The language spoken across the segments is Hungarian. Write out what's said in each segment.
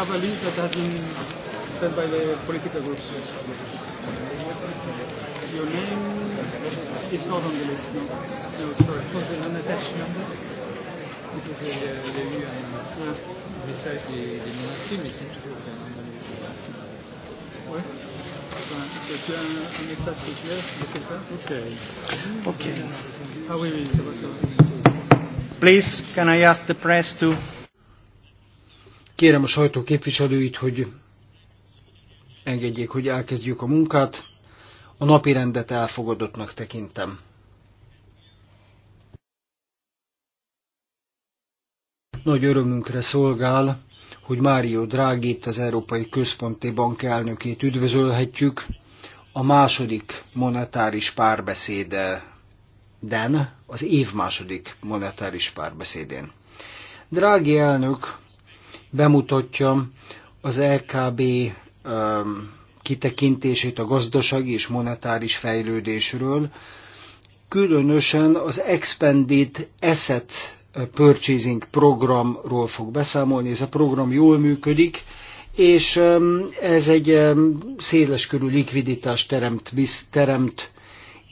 have a list that has been sent by the political groups. Your name is not on the list, no? No, sorry. Pour un attachement, plutôt que il y a eu un ah. message des, des non-inscrits, mais c'est toujours bien. Oui. C'est un, un message qui est de quelqu'un Ok. Ok. Ah oui, oui, ça va, ça va. Please, can I ask the press to Kérem a sajtó képviselőit, hogy engedjék, hogy elkezdjük a munkát. A napi rendet elfogadottnak tekintem. Nagy örömünkre szolgál, hogy Mário Drágit, az Európai Központi Bank elnökét üdvözölhetjük a második monetáris párbeszéde Den, az év második monetáris párbeszédén. Drági elnök bemutatja az LKB um, kitekintését a gazdasági és monetáris fejlődésről, különösen az Expanded Asset Purchasing programról fog beszámolni. Ez a program jól működik, és um, ez egy um, széleskörű likviditást teremt, teremt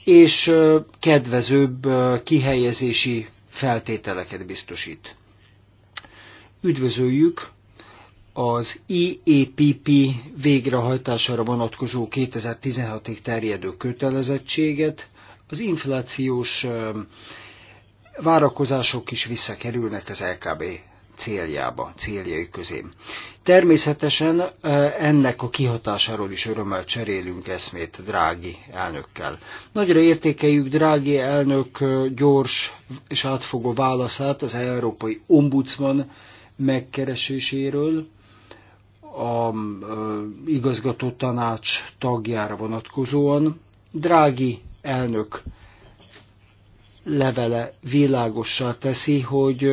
és uh, kedvezőbb uh, kihelyezési feltételeket biztosít. Üdvözöljük az IEPP végrehajtására vonatkozó 2016-ig terjedő kötelezettséget, az inflációs várakozások is visszakerülnek az LKB céljába, céljai közé. Természetesen ennek a kihatásáról is örömmel cserélünk eszmét Drági elnökkel. Nagyra értékeljük Drági elnök gyors és átfogó válaszát az Európai Ombudsman megkereséséről a igazgató tanács tagjára vonatkozóan. Drági elnök levele világossá teszi, hogy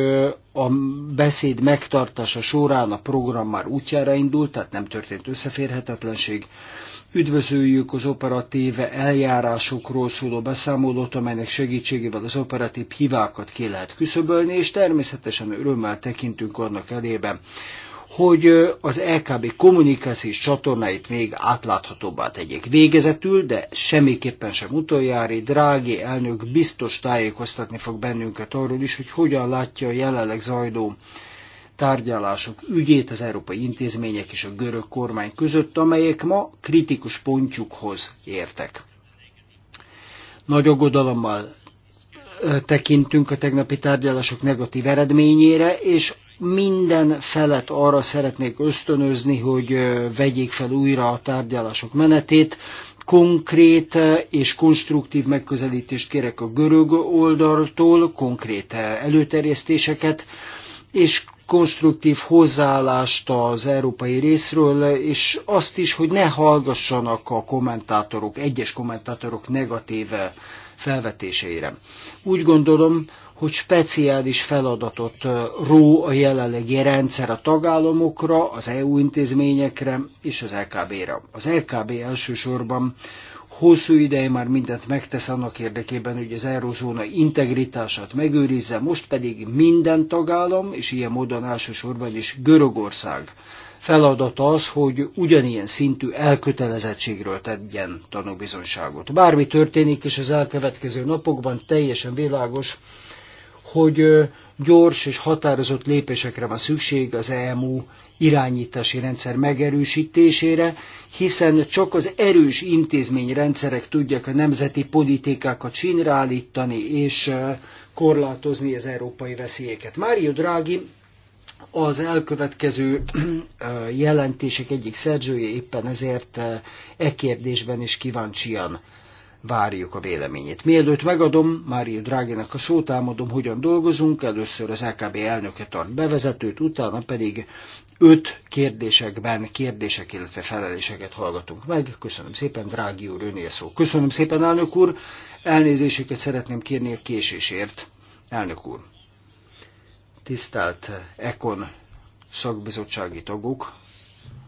a beszéd megtartása során a program már útjára indult, tehát nem történt összeférhetetlenség, Üdvözöljük az operatíve eljárásokról szóló beszámolót, amelynek segítségével az operatív hivákat ki lehet küszöbölni, és természetesen örömmel tekintünk annak elébe, hogy az LKB kommunikációs csatornáit még átláthatóbbá tegyék. Végezetül, de semmiképpen sem utoljári, drági elnök biztos tájékoztatni fog bennünket arról is, hogy hogyan látja a jelenleg zajló tárgyalások ügyét az európai intézmények és a görög kormány között, amelyek ma kritikus pontjukhoz értek. Nagy aggodalommal tekintünk a tegnapi tárgyalások negatív eredményére, és minden felet arra szeretnék ösztönözni, hogy vegyék fel újra a tárgyalások menetét. Konkrét és konstruktív megközelítést kérek a görög oldaltól, konkrét előterjesztéseket, és konstruktív hozzáállást az európai részről, és azt is, hogy ne hallgassanak a kommentátorok, egyes kommentátorok negatív felvetéseire. Úgy gondolom, hogy speciális feladatot ró a jelenlegi rendszer a tagállamokra, az EU intézményekre és az lkb re Az LKB e elsősorban hosszú ideje már mindent megtesz annak érdekében, hogy az eurozóna integritását megőrizze, most pedig minden tagállam, és ilyen módon elsősorban is Görögország feladata az, hogy ugyanilyen szintű elkötelezettségről tegyen tanúbizonságot. Bármi történik, és az elkövetkező napokban teljesen világos, hogy gyors és határozott lépésekre van szükség az EMU irányítási rendszer megerősítésére, hiszen csak az erős intézményrendszerek tudják a nemzeti politikákat sínre és korlátozni az európai veszélyeket. Mário Draghi az elkövetkező jelentések egyik szerzője éppen ezért e kérdésben is kíváncsian várjuk a véleményét. Mielőtt megadom Mário Dráginak a szót, álmodom, hogyan dolgozunk. Először az LKB e elnöke tart bevezetőt, utána pedig öt kérdésekben kérdések, illetve feleléseket hallgatunk meg. Köszönöm szépen, drági úr, önél szó. Köszönöm szépen, elnök úr. Elnézésüket szeretném kérni a késésért. Elnök úr, tisztelt Ekon szakbizottsági tagok,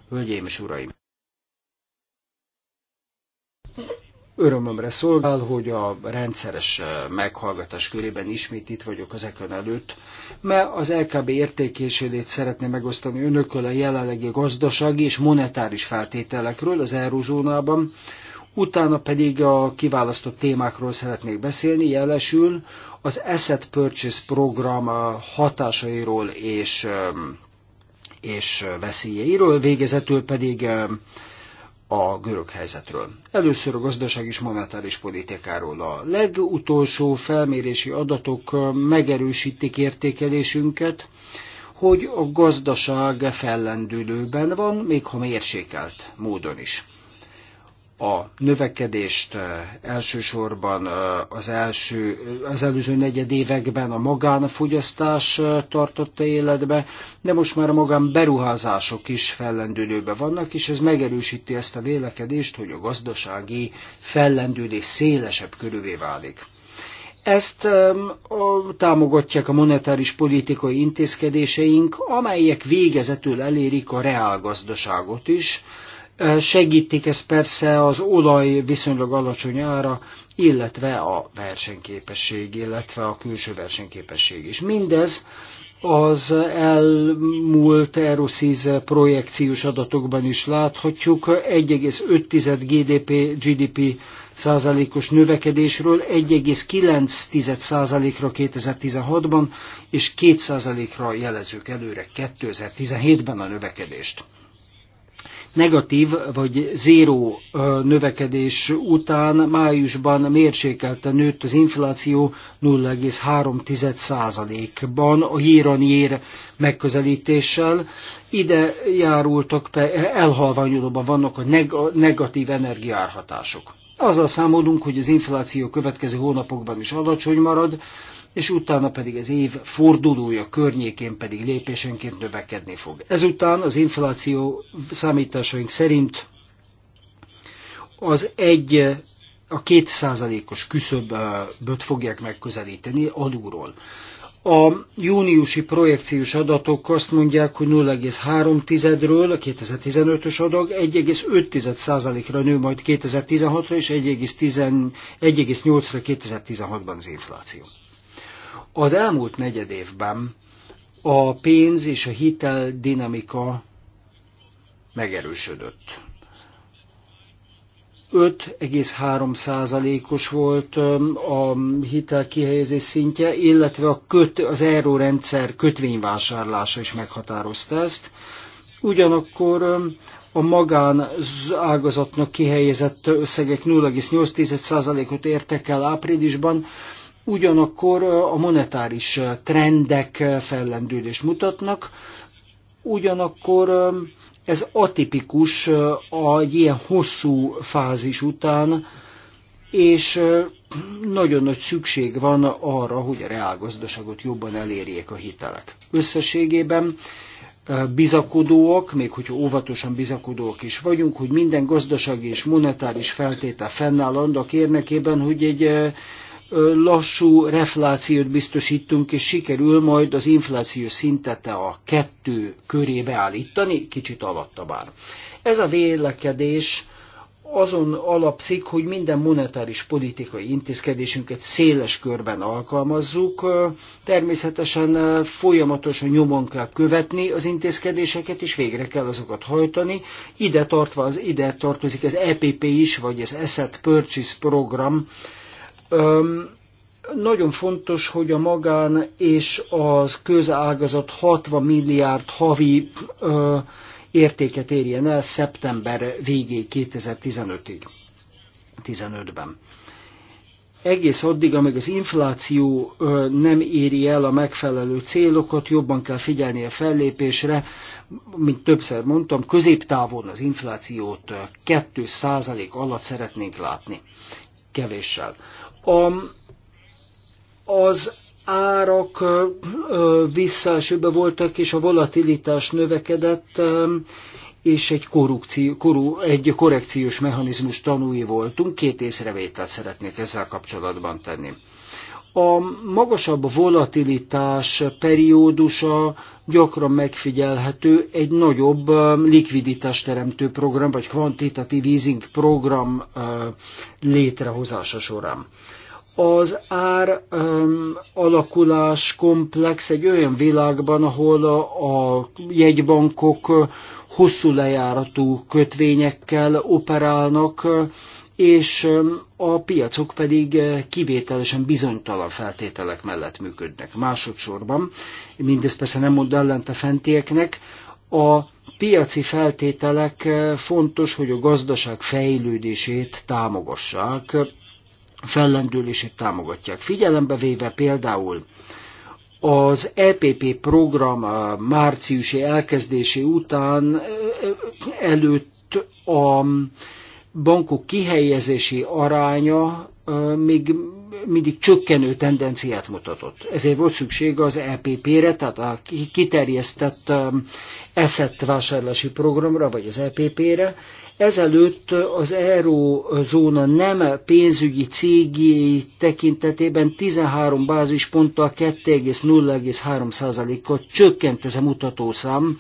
hölgyeim és uraim! Örömömre szolgál, hogy a rendszeres meghallgatás körében ismét itt vagyok ekön előtt, mert az LKB értékésélét szeretné megosztani önökkel a jelenlegi gazdasági és monetáris feltételekről az eurózónában, utána pedig a kiválasztott témákról szeretnék beszélni, jelesül az Asset Purchase program hatásairól és és veszélyeiről, végezetül pedig a görög helyzetről. Először a gazdaság és monetáris politikáról. A legutolsó felmérési adatok megerősítik értékelésünket, hogy a gazdaság fellendülőben van, még ha mérsékelt módon is a növekedést elsősorban az, első, az előző negyed években a magánfogyasztás tartotta életbe, de most már a magánberuházások is fellendülőben vannak, és ez megerősíti ezt a vélekedést, hogy a gazdasági fellendülés szélesebb körülvé válik. Ezt um, támogatják a monetáris politikai intézkedéseink, amelyek végezetül elérik a reálgazdaságot is, Segítik ez persze az olaj viszonylag alacsony ára, illetve a versenyképesség, illetve a külső versenyképesség is. Mindez az elmúlt Erosis projekciós adatokban is láthatjuk 1,5 GDP, GDP százalékos növekedésről 1,9 százalékra 2016-ban és 2 százalékra jelezők előre 2017-ben a növekedést negatív vagy zéró növekedés után májusban mérsékelten nőtt az infláció 0,3%-ban a híranyér megközelítéssel. Ide járultak, elhalványulóban vannak a negatív energiárhatások. Azzal számolunk, hogy az infláció következő hónapokban is alacsony marad, és utána pedig az év fordulója környékén pedig lépésenként növekedni fog. Ezután az infláció számításaink szerint az egy a két százalékos küszöböt fogják megközelíteni alulról. A júniusi projekciós adatok azt mondják, hogy 0,3-ről a 2015-ös adag 1,5%-ra nő majd 2016-ra, és 1,8-ra 2016-ban az infláció. Az elmúlt negyed évben a pénz és a hitel dinamika megerősödött. 5,3%-os volt a hitel kihelyezés szintje, illetve a köt, az rendszer kötvényvásárlása is meghatározta ezt. Ugyanakkor a magán ágazatnak kihelyezett összegek 0,8%-ot értek el áprilisban, ugyanakkor a monetáris trendek fellendődést mutatnak, ugyanakkor ez atipikus egy ilyen hosszú fázis után, és nagyon nagy szükség van arra, hogy a reálgazdaságot jobban elérjék a hitelek. Összességében bizakodóak, még hogyha óvatosan bizakodóak is vagyunk, hogy minden gazdasági és monetáris feltétel fennáll annak érdekében, hogy egy lassú reflációt biztosítunk, és sikerül majd az infláció szintet a kettő körébe állítani, kicsit alatta bár. Ez a vélekedés azon alapszik, hogy minden monetáris politikai intézkedésünket széles körben alkalmazzuk. Természetesen folyamatosan nyomon kell követni az intézkedéseket, és végre kell azokat hajtani. Ide, tartva az, ide tartozik az EPP is, vagy az Asset Purchase Program, nagyon fontos, hogy a magán és a közágazat 60 milliárd havi ö, értéket érjen el szeptember végéig 2015-ig. 15-ben. Egész addig, amíg az infláció ö, nem éri el a megfelelő célokat, jobban kell figyelni a fellépésre. Mint többször mondtam, középtávon az inflációt 2% alatt szeretnénk látni. Kevéssel. A, az árak visszaesőbe voltak, és a volatilitás növekedett, és egy, korú, egy korrekciós mechanizmus tanúi voltunk. Két észrevételt szeretnék ezzel kapcsolatban tenni. A magasabb volatilitás periódusa gyakran megfigyelhető egy nagyobb teremtő program, vagy kvantitatív easing program létrehozása során az ár um, alakulás komplex egy olyan világban, ahol a, a jegybankok hosszú lejáratú kötvényekkel operálnak, és a piacok pedig kivételesen bizonytalan feltételek mellett működnek. Másodszorban, mindez persze nem mond ellent a fentieknek, a piaci feltételek fontos, hogy a gazdaság fejlődését támogassák, fellendülését támogatják. Figyelembe véve például az EPP program márciusi elkezdésé után előtt a bankok kihelyezési aránya még mindig csökkenő tendenciát mutatott. Ezért volt szükség az EPP-re, tehát a kiterjesztett eszett um, vásárlási programra, vagy az EPP-re. Ezelőtt az eurozóna nem pénzügyi cégi tekintetében 13 bázisponttal 2,0,3%-kal csökkent ez a mutatószám,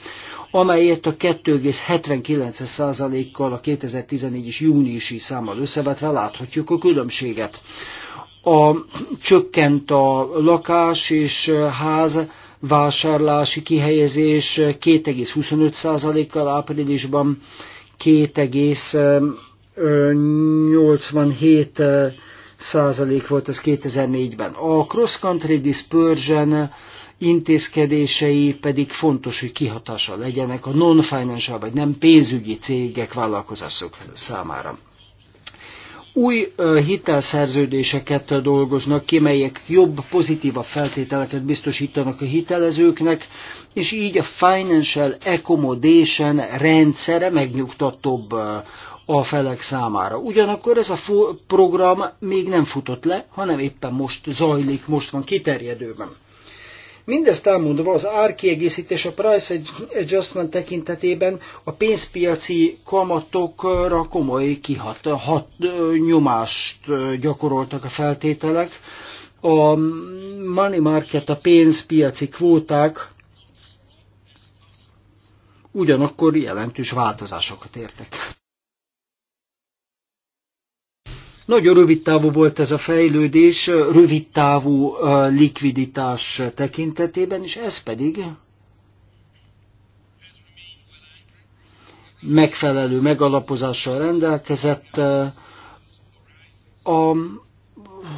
amelyet a 2,79%-kal a 2014-es júniusi számmal összevetve láthatjuk a különbséget a, csökkent a lakás és ház vásárlási kihelyezés 2,25%-kal áprilisban, 2,87 százalék volt az 2004-ben. A cross-country dispersion intézkedései pedig fontos, hogy kihatása legyenek a non-financial vagy nem pénzügyi cégek vállalkozások számára új hitelszerződéseket dolgoznak ki, melyek jobb, pozitívabb feltételeket biztosítanak a hitelezőknek, és így a financial accommodation rendszere megnyugtatóbb a felek számára. Ugyanakkor ez a program még nem futott le, hanem éppen most zajlik, most van kiterjedőben. Mindezt elmondva az árkiegészítés a price adjustment tekintetében a pénzpiaci kamatokra komoly kihat, hat, nyomást gyakoroltak a feltételek. A money market, a pénzpiaci kvóták ugyanakkor jelentős változásokat értek. Nagyon rövid távú volt ez a fejlődés, rövid távú likviditás tekintetében, és ez pedig megfelelő megalapozással rendelkezett a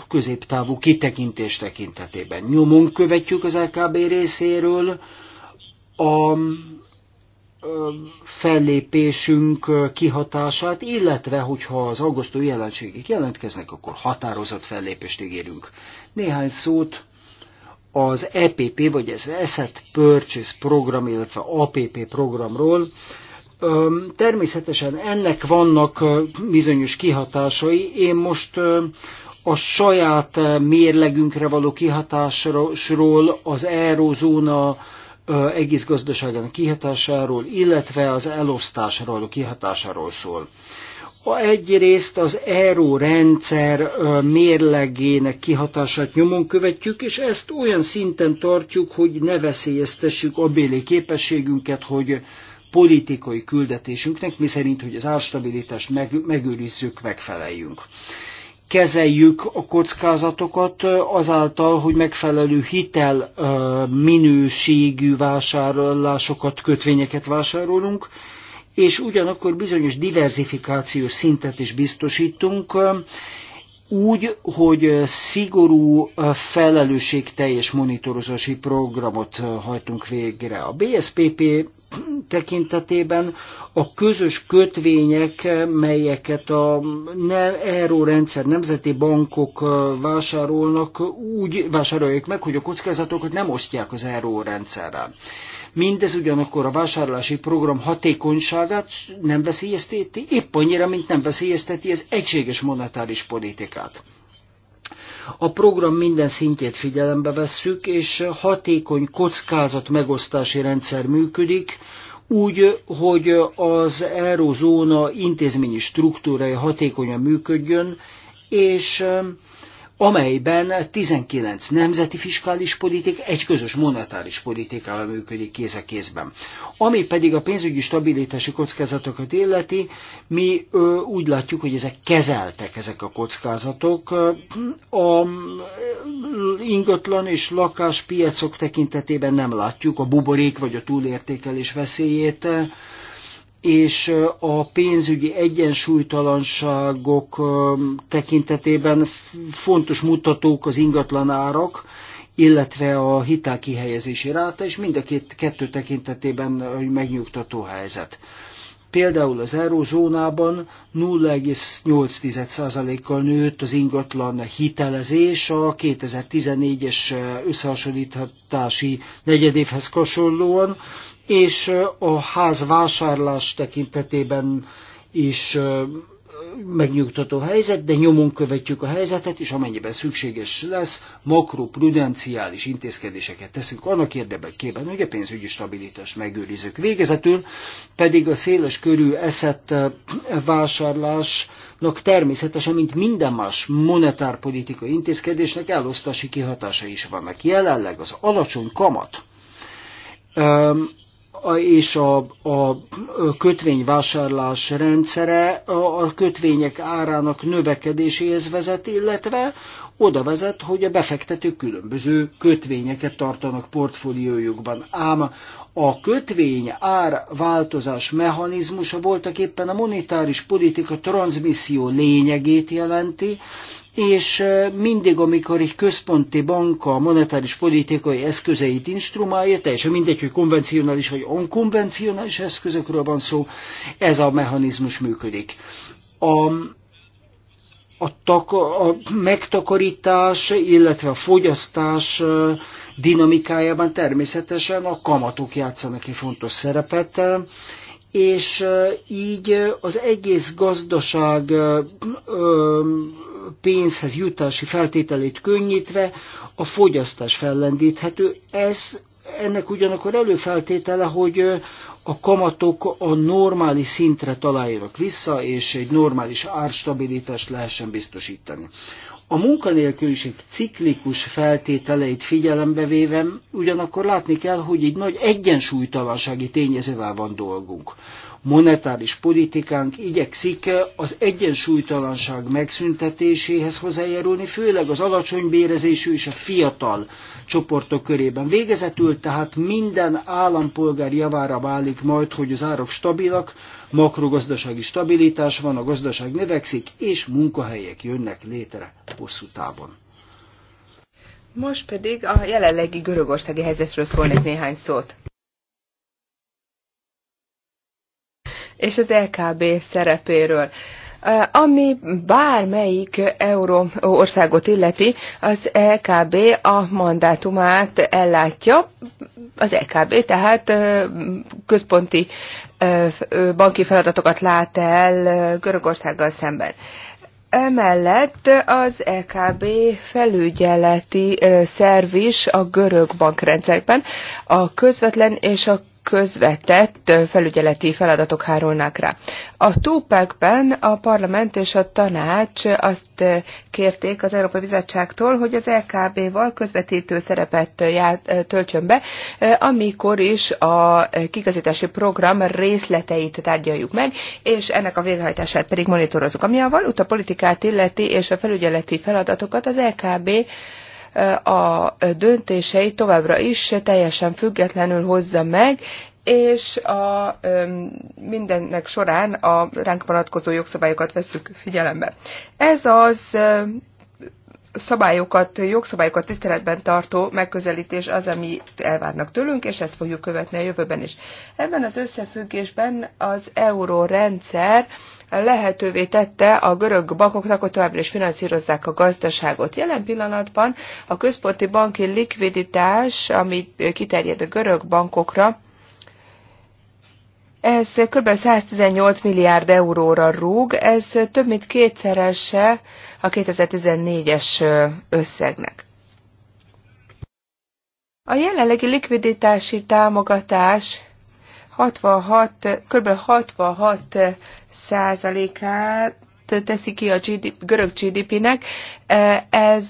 középtávú kitekintés tekintetében. Nyomon követjük az LKB részéről a fellépésünk kihatását, illetve hogyha az augusztó jelenségek jelentkeznek, akkor határozott fellépést ígérünk. Néhány szót az EPP, vagy az Asset Purchase program, illetve APP programról. Természetesen ennek vannak bizonyos kihatásai. Én most a saját mérlegünkre való kihatásról, az eurozóna egész gazdaságának kihatásáról, illetve az elosztásról, a kihatásáról szól. Egyrészt az ERO rendszer mérlegének kihatását nyomon követjük, és ezt olyan szinten tartjuk, hogy ne veszélyeztessük a béli képességünket, hogy politikai küldetésünknek, mi szerint, hogy az árstabilitást megőrizzük, megfeleljünk kezeljük a kockázatokat azáltal, hogy megfelelő hitel minőségű vásárlásokat, kötvényeket vásárolunk, és ugyanakkor bizonyos diversifikációs szintet is biztosítunk, úgy, hogy szigorú felelősségteljes monitorozási programot hajtunk végre. A BSPP tekintetében a közös kötvények, melyeket a euró rendszer nemzeti bankok vásárolnak, úgy vásárolják meg, hogy a kockázatokat nem osztják az euró rendszerrel. Mindez ugyanakkor a vásárlási program hatékonyságát nem veszélyezteti, épp annyira, mint nem veszélyezteti az egységes monetáris politikát. A program minden szintjét figyelembe vesszük, és hatékony kockázat megosztási rendszer működik, úgy, hogy az eurozóna intézményi struktúrája hatékonyan működjön, és amelyben 19 nemzeti fiskális politika egy közös monetáris politikával működik kéz a kézben. Ami pedig a pénzügyi stabilitási kockázatokat illeti, mi ö, úgy látjuk, hogy ezek kezeltek, ezek a kockázatok. A ingatlan és lakáspiacok tekintetében nem látjuk a buborék vagy a túlértékelés veszélyét, és a pénzügyi egyensúlytalanságok tekintetében fontos mutatók az ingatlan árak, illetve a hitel kihelyezési ráta, és mind a két, kettő tekintetében egy megnyugtató helyzet. Például az eurózónában 0,8%-kal nőtt az ingatlan hitelezés a 2014-es összehasonlítási negyedévhez hasonlóan, és a ház vásárlás tekintetében is megnyugtató helyzet, de nyomon követjük a helyzetet, és amennyiben szükséges lesz, makroprudenciális intézkedéseket teszünk annak érdekében, hogy a pénzügyi stabilitást megőrizzük. Végezetül pedig a széles körű eszett vásárlásnak természetesen, mint minden más monetárpolitikai intézkedésnek elosztási kihatása is vannak. Jelenleg az alacsony kamat és a, a kötvényvásárlás rendszere a kötvények árának növekedéséhez vezet, illetve oda vezet, hogy a befektetők különböző kötvényeket tartanak portfóliójukban. Ám a kötvény ár változás mechanizmusa voltak éppen a monetáris politika transmisszió lényegét jelenti, és mindig, amikor egy központi banka a monetáris politikai eszközeit instrumálja, teljesen mindegy, hogy konvencionális vagy onkonvencionális eszközökről van szó, ez a mechanizmus működik. A, a, tak, a megtakarítás, illetve a fogyasztás dinamikájában természetesen a kamatok játszanak egy fontos szerepet, és így az egész gazdaság pénzhez jutási feltételét könnyítve a fogyasztás fellendíthető. Ez ennek ugyanakkor előfeltétele, hogy a kamatok a normális szintre találjanak vissza, és egy normális árstabilitást lehessen biztosítani. A munkanélküliség ciklikus feltételeit figyelembe véve, ugyanakkor látni kell, hogy egy nagy egyensúlytalansági tényezővel van dolgunk. Monetáris politikánk igyekszik az egyensúlytalanság megszüntetéséhez hozzájárulni, főleg az alacsony bérezésű és a fiatal csoportok körében. Végezetül tehát minden állampolgár javára válik majd, hogy az árak stabilak, makrogazdasági stabilitás van, a gazdaság növekszik, és munkahelyek jönnek létre hosszú távon. Most pedig a jelenlegi görögországi helyzetről szólnék néhány szót. És az LKB szerepéről ami bármelyik euró országot illeti, az EKB a mandátumát ellátja, az EKB tehát központi banki feladatokat lát el Görögországgal szemben. Emellett az EKB felügyeleti szerv is a görög bankrendszerben, a közvetlen és a közvetett felügyeleti feladatok hárulnak rá. A túpekben a parlament és a tanács azt kérték az Európai Bizottságtól, hogy az LKB-val közvetítő szerepet ját, töltjön be, amikor is a kigazítási program részleteit tárgyaljuk meg, és ennek a végrehajtását pedig monitorozunk. Ami a valuta politikát illeti és a felügyeleti feladatokat az LKB a döntéseit továbbra is teljesen függetlenül hozza meg, és a, mindennek során a ránk vonatkozó jogszabályokat veszük figyelembe. Ez az szabályokat, jogszabályokat tiszteletben tartó megközelítés az, amit elvárnak tőlünk, és ezt fogjuk követni a jövőben is. Ebben az összefüggésben az eurórendszer lehetővé tette a görög bankoknak, hogy továbbra is finanszírozzák a gazdaságot. Jelen pillanatban a központi banki likviditás, ami kiterjed a görög bankokra, ez kb. 118 milliárd euróra rúg, ez több mint kétszerese a 2014-es összegnek. A jelenlegi likviditási támogatás 66, kb. 66 százalékát teszi ki a GDP, görög GDP-nek. Ez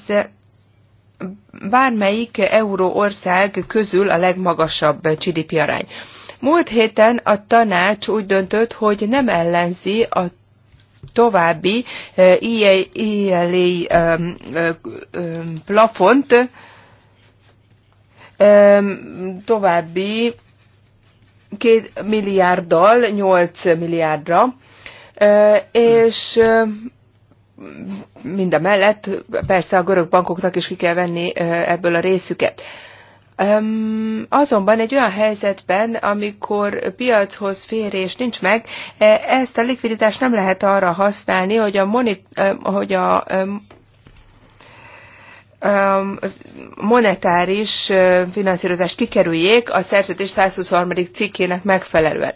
bármelyik euró ország közül a legmagasabb GDP arány. Múlt héten a tanács úgy döntött, hogy nem ellenzi a további ILA eh, plafont, további két milliárddal, 8 milliárdra, és mind a mellett persze a görög bankoknak is ki kell venni ebből a részüket. Azonban egy olyan helyzetben, amikor piachoz férés nincs meg, e, ezt a likviditást nem lehet arra használni, hogy a, monit, hogy a monetáris finanszírozást kikerüljék a szerződés 123. cikkének megfelelően.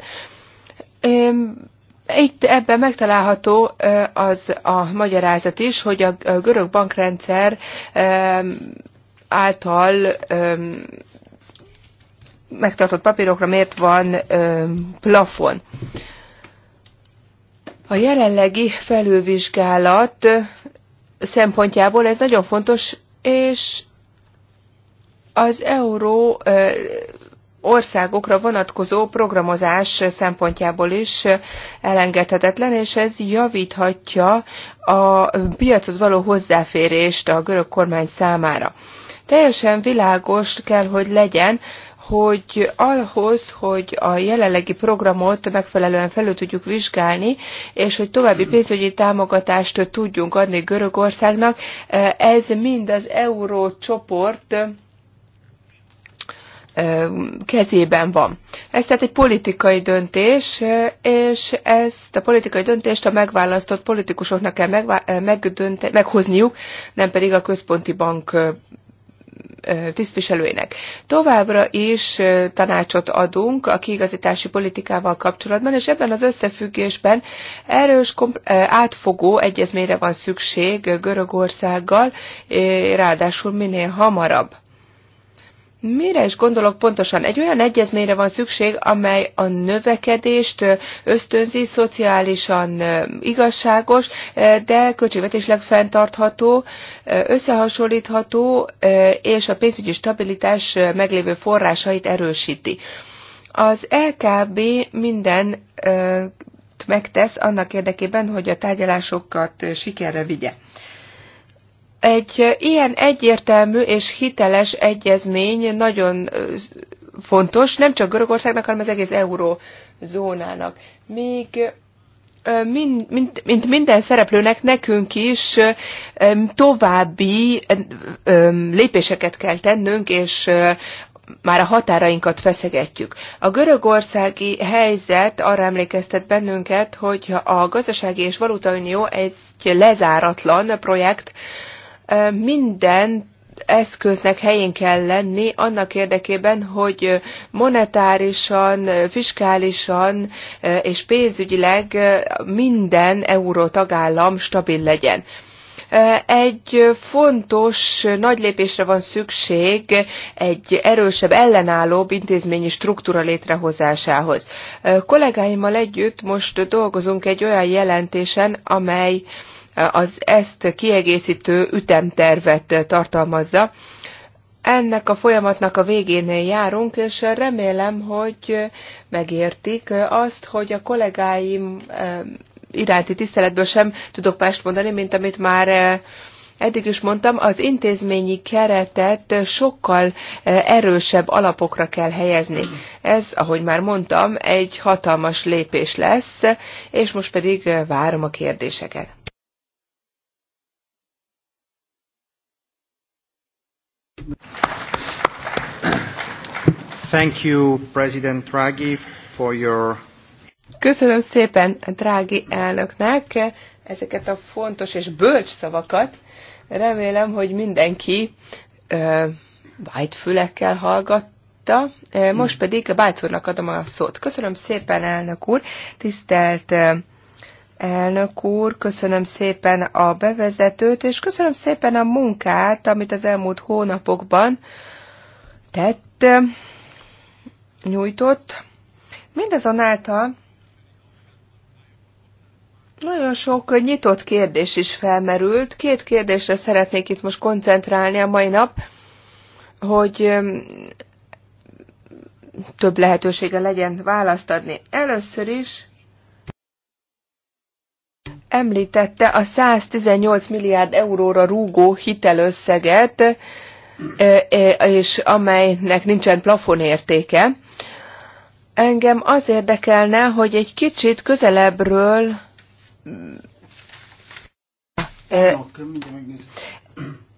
Itt ebben megtalálható az a magyarázat is, hogy a görög bankrendszer által megtartott papírokra miért van plafon. A jelenlegi felülvizsgálat szempontjából ez nagyon fontos és az euró országokra vonatkozó programozás szempontjából is elengedhetetlen, és ez javíthatja a piachoz való hozzáférést a görög kormány számára. Teljesen világos kell, hogy legyen, hogy ahhoz, hogy a jelenlegi programot megfelelően felül tudjuk vizsgálni, és hogy további pénzügyi támogatást tudjunk adni Görögországnak, e, ez mind az eurócsoport e, kezében van. Ez tehát egy politikai döntés, e, és ezt a politikai döntést a megválasztott politikusoknak kell megdönte- meghozniuk, nem pedig a központi bank tisztviselőinek. Továbbra is tanácsot adunk a kiigazítási politikával kapcsolatban, és ebben az összefüggésben erős átfogó egyezményre van szükség Görögországgal, ráadásul minél hamarabb. Mire is gondolok pontosan? Egy olyan egyezményre van szükség, amely a növekedést ösztönzi, szociálisan igazságos, de költségvetésleg fenntartható, összehasonlítható, és a pénzügyi stabilitás meglévő forrásait erősíti. Az LKB minden megtesz annak érdekében, hogy a tárgyalásokat sikerre vigye. Egy ilyen egyértelmű és hiteles egyezmény nagyon fontos, nem csak Görögországnak, hanem az egész eurózónának. Még mint, mint, mint minden szereplőnek, nekünk is további lépéseket kell tennünk, és már a határainkat feszegetjük. A görögországi helyzet arra emlékeztet bennünket, hogy a gazdasági és valutaunió egy lezáratlan projekt, minden eszköznek helyén kell lenni annak érdekében, hogy monetárisan, fiskálisan és pénzügyileg minden euró tagállam stabil legyen. Egy fontos nagy lépésre van szükség egy erősebb, ellenállóbb intézményi struktúra létrehozásához. Kollégáimmal együtt most dolgozunk egy olyan jelentésen, amely az ezt kiegészítő ütemtervet tartalmazza. Ennek a folyamatnak a végén járunk, és remélem, hogy megértik azt, hogy a kollégáim eh, iránti tiszteletből sem tudok mást mondani, mint amit már eh, eddig is mondtam, az intézményi keretet sokkal eh, erősebb alapokra kell helyezni. Ez, ahogy már mondtam, egy hatalmas lépés lesz, és most pedig várom a kérdéseket. Thank you, President Draghi, for your... Köszönöm szépen Draghi elnöknek ezeket a fontos és bölcs szavakat. Remélem, hogy mindenki ö, vájt fülekkel hallgat, mondta, most pedig a úrnak adom a szót. Köszönöm szépen, elnök úr, tisztelt Elnök úr, köszönöm szépen a bevezetőt, és köszönöm szépen a munkát, amit az elmúlt hónapokban tett, nyújtott. Mindazonáltal nagyon sok nyitott kérdés is felmerült. Két kérdésre szeretnék itt most koncentrálni a mai nap, hogy um, több lehetősége legyen választ adni. Először is említette a 118 milliárd euróra rúgó hitelösszeget, e, e, és amelynek nincsen plafonértéke. Engem az érdekelne, hogy egy kicsit közelebbről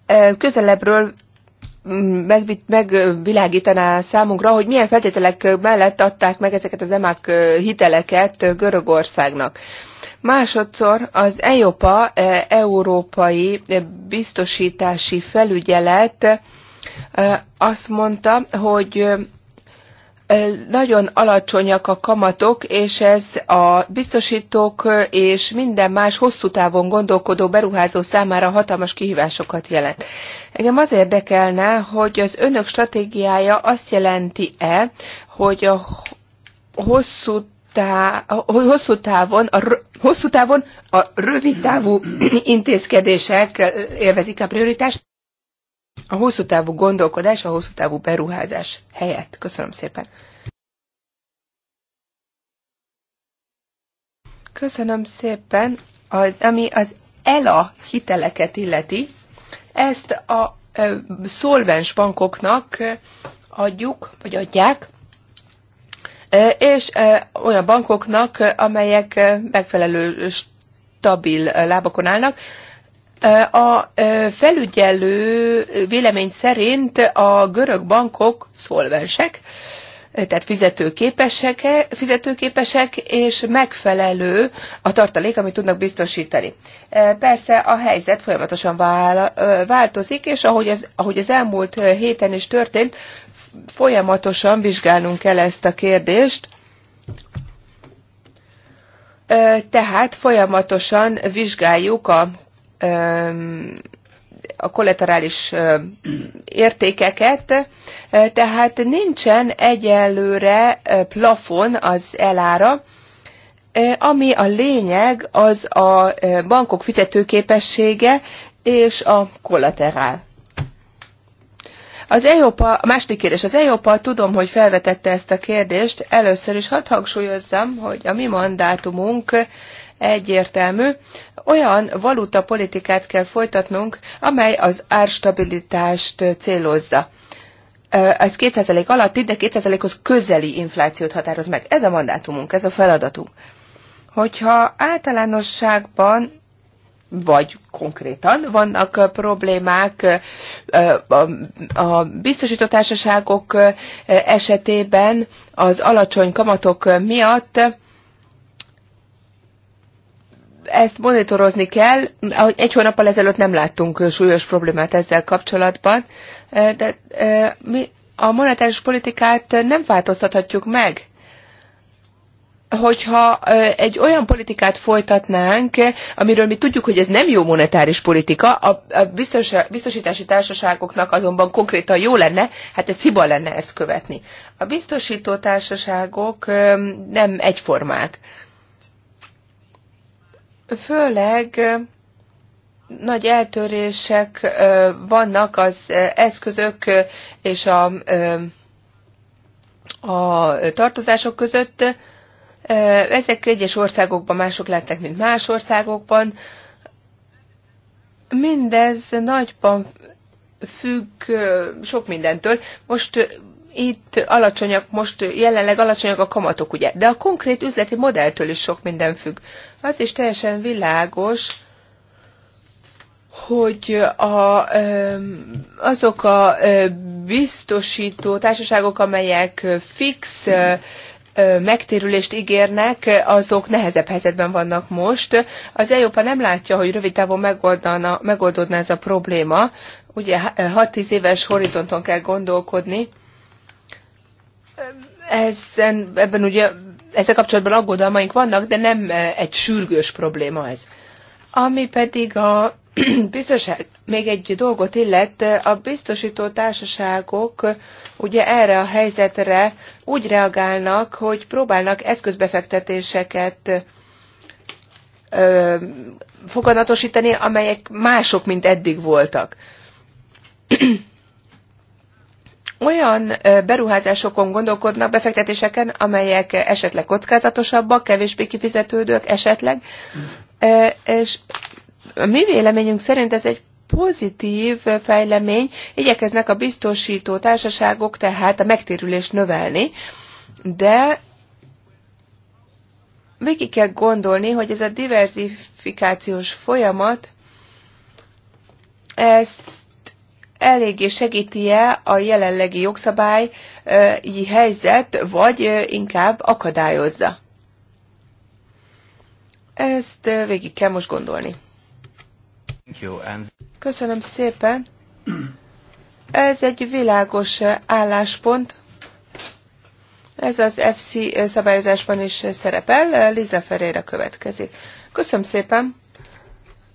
e, közelebbről meg, megvilágítaná számunkra, hogy milyen feltételek mellett adták meg ezeket az emák hiteleket Görögországnak. Másodszor az EIOPA, e, Európai Biztosítási Felügyelet e, azt mondta, hogy e, nagyon alacsonyak a kamatok, és ez a biztosítók és minden más hosszú távon gondolkodó beruházó számára hatalmas kihívásokat jelent. Engem az érdekelne, hogy az önök stratégiája azt jelenti-e, hogy a hosszú tá, hosszú távon a, hosszú távon a rövid távú intézkedések eh, élvezik a prioritást, a hosszú távú gondolkodás, a hosszú távú beruházás helyett. Köszönöm szépen. Köszönöm szépen. Az, ami az ELA hiteleket illeti, ezt a eh, szolvens bankoknak eh, adjuk, vagy adják, és olyan bankoknak, amelyek megfelelő stabil lábakon állnak, a felügyelő vélemény szerint a görög bankok szolvensek, tehát fizetőképesek, fizetőképesek és megfelelő a tartalék, amit tudnak biztosítani. Persze a helyzet folyamatosan változik, és ahogy ez, ahogy az elmúlt héten is történt, folyamatosan vizsgálnunk kell ezt a kérdést, tehát folyamatosan vizsgáljuk a, a kollaterális értékeket, tehát nincsen egyelőre plafon az elára, ami a lényeg, az a bankok fizetőképessége és a kollaterál. Az EOPA, a második kérdés, az EOPA tudom, hogy felvetette ezt a kérdést. Először is hadd hangsúlyozzam, hogy a mi mandátumunk egyértelmű. Olyan valuta politikát kell folytatnunk, amely az árstabilitást célozza. Ez 2% alatti, de 2%-hoz közeli inflációt határoz meg. Ez a mandátumunk, ez a feladatunk. Hogyha általánosságban vagy konkrétan vannak problémák a biztosító társaságok esetében az alacsony kamatok miatt, ezt monitorozni kell. egy hónappal ezelőtt nem láttunk súlyos problémát ezzel kapcsolatban, de mi a monetáris politikát nem változtathatjuk meg hogyha egy olyan politikát folytatnánk, amiről mi tudjuk, hogy ez nem jó monetáris politika, a biztosítási társaságoknak azonban konkrétan jó lenne, hát ez hiba lenne ezt követni. A biztosító társaságok nem egyformák. Főleg nagy eltörések vannak az eszközök és a, a tartozások között, ezek egyes országokban mások lettek, mint más országokban. Mindez nagyban függ sok mindentől. Most itt alacsonyak, most jelenleg alacsonyak a kamatok, ugye? De a konkrét üzleti modelltől is sok minden függ. Az is teljesen világos, hogy a, azok a biztosító társaságok, amelyek fix megtérülést ígérnek, azok nehezebb helyzetben vannak most. Az Európa nem látja, hogy rövid távon megoldódna ez a probléma. Ugye 6-10 éves horizonton kell gondolkodni. Ezen, ebben ugye, ezzel kapcsolatban aggodalmaink vannak, de nem egy sürgős probléma ez. Ami pedig a biztos, hát még egy dolgot illet, a biztosító társaságok ugye erre a helyzetre úgy reagálnak, hogy próbálnak eszközbefektetéseket ö, foganatosítani, amelyek mások, mint eddig voltak. Olyan beruházásokon gondolkodnak, befektetéseken, amelyek esetleg kockázatosabbak, kevésbé kifizetődők esetleg, és a mi véleményünk szerint ez egy pozitív fejlemény, igyekeznek a biztosító társaságok tehát a megtérülést növelni, de végig kell gondolni, hogy ez a diversifikációs folyamat ezt eléggé segíti-e a jelenlegi jogszabályi helyzet, vagy inkább akadályozza. Ezt végig kell most gondolni. Köszönöm szépen. Ez egy világos álláspont. Ez az FC szabályozásban is szerepel. Liza Ferreira következik. Köszönöm szépen.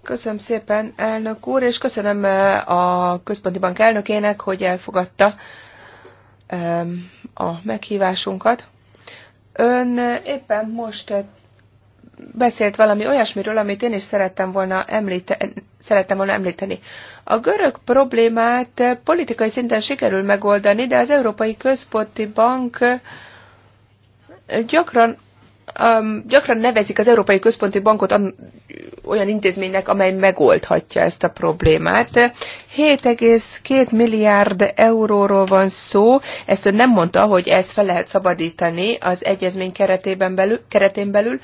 Köszönöm szépen, elnök úr, és köszönöm a központi bank elnökének, hogy elfogadta a meghívásunkat. Ön éppen most beszélt valami olyasmiről, amit én is szerettem volna, említeni, szerettem volna említeni. A görög problémát politikai szinten sikerül megoldani, de az Európai Központi Bank gyakran um, gyakran nevezik az Európai Központi Bankot olyan intézménynek, amely megoldhatja ezt a problémát. 7,2 milliárd euróról van szó, ezt ő nem mondta, hogy ezt fel lehet szabadítani az egyezmény keretében belül, keretén belül,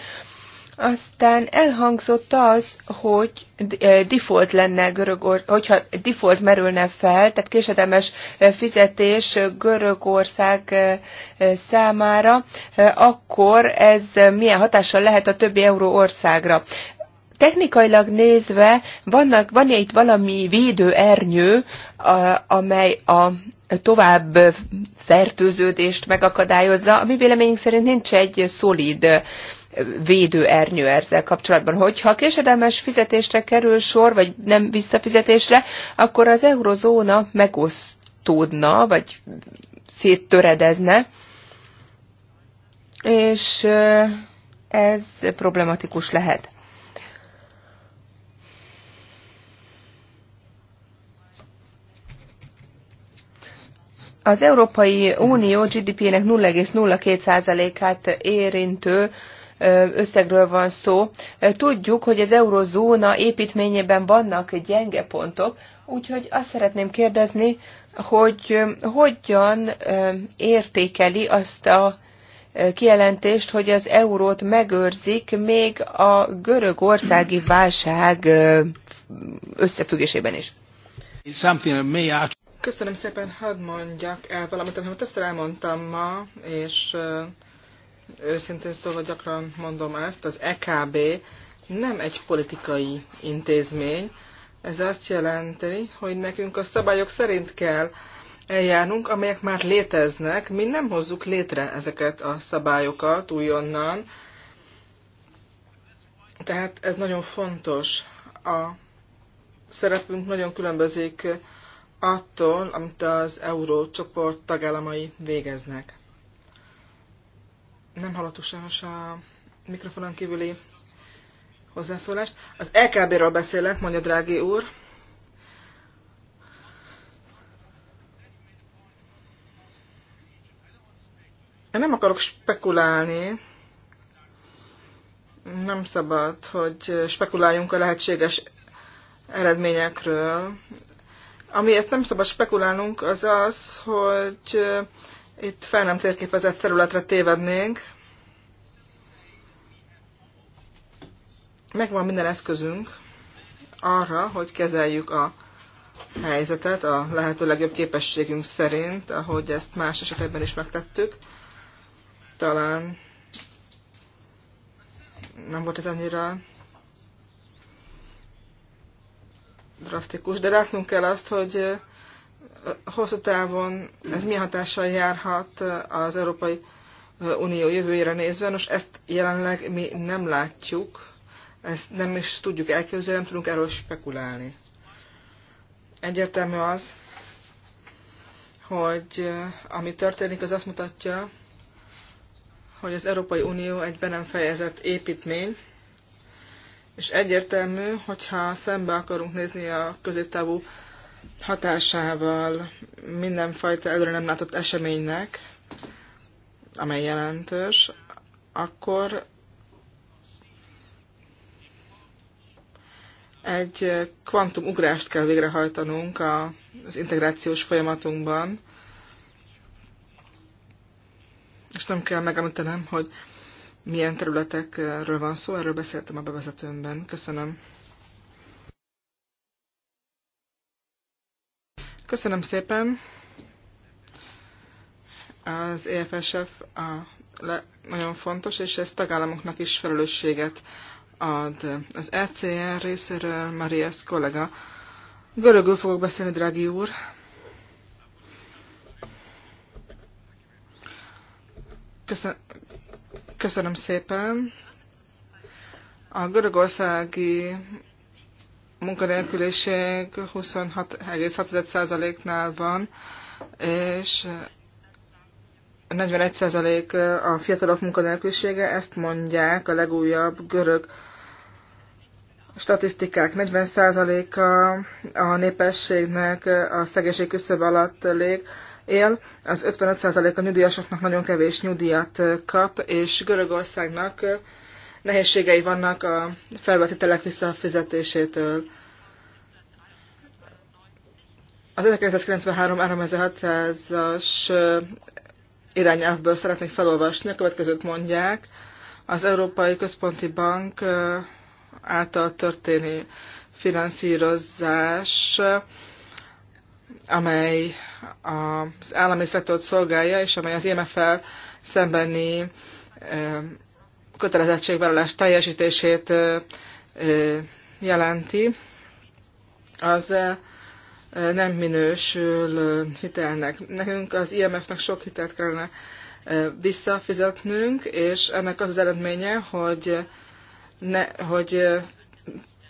aztán elhangzott az, hogy eh, default lenne Görögor, hogyha default merülne fel, tehát késedelmes eh, fizetés eh, Görögország számára, akkor ez milyen hatással lehet a többi euró országra technikailag nézve vannak, van -e itt valami védőernyő, amely a tovább fertőződést megakadályozza. A mi véleményünk szerint nincs egy szolid védőernyő ezzel kapcsolatban. Hogyha késedelmes fizetésre kerül sor, vagy nem visszafizetésre, akkor az eurozóna megosztódna, vagy széttöredezne, és ez problematikus lehet. Az Európai Unió GDP-nek 0,02%-át érintő összegről van szó. Tudjuk, hogy az eurozóna építményében vannak gyenge pontok, úgyhogy azt szeretném kérdezni, hogy hogyan értékeli azt a kijelentést, hogy az eurót megőrzik még a görögországi válság összefüggésében is. Köszönöm szépen, hadd mondjak el valamit, amit többször elmondtam ma, és őszintén szóval gyakran mondom ezt, az EKB nem egy politikai intézmény. Ez azt jelenti, hogy nekünk a szabályok szerint kell eljárnunk, amelyek már léteznek. Mi nem hozzuk létre ezeket a szabályokat újonnan. Tehát ez nagyon fontos. A szerepünk nagyon különbözik attól, amit az eurócsoport tagállamai végeznek. Nem hallottuk sajnos a mikrofonon kívüli hozzászólást. Az LKB-ről beszélek, mondja Drági úr. Én nem akarok spekulálni. Nem szabad, hogy spekuláljunk a lehetséges eredményekről. Amiért nem szabad spekulálnunk, az az, hogy itt fel nem térképezett területre tévednénk. Megvan minden eszközünk arra, hogy kezeljük a helyzetet a lehető legjobb képességünk szerint, ahogy ezt más esetekben is megtettük. Talán nem volt ez annyira drasztikus, de látnunk kell azt, hogy hosszú távon ez milyen hatással járhat az Európai Unió jövőjére nézve. Nos, ezt jelenleg mi nem látjuk, ezt nem is tudjuk elképzelni, nem tudunk erről spekulálni. Egyértelmű az, hogy eh, ami történik, az azt mutatja, hogy az Európai Unió egy be nem fejezett építmény, és egyértelmű, hogyha szembe akarunk nézni a középtávú hatásával mindenfajta előre nem látott eseménynek, amely jelentős, akkor egy kvantumugrást kell végrehajtanunk az integrációs folyamatunkban, és nem kell megemlítenem, hogy milyen területekről van szó, erről beszéltem a bevezetőmben. Köszönöm. Köszönöm szépen. Az EFSF a le, nagyon fontos, és ez tagállamoknak is felelősséget ad. Az ECR részéről Marias kollega. Görögül fogok beszélni, drági úr. köszönöm szépen. A görögországi munkanélküliség 26,6%-nál van, és 41% a fiatalok munkanélkülisége, ezt mondják a legújabb görög statisztikák. 40%-a a népességnek a szegénység küszöb alatt lég, él, az 55%-a nyugdíjasoknak nagyon kevés nyugdíjat kap, és Görögországnak nehézségei vannak a felvetételek visszafizetésétől. Az 1993-3600-as irányelvből szeretnék felolvasni, a következőt mondják. Az Európai Központi Bank által történő finanszírozás, amely az állami szektort szolgálja, és amely az IMF-el szembeni kötelezettségvállalás teljesítését jelenti, az nem minősül hitelnek. Nekünk az IMF-nek sok hitelt kellene visszafizetnünk, és ennek az az eredménye, hogy, ne, hogy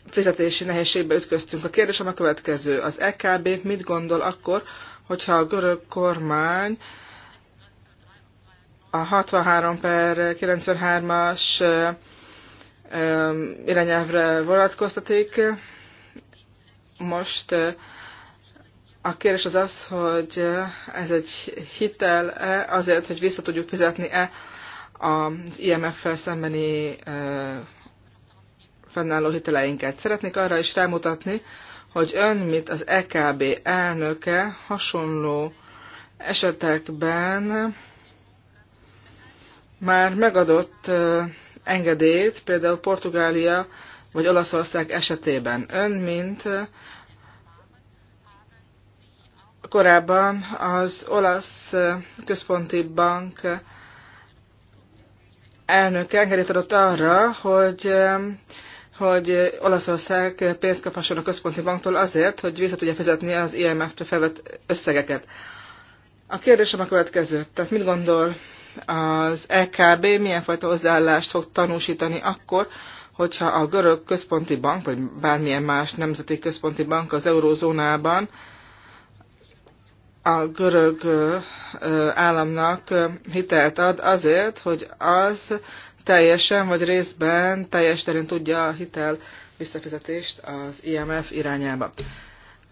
fizetési nehézségbe ütköztünk. A kérdésem a következő. Az EKB mit gondol akkor, hogyha a görög kormány a 63 per 93-as irányelvre vonatkoztatik. Most a kérdés az az, hogy ez egy hitel -e azért, hogy vissza tudjuk fizetni-e az IMF-fel szembeni fennálló hiteleinket. Szeretnék arra is rámutatni, hogy ön, mint az EKB elnöke hasonló esetekben már megadott engedélyt, például Portugália vagy Olaszország esetében. Ön, mint korábban az olasz központi bank elnök engedélyt adott arra, hogy, hogy Olaszország pénzt kaphasson a központi banktól azért, hogy vissza tudja fizetni az IMF-től felvett összegeket. A kérdésem a következő. Tehát mit gondol az EKB milyen fajta hozzáállást fog tanúsítani akkor, hogyha a görög központi bank, vagy bármilyen más nemzeti központi bank az eurózónában a görög államnak hitelt ad azért, hogy az teljesen vagy részben teljes terén tudja a hitel visszafizetést az IMF irányába.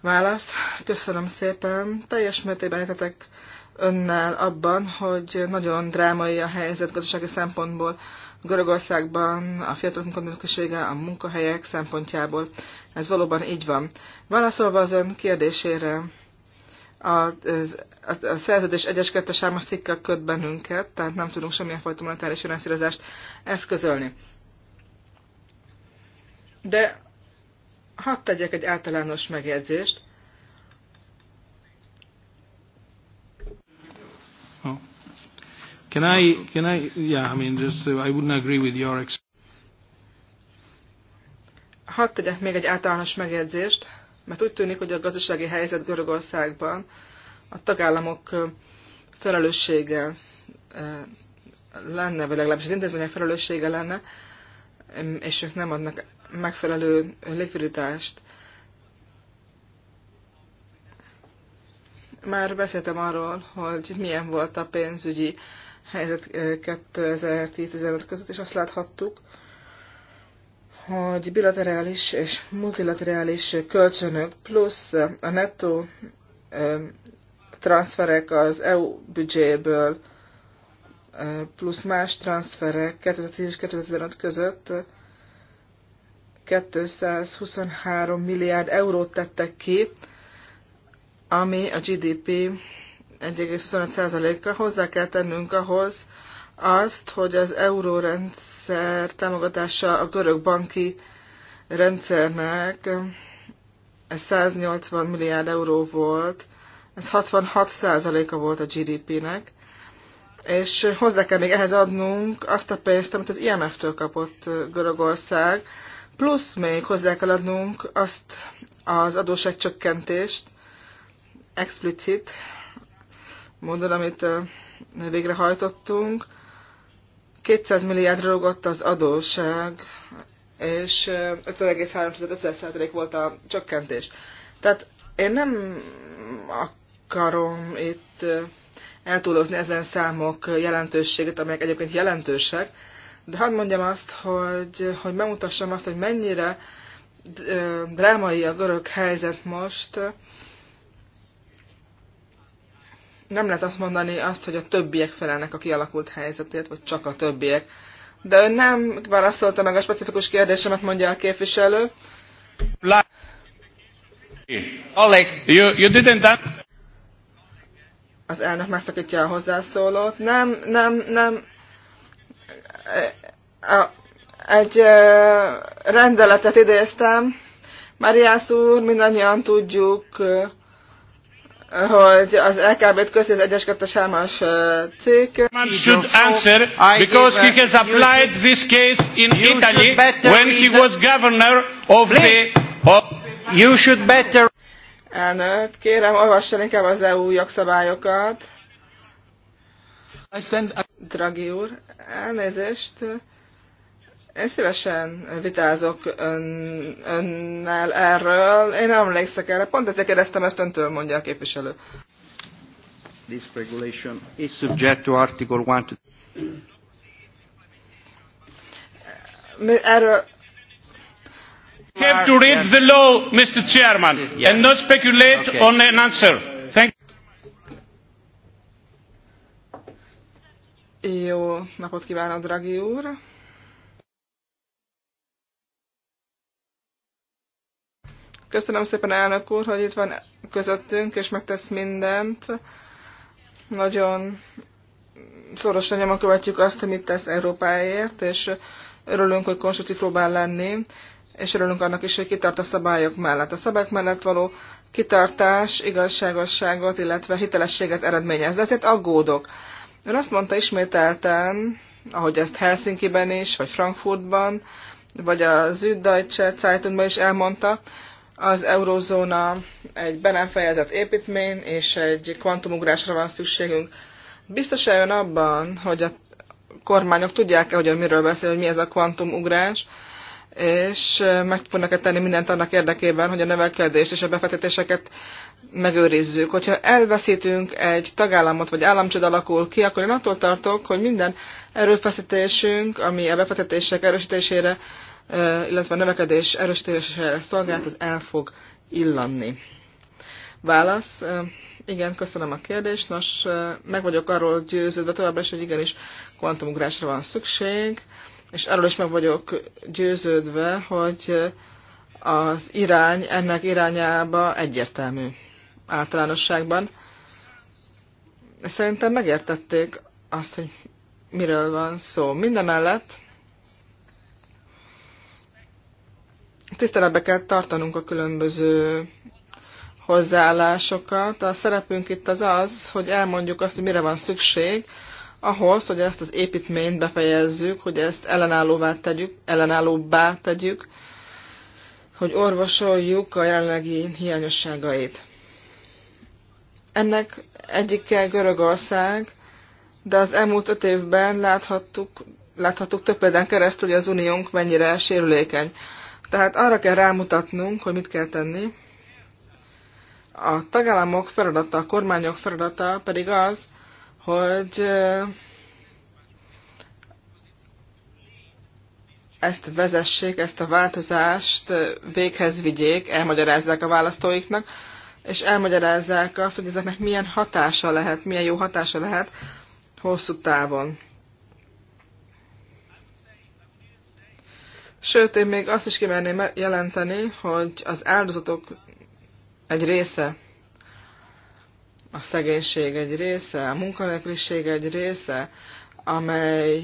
Válasz. Köszönöm szépen. Teljes mértékben értetek önnel abban, hogy nagyon drámai a helyzet gazdasági szempontból Görögországban, a fiatalok munkanélkülisége, a munkahelyek szempontjából. Ez valóban így van. Válaszolva az ön kérdésére, a, a, a szerződés egyes kettes 2-es köt bennünket, tehát nem tudunk semmilyen fajta monetáris finanszírozást eszközölni. De hadd tegyek egy általános megjegyzést. Can I, can I, yeah, I mean, just, uh, I wouldn't agree with your Hadd tegyek még egy általános megjegyzést, mert úgy tűnik, hogy a gazdasági helyzet Görögországban a tagállamok felelőssége lenne, vagy legalábbis az intézmények felelőssége lenne, és ők nem adnak megfelelő likviditást. Már beszéltem arról, hogy milyen volt a pénzügyi helyzet 2010-15 között, és azt láthattuk, hogy bilaterális és multilaterális kölcsönök plusz a nettó transferek az EU büdzséből plusz más transferek 2010 és 2015 között 223 milliárd eurót tettek ki, ami a GDP 1,25%-ra. Hozzá kell tennünk ahhoz azt, hogy az eurórendszer támogatása a görög banki rendszernek ez 180 milliárd euró volt, ez 66%-a volt a GDP-nek, és hozzá kell még ehhez adnunk azt a pénzt, amit az IMF-től kapott Görögország, plusz még hozzá kell adnunk azt az adóságcsökkentést, explicit, mondod, amit végrehajtottunk. 200 milliárd rogott az adóság, és 5,3% volt a csökkentés. Tehát én nem akarom itt eltúlozni ezen számok jelentőségét, amelyek egyébként jelentősek, de hadd mondjam azt, hogy, hogy megmutassam azt, hogy mennyire drámai a görög helyzet most, nem lehet azt mondani azt, hogy a többiek felelnek a kialakult helyzetét, vagy csak a többiek. De ő nem válaszolta meg a specifikus kérdésemet, mondja a képviselő. Oleg, you, you didn't that. Az elnök megszakítja a hozzászólót. Nem, nem, nem. Egy rendeletet idéztem. Mariász úr, mindannyian tudjuk, hogy az LKB-t közé az 1-es 2-es 3-as cikk. should answer because he has applied this case in Italy when he was governor of the You should better Elnök, kérem, olvassa inkább az EU jogszabályokat. Dragi úr, elnézést. Én szívesen vitázok ön, önnel erről. Én nem emlékszek erre. Pont ezért kérdeztem ezt öntől, mondja a képviselő. This regulation is subject to article 1 to... Erről... have to read the law, Mr. Chairman, yes. and not speculate okay. on an answer. Thank you. Jó napot kívánok, Dragi úr! Köszönöm szépen, elnök úr, hogy itt van közöttünk, és megtesz mindent. Nagyon szorosan nyomon követjük azt, hogy mit tesz Európáért, és örülünk, hogy konstruktív próbál lenni, és örülünk annak is, hogy kitart a szabályok mellett. A szabályok mellett való kitartás, igazságosságot, illetve hitelességet eredményez. De ezért aggódok. Ön azt mondta ismételten, ahogy ezt Helsinki-ben is, vagy Frankfurtban, vagy a Süddeutsche Zeitungban is elmondta, az eurózóna egy be nem fejezett építmény, és egy kvantumugrásra van szükségünk. Biztos eljön abban, hogy a kormányok tudják-e, hogy miről beszél, hogy mi ez a kvantumugrás, és meg fognak-e tenni mindent annak érdekében, hogy a növekedést és a befektetéseket megőrizzük. Hogyha elveszítünk egy tagállamot, vagy államcsod alakul ki, akkor én attól tartok, hogy minden erőfeszítésünk, ami a befektetések erősítésére illetve a növekedés erősítésére szolgált, az el fog illanni. Válasz. Igen, köszönöm a kérdést. Nos, meg vagyok arról győződve továbbra is, hogy igenis kvantumugrásra van szükség, és arról is meg vagyok győződve, hogy az irány ennek irányába egyértelmű általánosságban. Szerintem megértették azt, hogy miről van szó. Mindemellett tiszteletbe kell tartanunk a különböző hozzáállásokat. A szerepünk itt az az, hogy elmondjuk azt, hogy mire van szükség, ahhoz, hogy ezt az építményt befejezzük, hogy ezt ellenállóvá tegyük, ellenállóbbá tegyük, hogy orvosoljuk a jelenlegi hiányosságait. Ennek egyikkel Görögország, de az elmúlt öt évben láthattuk, láthattuk több példán keresztül, hogy az uniónk mennyire sérülékeny. Tehát arra kell rámutatnunk, hogy mit kell tenni. A tagállamok feladata, a kormányok feladata pedig az, hogy ezt vezessék, ezt a változást véghez vigyék, elmagyarázzák a választóiknak, és elmagyarázzák azt, hogy ezeknek milyen hatása lehet, milyen jó hatása lehet hosszú távon. Sőt, én még azt is kimerném jelenteni, hogy az áldozatok egy része, a szegénység egy része, a munkanélküliség egy része, amely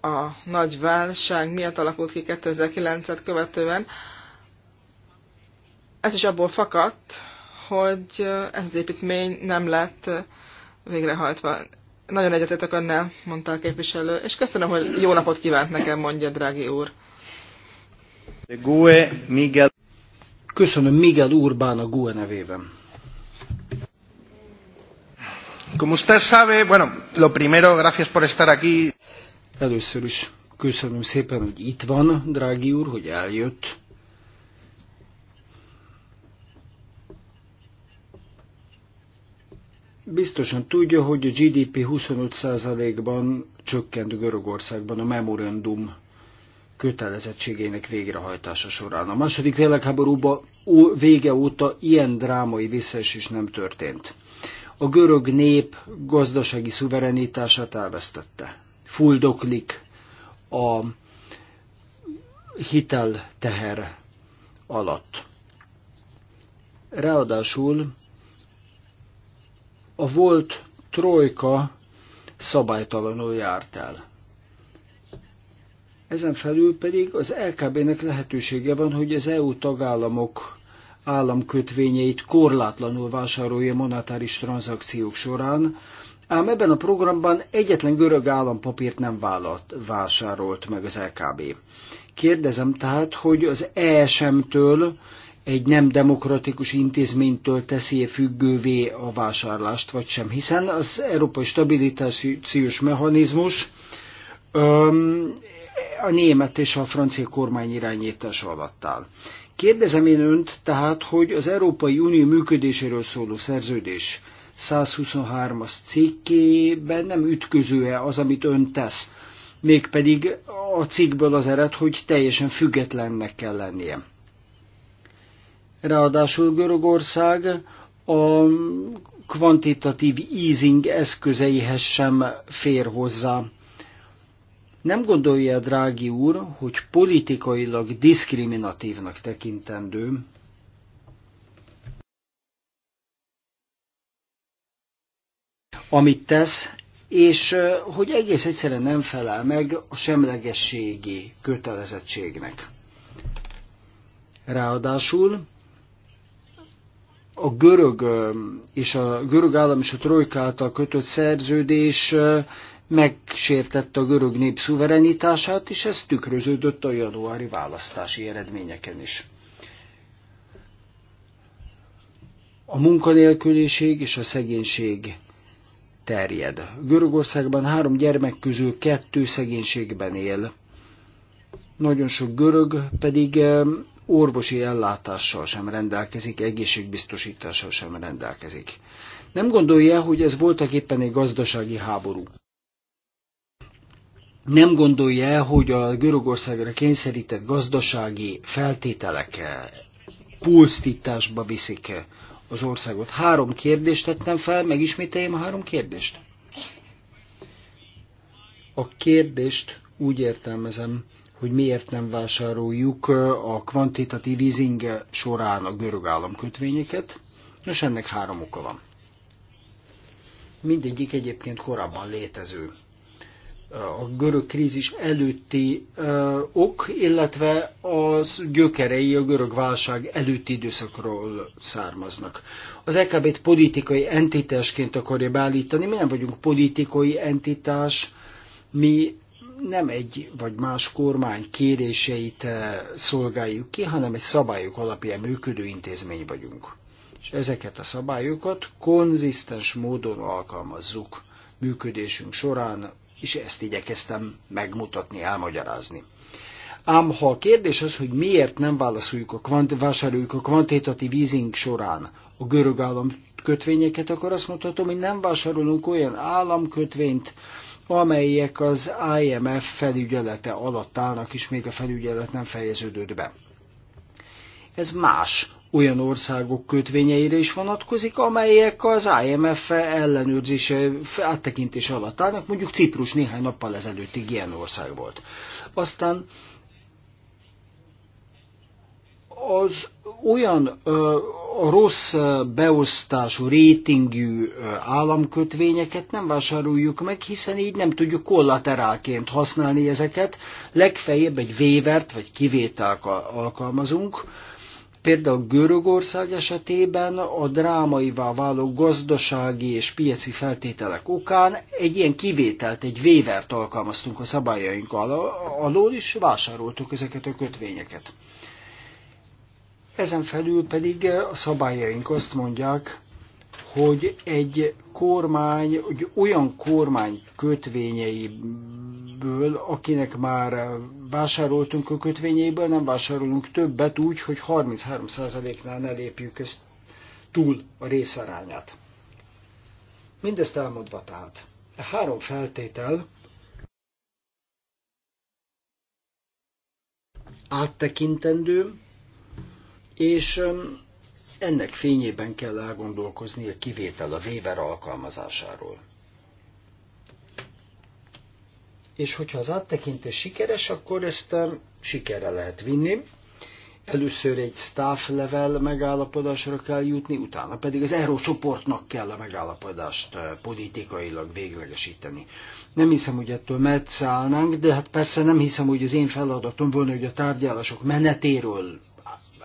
a nagy válság miatt alakult ki 2009-et követően. Ez is abból fakadt, hogy ez az építmény nem lett végrehajtva. Nagyon egyetetek önnel, mondta a képviselő, és köszönöm, hogy jó napot kívánt nekem, mondja, drági úr. Köszönöm Miguel Urbán a GUE nevében. Como usted sabe, bueno, lo primero, gracias por estar aquí. Először is köszönöm szépen, hogy itt van, drági úr, hogy eljött. biztosan tudja, hogy a GDP 25%-ban csökkent Görögországban a memorandum kötelezettségének végrehajtása során. A második világháborúba vége óta ilyen drámai visszaesés nem történt. A görög nép gazdasági szuverenitását elvesztette. Fuldoklik a hitel teher alatt. Ráadásul a volt trojka szabálytalanul járt el. Ezen felül pedig az LKB-nek lehetősége van, hogy az EU tagállamok államkötvényeit korlátlanul vásárolja monetáris tranzakciók során, ám ebben a programban egyetlen görög állampapírt nem vállalt, vásárolt meg az LKB. Kérdezem tehát, hogy az ESM-től egy nem demokratikus intézménytől teszi függővé a vásárlást, vagy sem. Hiszen az európai stabilitációs mechanizmus öm, a német és a francia kormány irányítás alatt áll. Kérdezem én önt tehát, hogy az Európai Unió működéséről szóló szerződés 123-as cikkében nem ütköző-e az, amit ön tesz, mégpedig a cikkből az ered, hogy teljesen függetlennek kell lennie. Ráadásul Görögország a kvantitatív easing eszközeihez sem fér hozzá. Nem gondolja, drági úr, hogy politikailag diszkriminatívnak tekintendő, amit tesz, és hogy egész egyszerűen nem felel meg a semlegességi kötelezettségnek. Ráadásul a görög és a görög állam és a trojka által kötött szerződés megsértette a görög nép szuverenitását, és ez tükröződött a januári választási eredményeken is. A munkanélküliség és a szegénység terjed. Görögországban három gyermek közül kettő szegénységben él. Nagyon sok görög pedig orvosi ellátással sem rendelkezik, egészségbiztosítással sem rendelkezik. Nem gondolja, hogy ez voltak éppen egy gazdasági háború. Nem gondolja, hogy a Görögországra kényszerített gazdasági feltételek pulsztításba viszik az országot. Három kérdést tettem fel, megismételjem a három kérdést. A kérdést úgy értelmezem, hogy miért nem vásároljuk a kvantitatív easing során a görög államkötvényeket. Nos, ennek három oka van. Mindegyik egyébként korábban létező. A görög krízis előtti ok, illetve az gyökerei a görög válság előtti időszakról származnak. Az EKB-t politikai entitásként akarja beállítani, mi nem vagyunk politikai entitás, mi nem egy vagy más kormány kéréseit eh, szolgáljuk ki, hanem egy szabályok alapján működő intézmény vagyunk. És ezeket a szabályokat konzisztens módon alkalmazzuk működésünk során, és ezt igyekeztem megmutatni, elmagyarázni. Ám ha a kérdés az, hogy miért nem válaszoljuk a kvant- vásároljuk a kvantitatív easing során a görög államkötvényeket, akkor azt mondhatom, hogy nem vásárolunk olyan államkötvényt, amelyek az IMF felügyelete alatt állnak, és még a felügyelet nem fejeződött be. Ez más olyan országok kötvényeire is vonatkozik, amelyek az IMF ellenőrzése áttekintés alatt állnak, mondjuk Ciprus néhány nappal ezelőttig ilyen ország volt. Aztán az olyan ö, rossz beosztású, rétingű államkötvényeket nem vásároljuk meg, hiszen így nem tudjuk kollaterálként használni ezeket. Legfeljebb egy vévert vagy kivételt alkalmazunk. Például Görögország esetében a drámaivá váló gazdasági és piaci feltételek okán egy ilyen kivételt, egy vévert alkalmaztunk a szabályaink alól, és vásároltuk ezeket a kötvényeket. Ezen felül pedig eh, a szabályaink azt mondják, hogy egy kormány, egy olyan kormány kötvényeiből, akinek már eh, vásároltunk a kötvényeiből, nem vásárolunk többet úgy, hogy 33%-nál ne lépjük ezt túl a részarányát. Mindezt elmondva tehát. A három feltétel áttekintendő, és ennek fényében kell elgondolkozni a kivétel a véver alkalmazásáról. És hogyha az áttekintés sikeres, akkor ezt sikerre lehet vinni. Először egy staff level megállapodásra kell jutni, utána pedig az ERO csoportnak kell a megállapodást politikailag véglegesíteni. Nem hiszem, hogy ettől metszállnánk, de hát persze nem hiszem, hogy az én feladatom volna, hogy a tárgyalások menetéről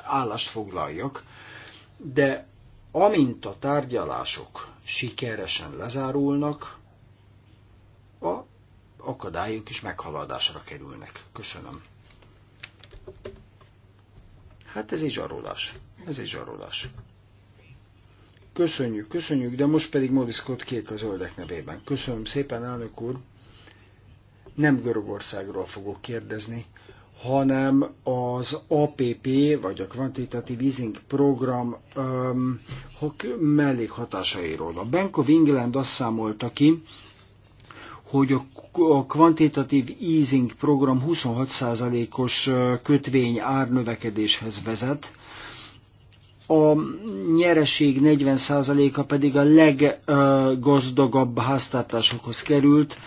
állást foglaljak, de amint a tárgyalások sikeresen lezárulnak, a akadályok is meghaladásra kerülnek. Köszönöm. Hát ez egy zsarolás. Ez egy zsarolás. Köszönjük, köszönjük, de most pedig Scott kék a zöldek nevében. Köszönöm szépen, elnök úr. Nem Görögországról fogok kérdezni, hanem az APP, vagy a Quantitative Easing Program um, mellékhatásairól. A Bank of England azt számolta ki, hogy a kvantitatív easing program 26%-os kötvény árnövekedéshez vezet, a nyereség 40%-a pedig a leggazdagabb háztartásokhoz került,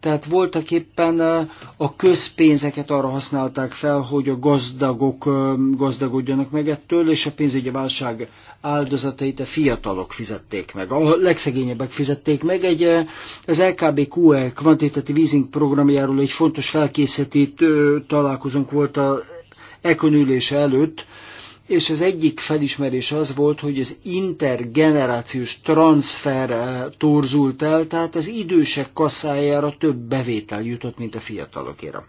tehát voltak éppen a közpénzeket arra használták fel, hogy a gazdagok gazdagodjanak meg ettől, és a pénzügyi válság áldozatait a fiatalok fizették meg. A legszegényebbek fizették meg. Egy, az LKB QE kvantitatív easing programjáról egy fontos felkészítő találkozónk volt a Ekon előtt, és az egyik felismerés az volt, hogy az intergenerációs transfer eh, torzult el, tehát az idősek kasszájára több bevétel jutott, mint a fiatalokéra.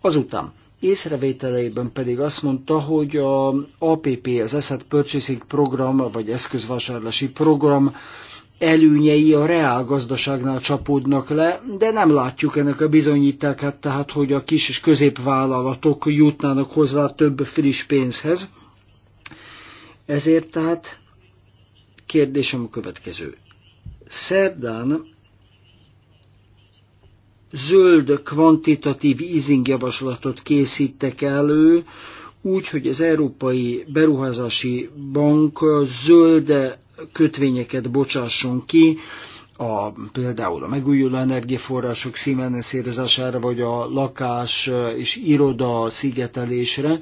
Azután észrevételeiben pedig azt mondta, hogy a APP, az Asset Purchasing Program, vagy eszközvásárlási program előnyei a reálgazdaságnál csapódnak le, de nem látjuk ennek a bizonyítákat, tehát hogy a kis és középvállalatok jutnának hozzá több friss pénzhez. Ezért tehát kérdésem a következő. Szerdán zöld kvantitatív easing javaslatot készítek elő, úgy, hogy az Európai Beruházási Bank zöld kötvényeket bocsásson ki, a, például a megújuló energiaforrások színveneszérezására, vagy a lakás és iroda szigetelésre.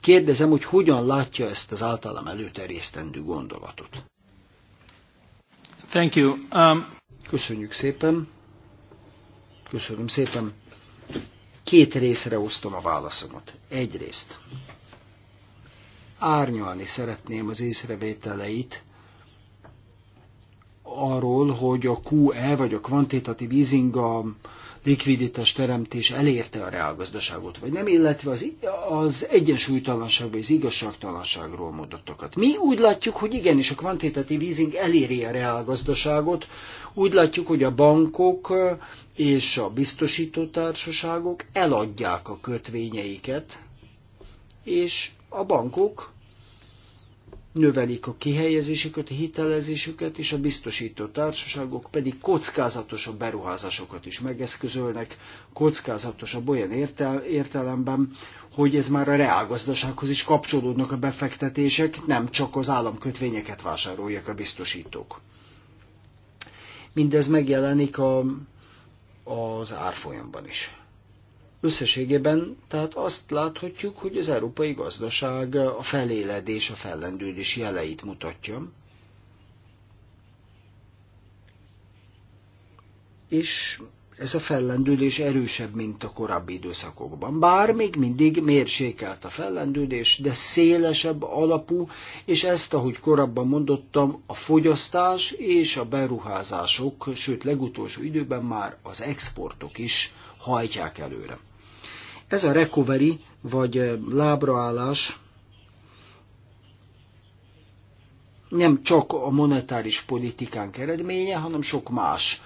Kérdezem, hogy hogyan látja ezt az általam előterjesztendő gondolatot. Thank you. Um... Köszönjük szépen. Köszönöm szépen. Két részre osztom a válaszomat. Egyrészt árnyalni szeretném az észrevételeit, arról, hogy a QE vagy a kvantitatív easing a likviditás teremtés elérte a reálgazdaságot, vagy nem, illetve az, az egyensúlytalanság vagy az igazságtalanságról mondottakat. Mi úgy látjuk, hogy igenis a kvantitatív easing eléri a reálgazdaságot, úgy látjuk, hogy a bankok és a biztosítótársaságok eladják a kötvényeiket, és a bankok növelik a kihelyezésüket, a hitelezésüket, és a biztosító társaságok pedig kockázatosabb beruházásokat is megeszközölnek, kockázatosabb olyan értelemben, hogy ez már a reálgazdasághoz is kapcsolódnak a befektetések, nem csak az államkötvényeket vásárolják a biztosítók. Mindez megjelenik a, az árfolyamban is. Összességében tehát azt láthatjuk, hogy az európai gazdaság a feléledés, a fellendülés jeleit mutatja. És ez a fellendülés erősebb, mint a korábbi időszakokban. Bár még mindig mérsékelt a fellendülés, de szélesebb alapú, és ezt, ahogy korábban mondottam, a fogyasztás és a beruházások, sőt legutolsó időben már az exportok is hajtják előre. Ez a recovery, vagy eh, lábraállás nem csak a monetáris politikánk eredménye, hanem sok más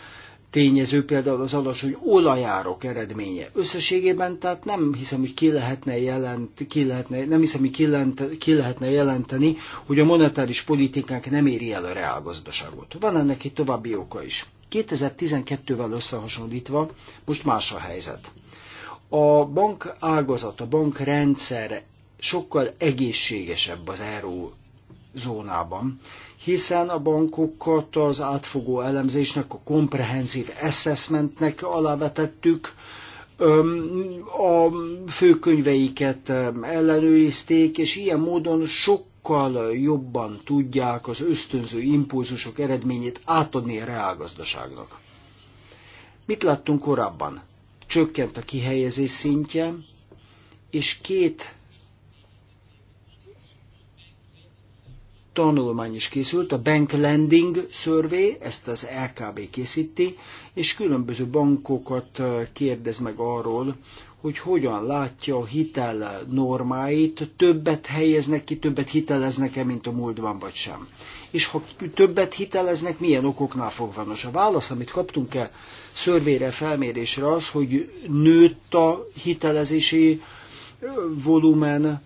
tényező, például az alacsony olajárok eredménye. Összességében tehát nem hiszem, hogy ki lehetne, jelent, ki lehetne, nem hiszem, hogy ki, lent, ki lehetne jelenteni, hogy a monetáris politikánk nem éri el a reálgazdaságot. Van ennek egy további oka is. 2012-vel összehasonlítva most más a helyzet. A bank ágazat, a bankrendszer sokkal egészségesebb az euró zónában, hiszen a bankokat az átfogó elemzésnek, a komprehenzív assessmentnek alávetettük, a főkönyveiket ellenőrizték, és ilyen módon sok sokkal jobban tudják az ösztönző impulzusok eredményét átadni a reálgazdaságnak. Mit láttunk korábban? Csökkent a kihelyezés szintje, és két tanulmány is készült, a Bank Lending Survey, ezt az LKB készíti, és különböző bankokat kérdez meg arról, hogy hogyan látja a hitel normáit, többet helyeznek ki, többet hiteleznek-e, mint a múltban, vagy sem. És ha többet hiteleznek, milyen okoknál fogva? Nos, a válasz, amit kaptunk-e szörvére, felmérésre az, hogy nőtt a hitelezési volumen,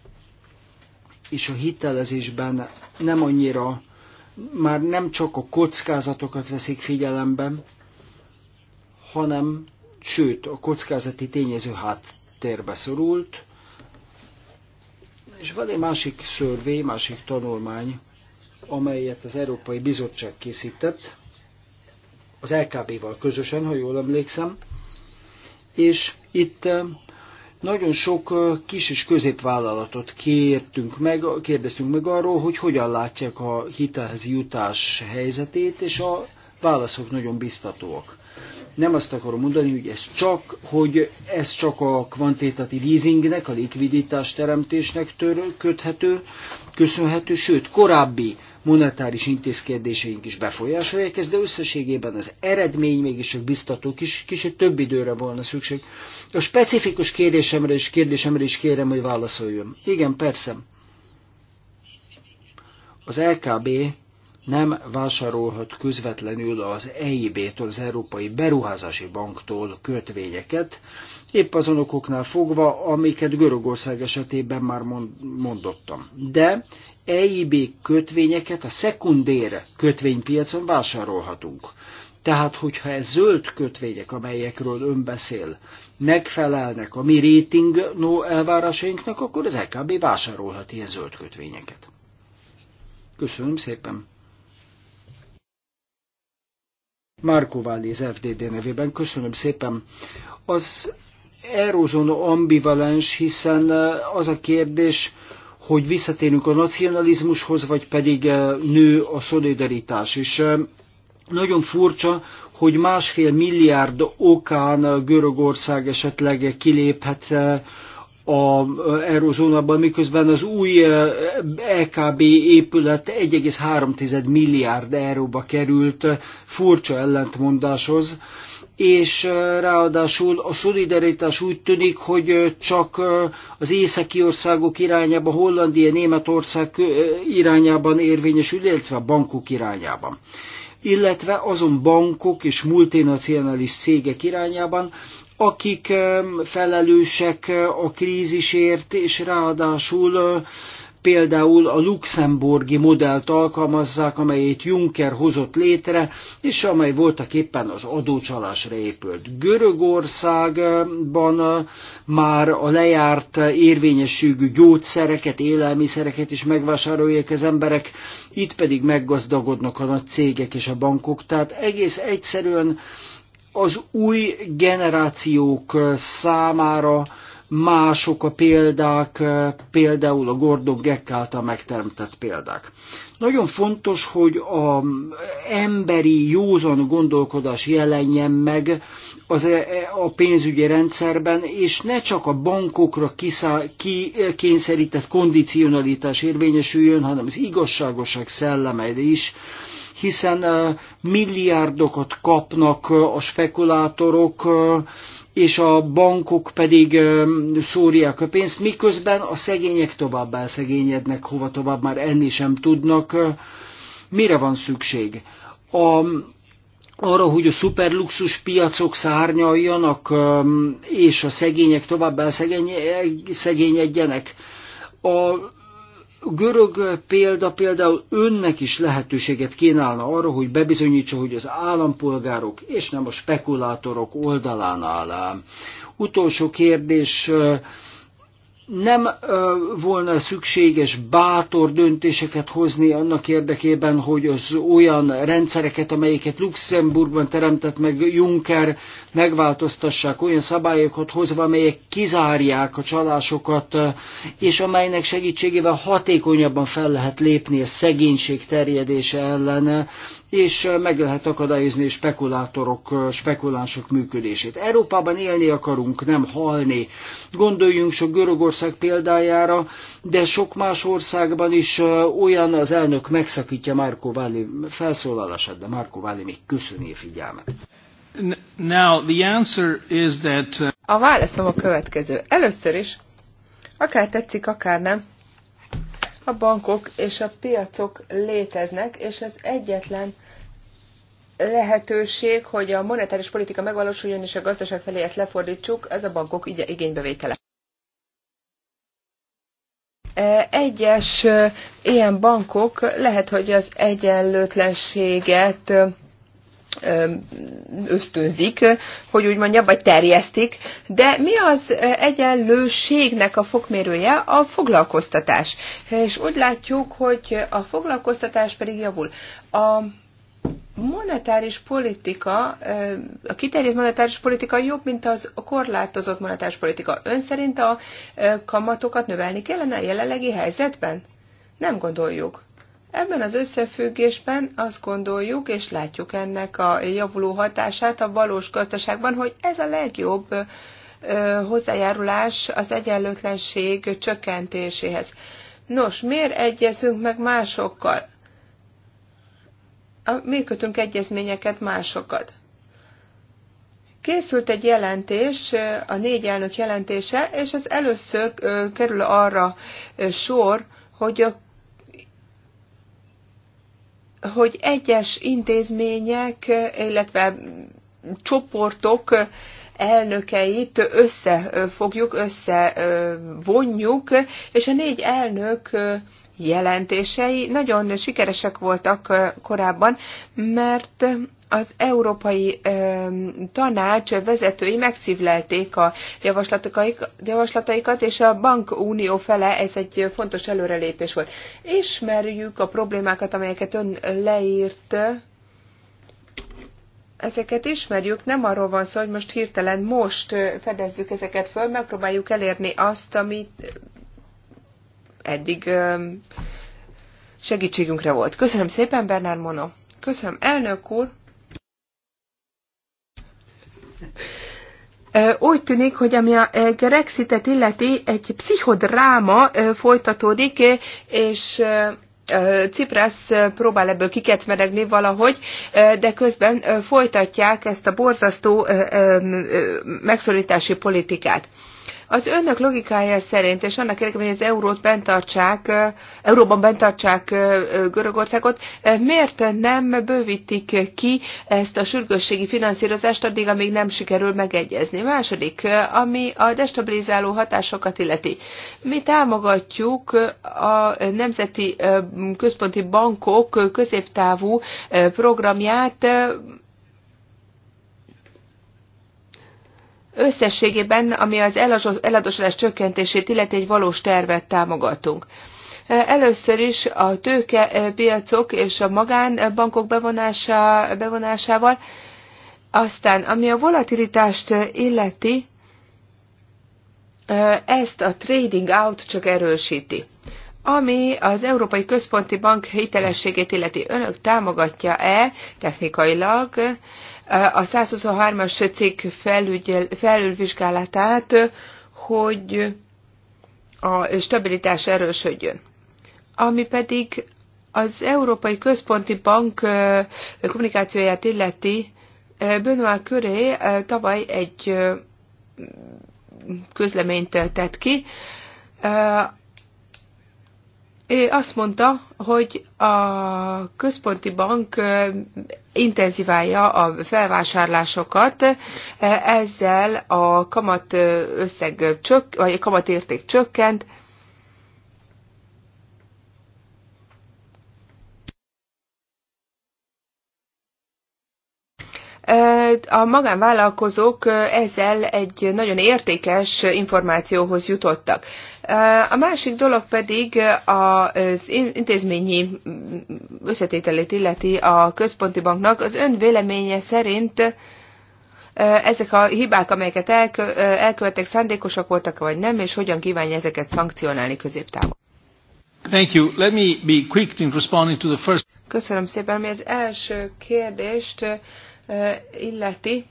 és a hitelezésben nem annyira, már nem csak a kockázatokat veszik figyelembe, hanem sőt, a kockázati tényező háttérbe szorult, és van egy másik szörvé, másik tanulmány, amelyet az Európai Bizottság készített, az LKB-val közösen, ha jól emlékszem, és itt nagyon sok kis és középvállalatot kértünk meg, kérdeztünk meg arról, hogy hogyan látják a hitelhez jutás helyzetét, és a válaszok nagyon biztatóak. Nem azt akarom mondani, hogy ez csak, hogy ez csak a kvantitatív leasingnek, a likviditás teremtésnek tör, köthető, köszönhető, sőt, korábbi monetáris intézkedéseink is befolyásolják ezt, de összességében az eredmény mégis csak biztató, kis, kicsit több időre volna szükség. A specifikus kérdésemre is kérdésemre is kérem, hogy válaszoljon. Igen, persze. Az LKB nem vásárolhat közvetlenül az EIB-től, az Európai Beruházási Banktól kötvényeket, épp azon okoknál fogva, amiket Görögország esetében már mondottam. De EIB kötvényeket a szekundér kötvénypiacon vásárolhatunk. Tehát, hogyha ez zöld kötvények, amelyekről ön beszél, megfelelnek a mi rating no elvárásainknak, akkor az EKB vásárolhat ilyen zöld kötvényeket. Köszönöm szépen! Márko Válli az FDD nevében. Köszönöm szépen. Az eurozóna ambivalens, hiszen eh, az a kérdés, hogy visszatérünk a nacionalizmushoz, vagy pedig eh, nő a szolidaritás. És eh, nagyon furcsa, hogy másfél milliárd okán eh, Görögország esetleg kiléphet a eurozónában, miközben az új EKB e épület 1,3 milliárd euróba került furcsa ellentmondáshoz és ráadásul a szolidaritás úgy tűnik, hogy csak az északi országok irányába, Hollandia, Németország irányában érvényesül, illetve a bankok irányában illetve azon bankok és multinacionális cégek irányában, akik felelősek a krízisért, és ráadásul például a luxemburgi modellt alkalmazzák, amelyet Juncker hozott létre, és amely voltak éppen az adócsalásra épült. Görögországban eh, már a lejárt eh, érvényességű gyógyszereket, élelmiszereket is megvásárolják az emberek, itt pedig meggazdagodnak a nagy cégek és a bankok. Tehát egész egyszerűen az új generációk eh, számára mások a példák, például a Gordon Gekk által megteremtett példák. Nagyon fontos, hogy a emberi józan gondolkodás jelenjen meg az e, e, a pénzügyi rendszerben, és ne csak a bankokra kiszá, kikényszerített e, kondicionalitás érvényesüljön, hanem az igazságosság szelleme is, hiszen milliárdokat kapnak a spekulátorok, és a bankok pedig szórják a pénzt, miközben a szegények tovább elszegényednek, hova tovább már enni sem tudnak. Mire van szükség? A, arra, hogy a szuperluxus piacok szárnyaljanak, és a szegények tovább elszegényedjenek. A görög példa például önnek is lehetőséget kínálna arra, hogy bebizonyítsa, hogy az állampolgárok és nem a spekulátorok oldalán áll. Utolsó kérdés nem volna szükséges bátor döntéseket hozni annak érdekében, hogy az olyan rendszereket, amelyeket Luxemburgban teremtett meg Juncker, megváltoztassák olyan szabályokat hozva, amelyek kizárják a csalásokat, és amelynek segítségével hatékonyabban fel lehet lépni a szegénység terjedése ellen, és meg lehet akadályozni spekulátorok, spekulánsok működését. Európában élni akarunk, nem halni. Gondoljunk sok Görögország példájára, de sok más országban is olyan az elnök megszakítja Márkó Váli felszólalását, de Márkó Váli még köszöni a figyelmet. Now, the answer is that... Uh, a válaszom a következő. Először is, akár tetszik, akár nem, a bankok és a piacok léteznek, és az egyetlen lehetőség, hogy a monetáris politika megvalósuljon, és a gazdaság felé ezt lefordítsuk, ez a bankok igénybevétele. E, egyes e, ilyen bankok lehet, hogy az egyenlőtlenséget e, ösztönzik, hogy úgy mondja, vagy terjesztik, de mi az egyenlőségnek a fokmérője? A foglalkoztatás. És úgy látjuk, hogy a foglalkoztatás pedig javul. A monetáris politika, a kiterjedt monetáris politika jobb, mint az a korlátozott monetáris politika. Ön szerint a kamatokat növelni kellene a jelenlegi helyzetben? Nem gondoljuk. Ebben az összefüggésben azt gondoljuk, és látjuk ennek a javuló hatását a valós gazdaságban, hogy ez a legjobb hozzájárulás az egyenlőtlenség csökkentéséhez. Nos, miért egyezünk meg másokkal? miért kötünk egyezményeket másokat? Készült egy jelentés, a négy elnök jelentése, és az először kerül arra sor, hogy a hogy egyes intézmények, illetve csoportok elnökeit összefogjuk, összevonjuk, és a négy elnök jelentései nagyon sikeresek voltak korábban, mert az Európai Tanács vezetői megszívlelték a javaslataikat, és a bankunió fele ez egy fontos előrelépés volt. Ismerjük a problémákat, amelyeket ön leírt, ezeket ismerjük, nem arról van szó, hogy most hirtelen most fedezzük ezeket föl, megpróbáljuk elérni azt, amit eddig segítségünkre volt. Köszönöm szépen, Bernard Mono. Köszönöm, elnök úr. Úgy tűnik, hogy ami a Grexitet illeti, egy pszichodráma folytatódik, és Ciprász próbál ebből kiketmeregni valahogy, de közben folytatják ezt a borzasztó megszorítási politikát. Az önök logikája szerint, és annak érdekében, hogy az eurót bentartsák, euróban bentartsák Görögországot, miért nem bővítik ki ezt a sürgősségi finanszírozást addig, amíg nem sikerül megegyezni? Második, ami a destabilizáló hatásokat illeti. Mi támogatjuk a Nemzeti Központi Bankok középtávú programját, Összességében, ami az eladósodás csökkentését illeti, egy valós tervet támogatunk. Először is a tőkepiacok és a magánbankok bevonása, bevonásával, aztán ami a volatilitást illeti, ezt a trading out csak erősíti. Ami az Európai Központi Bank hitelességét illeti, önök támogatja-e technikailag a 123-as cikk felügyel, felülvizsgálatát, hogy a stabilitás erősödjön. Ami pedig az Európai Központi Bank kommunikációját illeti, Benoit Köré tavaly egy közleményt tett ki, azt mondta, hogy a központi bank intenziválja a felvásárlásokat, ezzel a kamat összeg csök, vagy a kamatérték csökkent, a magánvállalkozók ezzel egy nagyon értékes információhoz jutottak. A másik dolog pedig az intézményi összetételét illeti a központi banknak. Az ön véleménye szerint ezek a hibák, amelyeket elkövettek, szándékosak voltak vagy nem, és hogyan kívánja ezeket szankcionálni középtávon? Thank you. Let me be quick in responding to the first. Köszönöm szépen, mi az első kérdést illeti,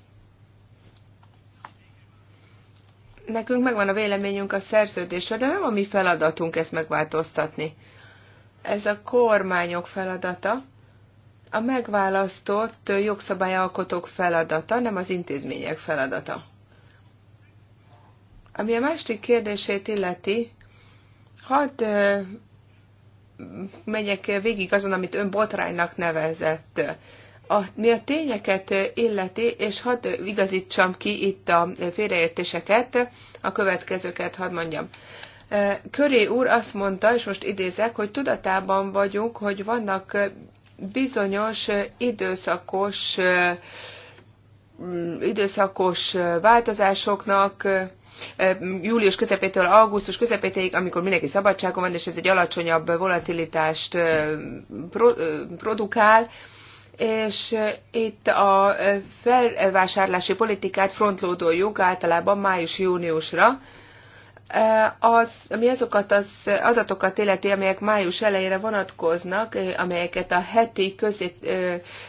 nekünk megvan a véleményünk a szerződésről, de nem a mi feladatunk ezt megváltoztatni. Ez a kormányok feladata, a megválasztott jogszabályalkotók feladata, nem az intézmények feladata. Ami a másik kérdését illeti, hadd megyek végig azon, amit ön botránynak nevezett a, mi a tényeket illeti, és hadd igazítsam ki itt a félreértéseket, a következőket hadd mondjam. E, Köré úr azt mondta, és most idézek, hogy tudatában vagyunk, hogy vannak bizonyos időszakos, e, időszakos változásoknak, e, július közepétől augusztus közepétéig, amikor mindenki szabadságon van, és ez egy alacsonyabb volatilitást produkál, és eh, itt a eh, felvásárlási politikát frontlódoljuk általában május-júniusra, eh, az, ami azokat az adatokat illeti, amelyek május elejére vonatkoznak, amelyeket a heti, közé,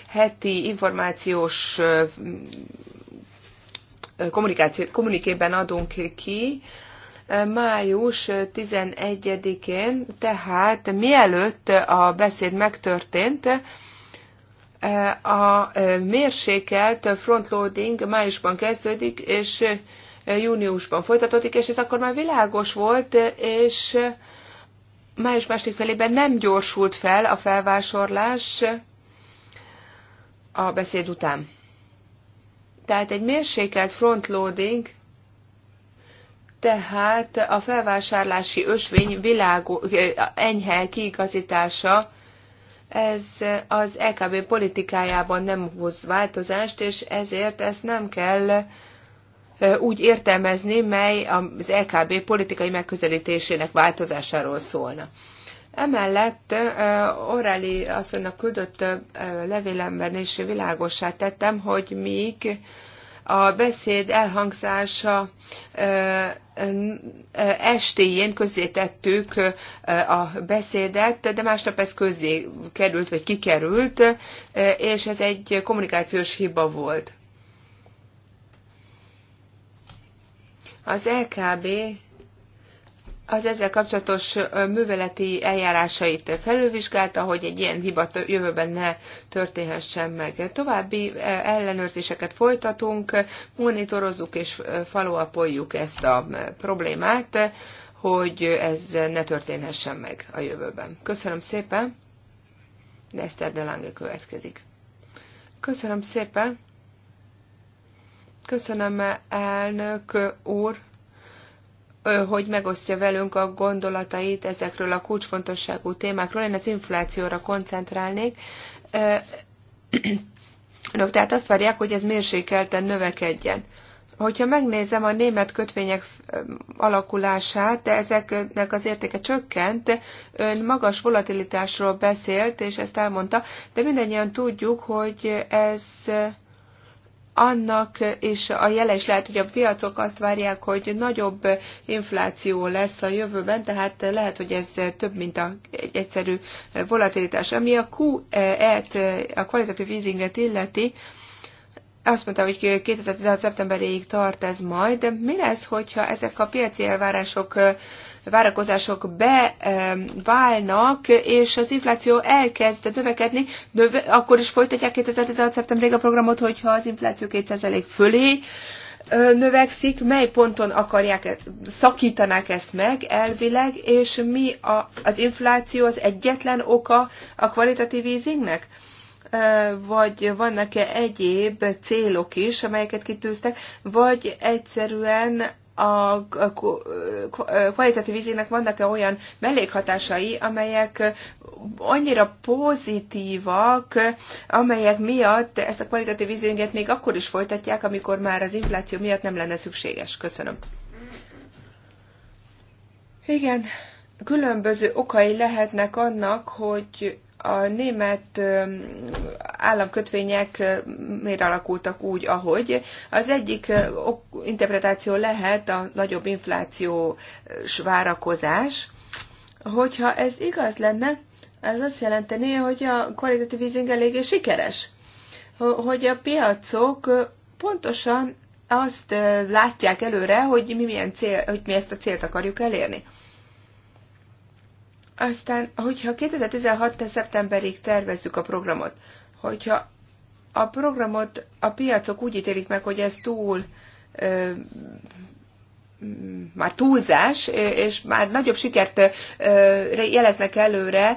heti információs kommunikáció, kommunikében adunk ki, május 11-én, tehát mielőtt a beszéd megtörtént, Eh, a eh, mérsékelt frontloading májusban kezdődik, és eh, júniusban folytatódik, és ez akkor már világos volt, és május második felében nem gyorsult fel a felvásárlás a beszéd után. Tehát egy mérsékelt frontloading, tehát a felvásárlási ösvény világo, enyhe kiigazítása ez az EKB politikájában nem hoz változást, és ezért ezt nem kell úgy értelmezni, mely az EKB politikai megközelítésének változásáról szólna. Emellett Orali asszonynak küldött levélemben is világossá tettem, hogy míg a beszéd elhangzása estéjén közzétettük a beszédet, de másnap ez közzé került, vagy kikerült, és ez egy kommunikációs hiba volt. Az LKB az ezzel kapcsolatos műveleti eljárásait felülvizsgálta, hogy egy ilyen hiba jövőben ne történhessen meg. További ellenőrzéseket folytatunk, monitorozzuk és faluapoljuk ezt a problémát, hogy ez ne történhessen meg a jövőben. Köszönöm szépen. de lange következik. Köszönöm szépen. Köszönöm, elnök úr hogy megosztja velünk a gondolatait ezekről a kulcsfontosságú témákról. Én az inflációra koncentrálnék. Önök tehát azt várják, hogy ez mérsékelten növekedjen. Hogyha megnézem a német kötvények alakulását, de ezeknek az értéke csökkent, ön magas volatilitásról beszélt, és ezt elmondta, de mindannyian tudjuk, hogy ez annak és a jele is lehet, hogy a piacok azt várják, hogy nagyobb infláció lesz a jövőben, tehát lehet, hogy ez több, mint a egy egyszerű volatilitás. Ami a QE-t, a kvalitatív easinget illeti, azt mondta, hogy 2016. szeptemberéig tart ez majd, de mi lesz, hogyha ezek a piaci elvárások várakozások beválnak, és az infláció elkezd növekedni, növe, akkor is folytatják 2016. szeptemberig a programot, hogyha az infláció 2% fölé növekszik, mely ponton akarják, e- szakítanák ezt meg elvileg, és mi a, az infláció az egyetlen oka a kvalitatív easingnek? vagy vannak-e egyéb célok is, amelyeket kitűztek, vagy egyszerűen a kvalitatív vízének vannak-e olyan mellékhatásai, amelyek annyira pozitívak, amelyek miatt ezt a kvalitatív vízünket még akkor is folytatják, amikor már az infláció miatt nem lenne szükséges. Köszönöm. Igen, különböző okai lehetnek annak, hogy a német államkötvények miért alakultak úgy, ahogy. Az egyik interpretáció lehet a nagyobb inflációs várakozás. Hogyha ez igaz lenne, ez azt jelenteni, hogy a kvalitatív easing eléggé sikeres. Hogy a piacok pontosan azt látják előre, hogy mi, milyen cél, hogy mi ezt a célt akarjuk elérni. Aztán, hogyha 2016. szeptemberig tervezzük a programot, hogyha a programot a piacok úgy ítélik meg, hogy ez túl ö, már túlzás, és már nagyobb sikert jeleznek előre,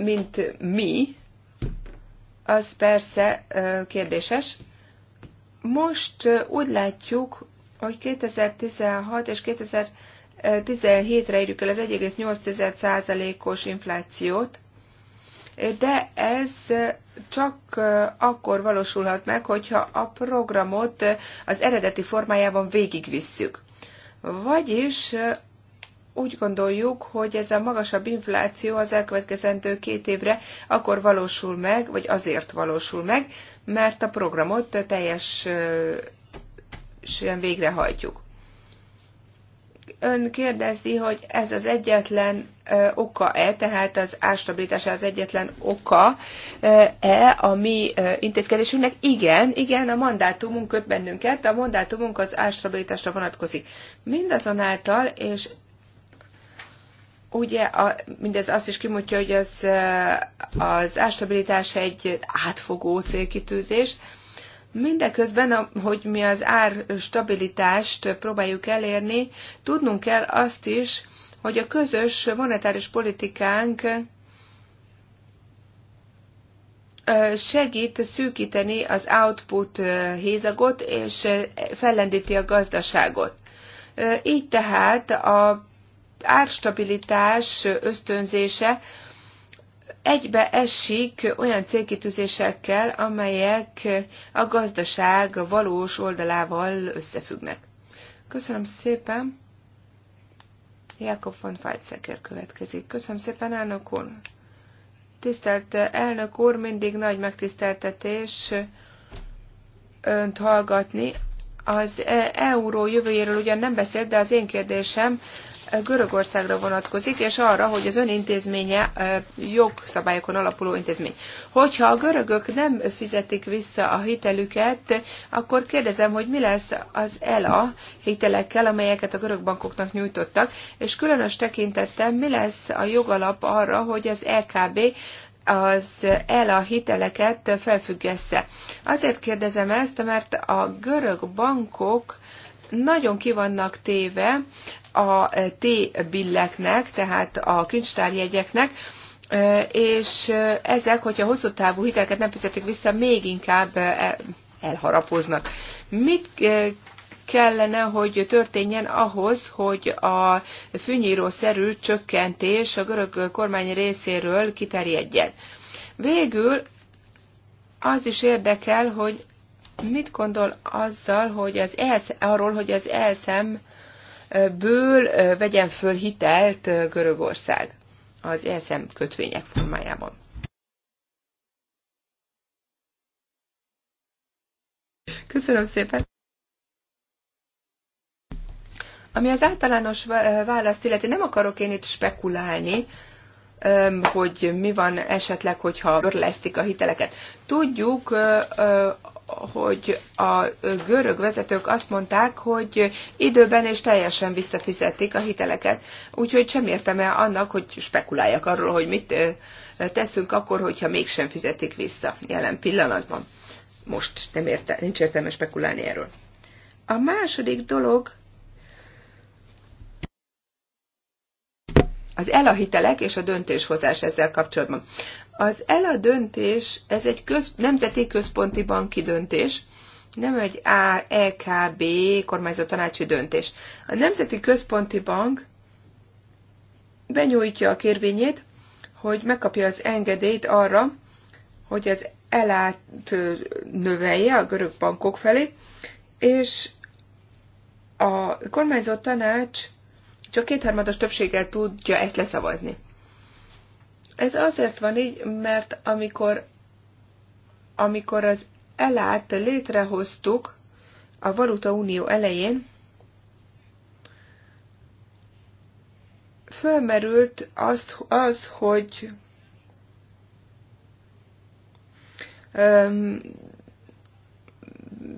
mint mi, az persze kérdéses. Most úgy látjuk, hogy 2016 és 2016 17-re érjük el az 1,8%-os inflációt, de ez csak akkor valósulhat meg, hogyha a programot az eredeti formájában végigvisszük. Vagyis úgy gondoljuk, hogy ez a magasabb infláció az elkövetkezendő két évre akkor valósul meg, vagy azért valósul meg, mert a programot teljesen végrehajtjuk ön kérdezi, hogy ez az egyetlen oka-e, tehát az ástabilitása az egyetlen oka-e a mi intézkedésünknek? Igen, igen, a mandátumunk köt bennünket, a mandátumunk az ástabilitásra vonatkozik. Mindazonáltal, és ugye a, mindez azt is kimutja, hogy az, az ástabilitás egy átfogó célkitűzés, Mindeközben, hogy mi az ár stabilitást próbáljuk elérni, tudnunk kell azt is, hogy a közös monetáris politikánk segít szűkíteni az output hézagot, és fellendíti a gazdaságot. Így tehát a árstabilitás ösztönzése egybe esik olyan célkitűzésekkel, amelyek a gazdaság valós oldalával összefüggnek. Köszönöm szépen! Jakob von Weizsäcker következik. Köszönöm szépen, elnök úr! Tisztelt elnök úr, mindig nagy megtiszteltetés önt hallgatni. Az e, euró jövőjéről ugyan nem beszélt, de az én kérdésem Görögországra vonatkozik, és arra, hogy az ön intézménye jogszabályokon alapuló intézmény. Hogyha a görögök nem fizetik vissza a hitelüket, akkor kérdezem, hogy mi lesz az ELA hitelekkel, amelyeket a görög bankoknak nyújtottak, és különös tekintettel mi lesz a jogalap arra, hogy az LKB e az el a hiteleket felfüggesse. Azért kérdezem ezt, mert a görög bankok nagyon kivannak téve a T-billeknek, tehát a kincstárjegyeknek, és ezek, hogyha hosszú távú hiteleket nem fizetik vissza, még inkább elharapoznak. Mit kellene, hogy történjen ahhoz, hogy a fűnyírószerű csökkentés a görög kormány részéről kiterjedjen. Végül az is érdekel, hogy mit gondol azzal, hogy az ESZ, arról, hogy az ESM ből vegyen föl hitelt Görögország az ESM kötvények formájában. Köszönöm szépen! Ami az általános választ illeti, nem akarok én itt spekulálni, hogy mi van esetleg, hogyha örlesztik a hiteleket. Tudjuk, hogy a görög vezetők azt mondták, hogy időben és teljesen visszafizetik a hiteleket, úgyhogy sem értem el annak, hogy spekuláljak arról, hogy mit teszünk akkor, hogyha mégsem fizetik vissza jelen pillanatban. Most nem érte, nincs értelme spekulálni erről. A második dolog az ELA hitelek és a döntéshozás ezzel kapcsolatban. Az ELA döntés, ez egy köz, nemzeti központi banki döntés, nem egy A, EKB kormányzó tanácsi döntés. A Nemzeti Központi Bank benyújtja a kérvényét, hogy megkapja az engedélyt arra, hogy az elát növelje a görög bankok felé, és a kormányzó tanács csak kétharmados többséggel tudja ezt leszavazni. Ez azért van így, mert amikor, amikor az elát létrehoztuk a Valuta Unió elején, fölmerült azt, az, hogy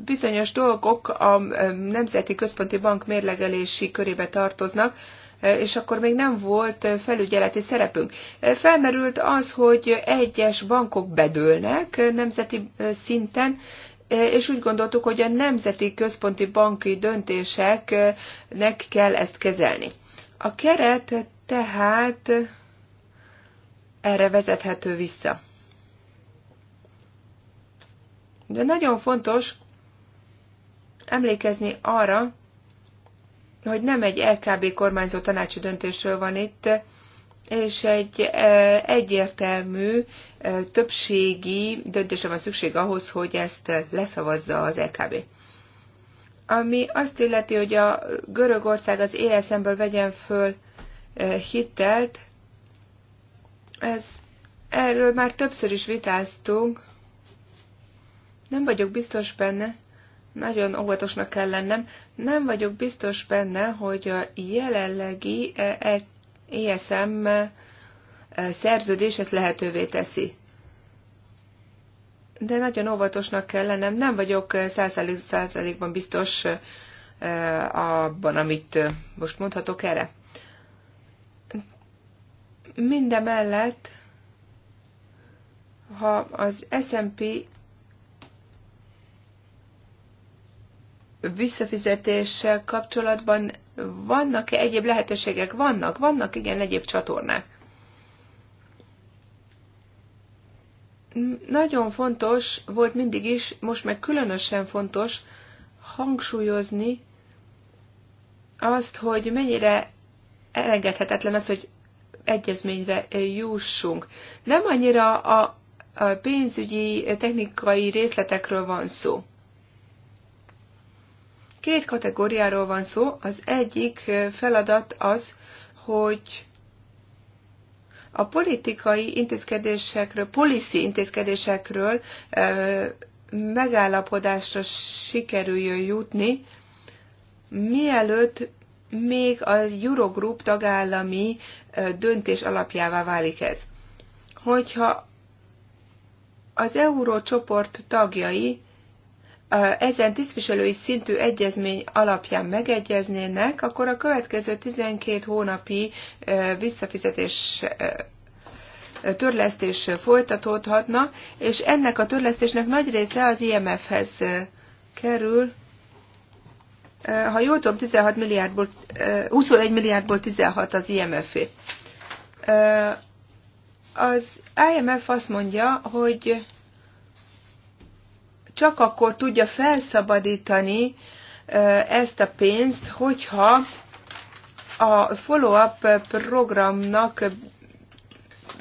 bizonyos dolgok a Nemzeti Központi Bank mérlegelési körébe tartoznak, e, és akkor még nem volt e, felügyeleti szerepünk. E, felmerült az, hogy egyes bankok bedőlnek nemzeti szinten, és úgy gondoltuk, hogy a nemzeti központi banki döntéseknek kell ezt kezelni. A keret tehát erre vezethető vissza. De nagyon fontos, emlékezni arra, hogy nem egy LKB kormányzó tanácsi döntésről van itt, és egy egyértelmű többségi döntésre van szükség ahhoz, hogy ezt leszavazza az LKB. Ami azt illeti, hogy a Görögország az ESM-ből vegyen föl hitelt, ez, erről már többször is vitáztunk, nem vagyok biztos benne, nagyon óvatosnak kell lennem. Nem vagyok biztos benne, hogy a jelenlegi ESM e, e e, szerződés ezt lehetővé teszi. De nagyon óvatosnak kell lennem. Nem vagyok százalékban biztos abban, amit most mondhatok erre. Mindemellett, ha az S&P visszafizetéssel kapcsolatban vannak-e egyéb lehetőségek? Vannak, vannak igen egyéb csatornák. Nagyon fontos volt mindig is, most meg különösen fontos hangsúlyozni azt, hogy mennyire elengedhetetlen az, hogy egyezményre jussunk. Nem annyira a, a pénzügyi technikai részletekről van szó. Két kategóriáról van szó. Az egyik feladat az, hogy a politikai intézkedésekről, policy intézkedésekről megállapodásra sikerüljön jutni, mielőtt még a Eurogroup tagállami döntés alapjává válik ez. Hogyha az eurócsoport tagjai ezen tisztviselői szintű egyezmény alapján megegyeznének, akkor a következő 12 hónapi visszafizetés törlesztés folytatódhatna, és ennek a törlesztésnek nagy része az IMF-hez kerül. Ha jól tudom, 16 milliárdból, 21 milliárdból 16 az IMF-é. Az IMF azt mondja, hogy csak akkor tudja felszabadítani ezt a pénzt, hogyha a follow-up programnak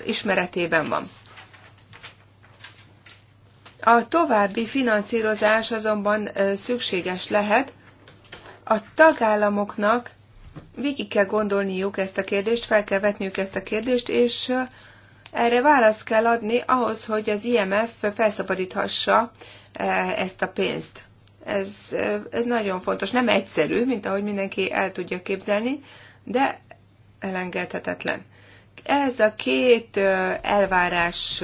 ismeretében van. A további finanszírozás azonban szükséges lehet. A tagállamoknak végig kell gondolniuk ezt a kérdést, fel kell vetniük ezt a kérdést, és erre választ kell adni ahhoz, hogy az IMF felszabadíthassa eh, ezt a pénzt. Ez, eh, ez nagyon fontos. Nem egyszerű, mint ahogy mindenki el tudja képzelni, de elengedhetetlen. Ez a két eh, elvárás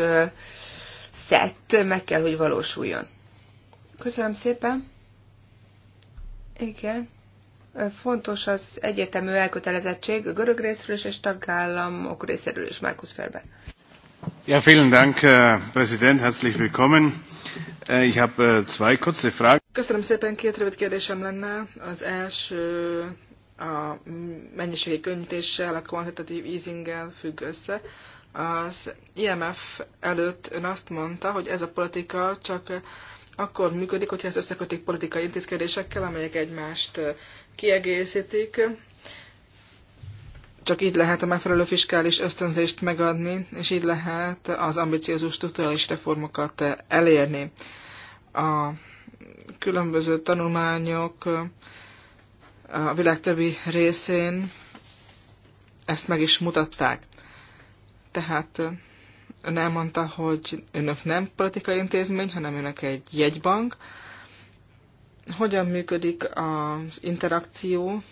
szett meg kell, hogy valósuljon. Köszönöm szépen. Igen. Fontos az egyetemű elkötelezettség a görög részről és tagállamok részéről is, Markus Ferber. Köszönöm szépen, két rövid kérdésem lenne. Az első a mennyiségi könnyítéssel, a quantitative easinggel függ össze. Az IMF előtt ön azt mondta, hogy ez a politika csak akkor működik, hogyha ezt összekötik politikai intézkedésekkel, amelyek egymást kiegészítik. Csak így lehet a megfelelő fiskális ösztönzést megadni, és így lehet az ambiciózus strukturális reformokat elérni. A különböző tanulmányok a világ többi részén ezt meg is mutatták. Tehát ön elmondta, hogy önök nem politikai intézmény, hanem önök egy jegybank. Hogyan működik az interakció?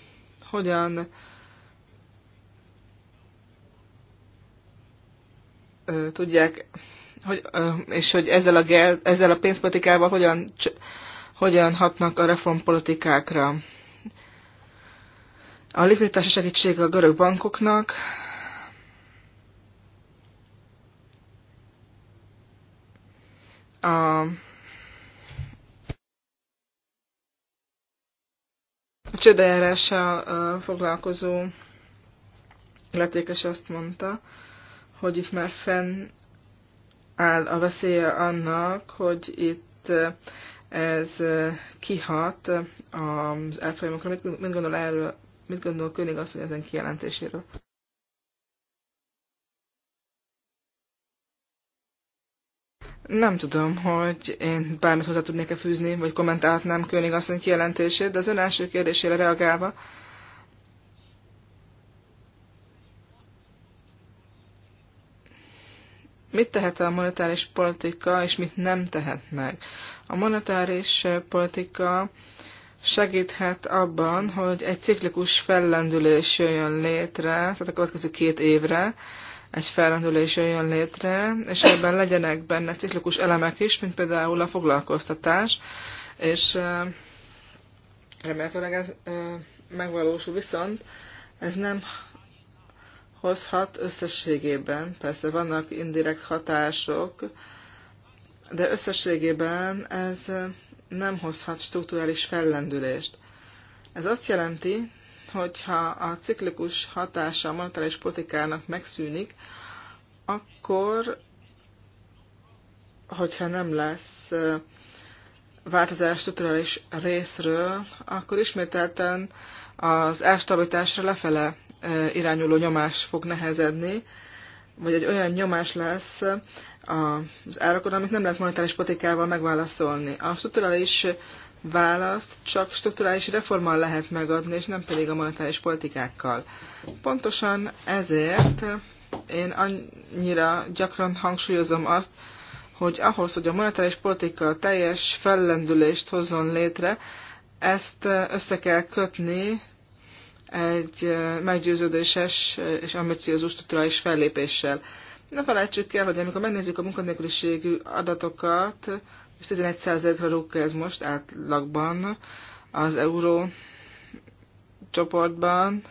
Hogyan tudják, hogy, és hogy ezzel a, gel, ezzel a pénzpolitikával hogyan, hogyan hatnak a reformpolitikákra. A likviditási segítség a görög bankoknak, a a csődeljárással foglalkozó illetékes azt mondta, hogy itt már fenn áll a veszélye annak, hogy itt ez kihat az elfolyamokra. Mit, mit gondol erről, mit gondol König hogy ezen kijelentéséről? Nem tudom, hogy én bármit hozzá tudnék-e fűzni, vagy kommentálhatnám König asszony kijelentését, de az ön első kérdésére reagálva, mit tehet a monetáris politika, és mit nem tehet meg. A monetáris politika segíthet abban, hogy egy ciklikus fellendülés jöjjön létre, tehát a következő két évre egy fellendülés jöjjön létre, és ebben legyenek benne ciklikus elemek is, mint például a foglalkoztatás, és remélhetőleg ez megvalósul, viszont ez nem hozhat összességében. Persze vannak indirekt hatások, de összességében ez nem hozhat strukturális fellendülést. Ez azt jelenti, hogyha a ciklikus hatása a monetáris politikának megszűnik, akkor, hogyha nem lesz változás strukturális részről, akkor ismételten az elstabilitásra lefele Eh, irányuló nyomás fog nehezedni, vagy egy olyan nyomás lesz eh, az árakon, amit nem lehet monetáris politikával megválaszolni. A strukturális választ csak strukturális reformmal lehet megadni, és nem pedig a monetáris politikákkal. Pontosan ezért én annyira gyakran hangsúlyozom azt, hogy ahhoz, hogy a monetáris politika teljes fellendülést hozzon létre, ezt eh, össze kell kötni egy meggyőződéses és ambiciózus strukturális fellépéssel. Ne felejtsük el, hogy amikor megnézzük a munkanélküliségű adatokat, és 11%-ra rúgja ez most átlagban az euró csoportban,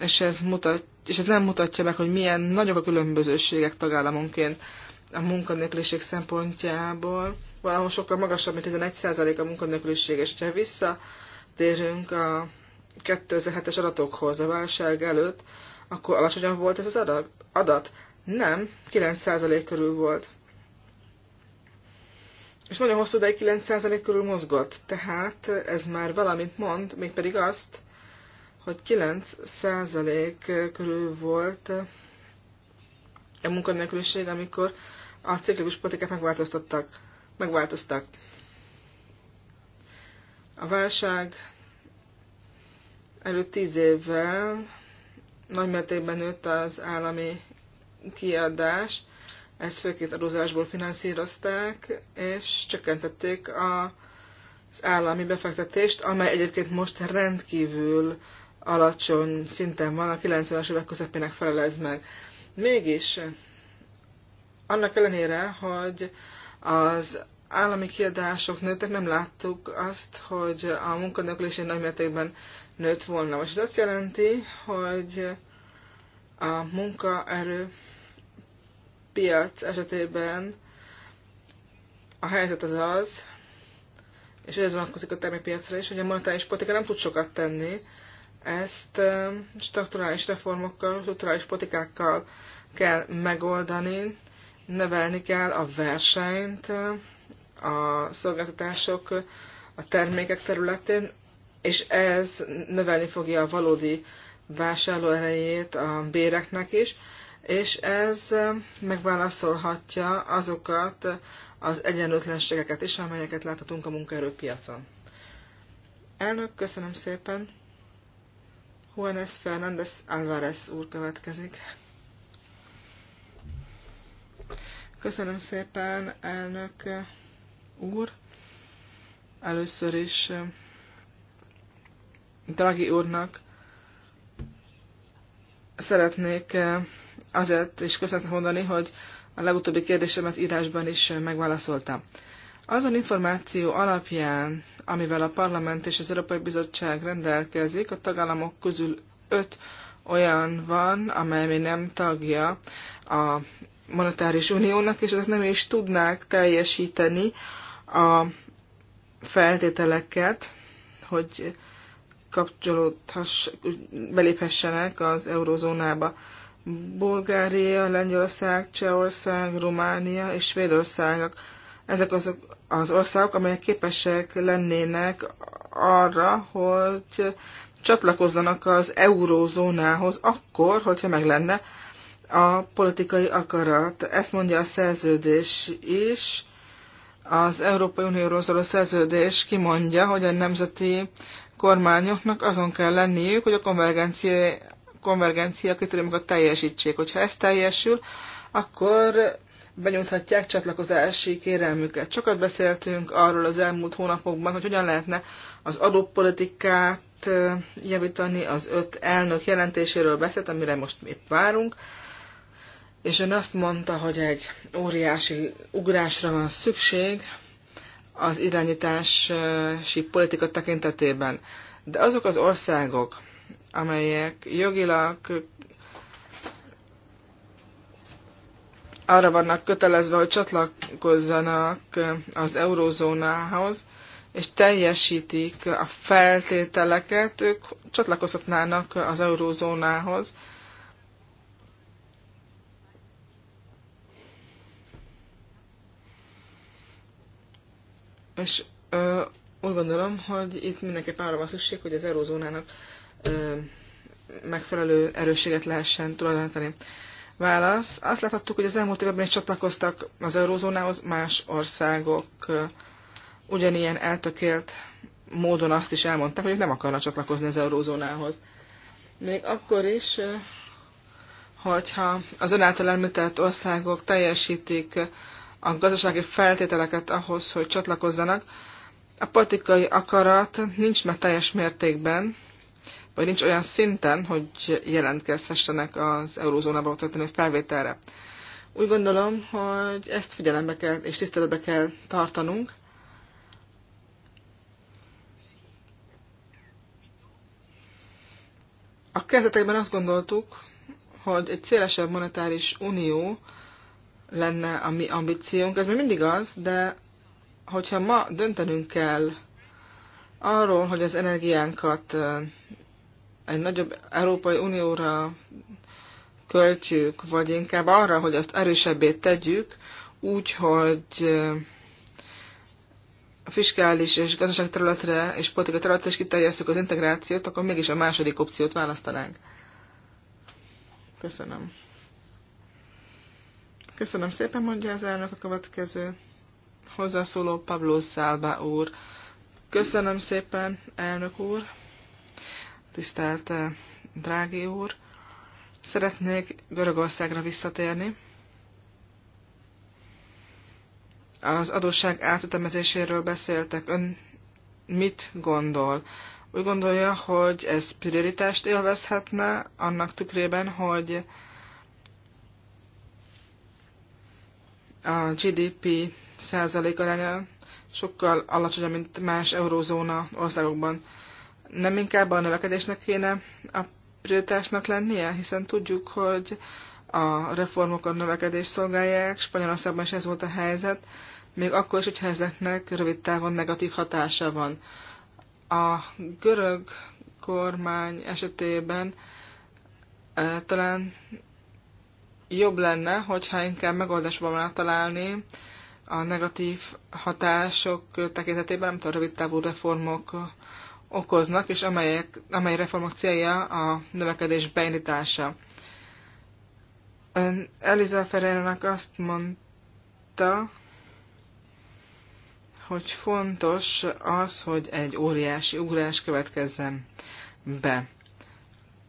és ez, mutat, és ez nem mutatja meg, hogy milyen nagyok a különbözőségek tagállamonként a munkanélküliség szempontjából. Valahol sokkal magasabb, mint 11% a munkanélküliség, és ha visszatérünk a 2007-es adatokhoz a válság előtt, akkor alacsonyan volt ez az adat? Nem, 9% körül volt. És nagyon hosszú ideig 9% körül mozgott, tehát ez már valamit mond, mégpedig azt, hogy 9% körül volt a munkanélküliség, amikor a ciklikus politikát megváltoztattak. megváltoztak. A válság előtt tíz évvel nagymértékben nőtt az állami kiadás, ezt főként adózásból finanszírozták, és csökkentették a, az állami befektetést, amely egyébként most rendkívül alacsony szinten van, a 90-es évek közepének felelez meg. Mégis, annak ellenére, hogy az állami kiadások nőttek, nem láttuk azt, hogy a munkanélküliség nagy mértékben nőtt volna. Most ez azt jelenti, hogy a munkaerő piac esetében a helyzet az az, és ez vonatkozik a termépiacra is, hogy a monetáris politika nem tud sokat tenni, ezt um, strukturális reformokkal, strukturális politikákkal kell megoldani, növelni kell a versenyt um, a szolgáltatások, a termékek területén, és ez növelni fogja a valódi vásárló erejét a béreknek is, és ez megválaszolhatja azokat az egyenlőtlenségeket is, amelyeket láthatunk a munkaerőpiacon. Elnök, köszönöm szépen. Juanes Fernández Álvarez úr következik. Köszönöm szépen, elnök úr. Először is Dragi úrnak szeretnék eh, azért is köszönetet mondani, hogy a legutóbbi kérdésemet írásban is eh, megválaszoltam. Azon információ alapján, amivel a Parlament és az Európai Bizottság rendelkezik, a tagállamok közül öt olyan van, amely még nem tagja a Monetáris Uniónak, és ezek nem is tudnák teljesíteni a feltételeket, hogy kapcsolódhass, beléphessenek az eurozónába. Bulgária, Lengyelország, Csehország, Románia és Svédország. Ezek azok az országok, amelyek képesek lennének arra, hogy csatlakozzanak az eurózónához akkor, hogyha meg lenne a politikai akarat. Ezt mondja a szerződés is. Az Európai Unióról szóló szerződés kimondja, hogy a nemzeti kormányoknak azon kell lenniük, hogy a konvergencia, konvergencia kritériumokat teljesítsék. Hogyha ez teljesül, akkor benyújthatják csatlakozási kérelmüket. Sokat beszéltünk arról az elmúlt hónapokban, hogy hogyan lehetne az adópolitikát javítani, az öt elnök jelentéséről beszélt, amire most épp várunk, és ön azt mondta, hogy egy óriási ugrásra van szükség, az irányítási politika tekintetében. De azok az országok, amelyek jogilag arra vannak kötelezve, hogy csatlakozzanak az eurózónához, és teljesítik a feltételeket, ők csatlakozhatnának az eurózónához, és ö, úgy gondolom, hogy itt mindenképp arra van szükség, hogy az eurózónának ö, megfelelő erősséget lehessen tulajdonítani. Válasz. Azt láthattuk, hogy az elmúlt években is csatlakoztak az eurózónához más országok ö, ugyanilyen eltökélt módon azt is elmondták, hogy ők nem akarnak csatlakozni az eurózónához. Még akkor is, ö, hogyha az önáltal említett országok teljesítik a gazdasági feltételeket ahhoz, hogy csatlakozzanak. A politikai akarat nincs meg teljes mértékben, vagy nincs olyan szinten, hogy jelentkezhessenek az eurózónába történő felvételre. Úgy gondolom, hogy ezt figyelembe kell és tiszteletbe kell tartanunk. A kezdetekben azt gondoltuk, hogy egy szélesebb monetáris unió lenne a mi ambíciónk. Ez még mindig az, de hogyha ma döntenünk kell arról, hogy az energiánkat egy nagyobb Európai Unióra költjük, vagy inkább arra, hogy azt erősebbé tegyük, úgy, hogy a fiskális és gazdaság területre és politikai területre is kiterjesztük az integrációt, akkor mégis a második opciót választanánk. Köszönöm. Köszönöm szépen, mondja az elnök a következő hozzászóló Pablo Szálba úr. Köszönöm szépen, elnök úr, tisztelt eh, drági úr. Szeretnék Görögországra visszatérni. Az adósság átütemezéséről beszéltek. Ön mit gondol? Úgy gondolja, hogy ez prioritást élvezhetne annak tükrében, hogy a GDP százalék aránya sokkal alacsonyabb, mint más eurózóna országokban. Nem inkább a növekedésnek kéne a prioritásnak lennie, hiszen tudjuk, hogy a reformok a növekedés szolgálják, Spanyolországban is ez volt a helyzet, még akkor is, hogyha ezeknek rövid távon negatív hatása van. A görög kormány esetében eh, talán jobb lenne, hogyha inkább megoldásban van találni a negatív hatások tekintetében, amit a rövid távú reformok okoznak, és amelyek, amely reformok célja a növekedés beindítása. Ön Eliza Ferreira-nak azt mondta, hogy fontos az, hogy egy óriási ugrás következzen be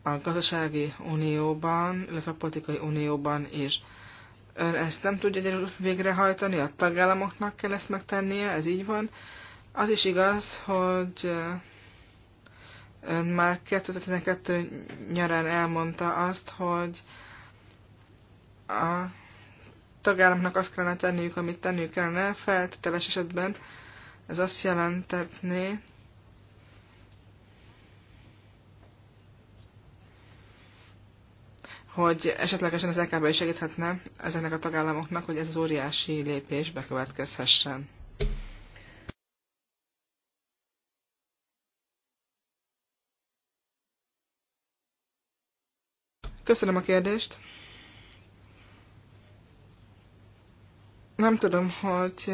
a gazdasági unióban, illetve a politikai unióban is. Ön ezt nem tudja végrehajtani, a tagállamoknak kell ezt megtennie, ez így van. Az is igaz, hogy ön már 2012 nyarán elmondta azt, hogy a tagállamnak azt kellene tenniük, amit tenniük kellene, feltételes esetben ez azt jelentetné, hogy esetlegesen az LKB e is segíthetne ezeknek a tagállamoknak, hogy ez az óriási lépés bekövetkezhessen. Köszönöm a kérdést. Nem tudom, hogy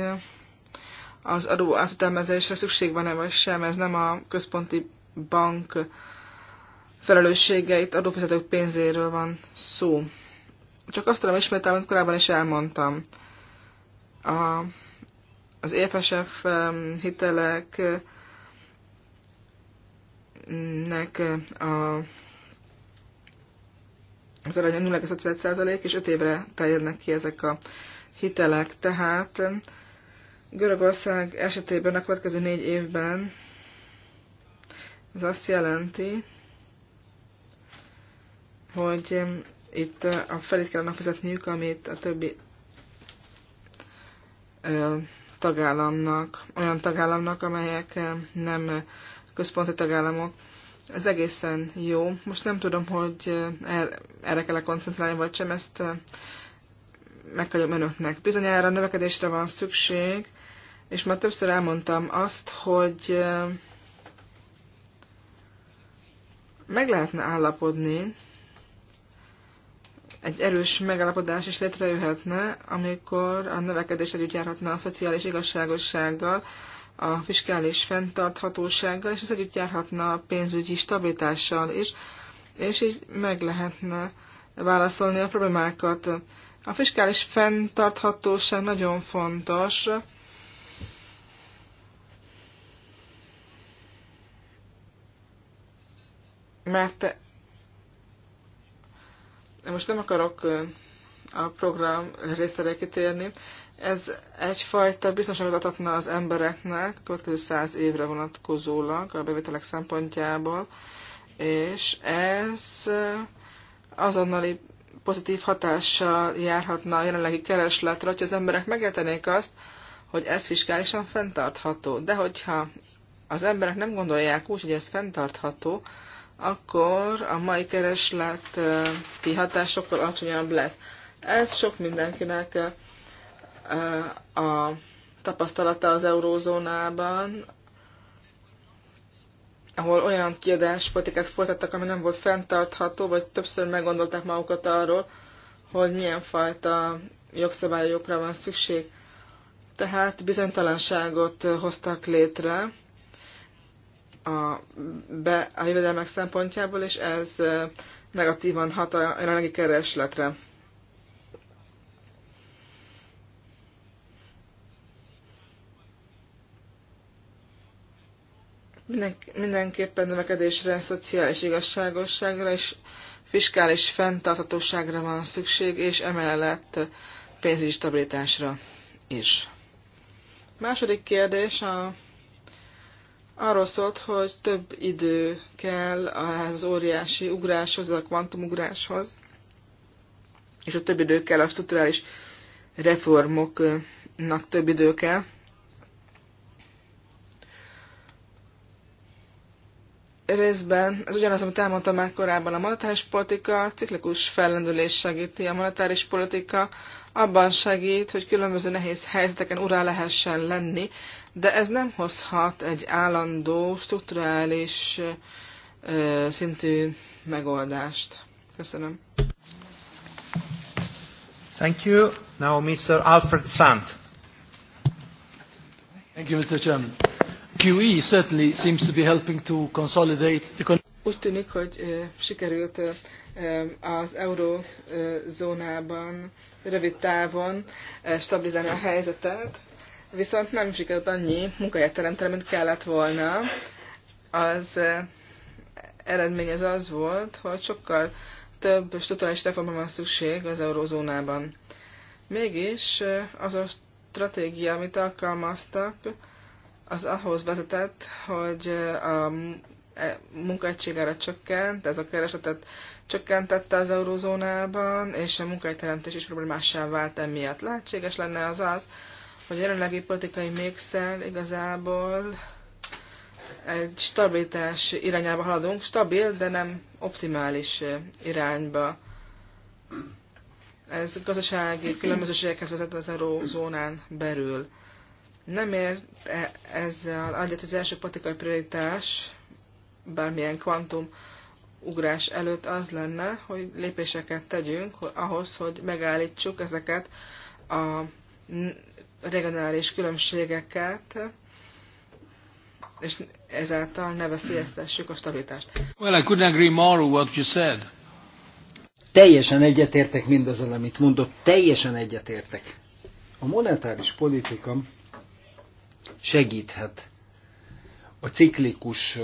az adó átütemezésre szükség van-e vagy sem, ez nem a központi bank felelősségeit adófizetők pénzéről van szó. Csak azt tudom ismételni, amit korábban is elmondtam. A, az EFSF hitelek nek a, az aránya 0,5% és 5 évre terjednek ki ezek a hitelek. Tehát Görögország esetében a következő négy évben ez azt jelenti, hogy itt a felét kellene fizetniük, amit a többi tagállamnak, olyan tagállamnak, amelyek nem központi tagállamok. Ez egészen jó. Most nem tudom, hogy er-, erre kell -e koncentrálni, vagy sem, ezt meghagyom önöknek. Bizonyára növekedésre van szükség, és már többször elmondtam azt, hogy meg lehetne állapodni egy erős megállapodás is létrejöhetne, amikor a növekedés együtt járhatna a szociális igazságossággal, a fiskális fenntarthatósággal, és ez együtt járhatna a pénzügyi stabilitással is, és így meg lehetne válaszolni a problémákat. A fiskális fenntarthatóság nagyon fontos. Mert most nem akarok a program részére kitérni. Ez egyfajta biztonságot adhatna az embereknek a következő száz évre vonatkozólag a bevételek szempontjából, és ez azonnali pozitív hatással járhatna a jelenlegi keresletre, hogyha az emberek megértenék azt, hogy ez fiskálisan fenntartható. De hogyha az emberek nem gondolják úgy, hogy ez fenntartható, akkor a mai keresleti hatás sokkal alacsonyabb lesz. Ez sok mindenkinek a tapasztalata az eurózónában, ahol olyan kiadáspolitikát folytattak, ami nem volt fenntartható, vagy többször meggondolták magukat arról, hogy milyen fajta jogszabályokra van szükség. Tehát bizonytalanságot hoztak létre, a, be, a jövedelmek szempontjából, és ez negatívan hat a jelenlegi keresletre. Mindenképpen növekedésre, szociális igazságosságra és fiskális fenntartatóságra van szükség, és emellett pénzügyi stabilitásra is. Második kérdés a arról szólt, hogy több idő kell az óriási ugráshoz, a kvantumugráshoz, és a több idő kell a strukturális reformoknak több idő kell. részben, ez ugyanaz, amit elmondtam már korábban, a monetáris politika ciklikus fellendülés segíti, a monetáris politika abban segít, hogy különböző nehéz helyzeteken urá lehessen lenni, de ez nem hozhat egy állandó, strukturális ö, szintű megoldást. Köszönöm. Thank you. Now Mr. Alfred Sant. Thank you, Mr. Chairman. QE certainly seems to be helping to consolidate úgy tűnik, hogy sikerült az eurózónában rövid távon stabilizálni a helyzetet, viszont nem sikerült annyi munkahelyet teremteni, mint kellett volna. Az eredmény az az volt, hogy sokkal több struktúrális reformra van szükség az eurózónában. Mégis az a stratégia, amit alkalmaztak, az ahhoz vezetett, hogy a e, munkaegységára csökkent, ez a keresletet csökkentette az eurózónában, és a munkahelyteremtés is problémássá vált emiatt. Lehetséges lenne az az, hogy a jelenlegi politikai mégszel igazából egy stabilitás irányába haladunk, stabil, de nem optimális irányba. Ez gazdasági különbözőségekhez vezet az eurózónán belül nem ért e ezzel egyet az első patikai prioritás, bármilyen kvantum ugrás előtt az lenne, hogy lépéseket tegyünk ahhoz, hogy megállítsuk ezeket a regionális különbségeket, és ezáltal ne veszélyeztessük a stabilitást. Well, I couldn't agree more with what you said. Teljesen egyetértek mindazzal, amit mondott. Teljesen egyetértek. A monetáris politika segíthet a ciklikus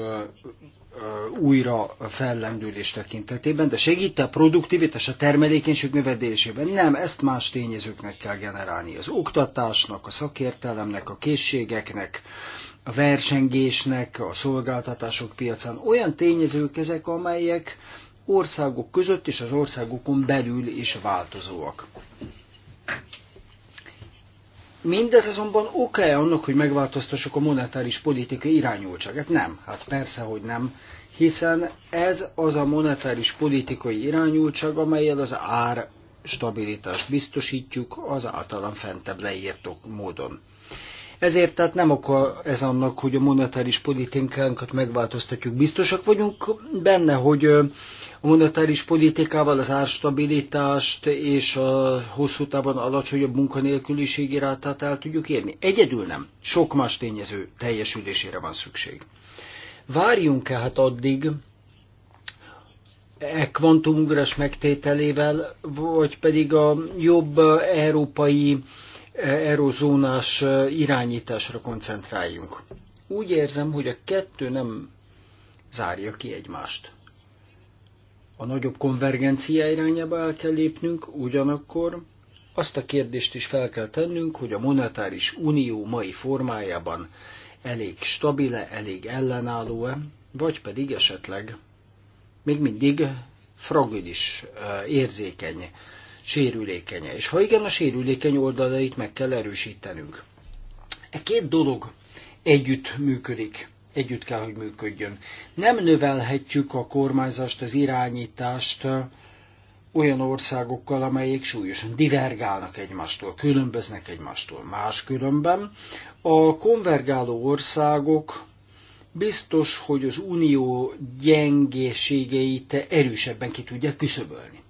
újra fellendülés tekintetében, de segít a produktivitás a termelékenység növedésében? Nem, ezt más tényezőknek kell generálni. Az oktatásnak, a szakértelemnek, a készségeknek, a versengésnek, a szolgáltatások piacán. Olyan tényezők ezek, amelyek országok között és az országokon belül is változóak. Mindez azonban oka-e annak, hogy megváltoztassuk a monetáris politika irányultságát? Nem, hát persze, hogy nem, hiszen ez az a monetáris politikai irányultság, amelyel az ár stabilitást biztosítjuk az általán fentebb leírtok módon. Ezért tehát nem oka ez annak, hogy a monetáris politikánkat megváltoztatjuk. Biztosak vagyunk benne, hogy a monetáris politikával az árstabilitást és a hosszú távon alacsonyabb munkanélküliségi rátát el tudjuk érni. Egyedül nem. Sok más tényező teljesülésére van szükség. Várjunk -e hát addig, e kvantumugrás megtételével, vagy pedig a jobb európai eurozónás eh, irányításra koncentráljunk. Úgy érzem, hogy a kettő nem zárja ki egymást. A nagyobb konvergencia irányába el kell lépnünk, ugyanakkor azt a kérdést is fel kell tennünk, hogy a monetáris unió mai formájában elég stabile, elég ellenálló-e, vagy pedig esetleg még mindig fragilis, eh, érzékeny sérülékenye. És ha igen, a sérülékeny oldalait meg kell erősítenünk. E két dolog együtt működik, együtt kell, hogy működjön. Nem növelhetjük a kormányzást, az irányítást olyan országokkal, amelyek súlyosan divergálnak egymástól, különböznek egymástól. Máskülönben a konvergáló országok biztos, hogy az unió gyengeségeit erősebben ki tudják küszöbölni.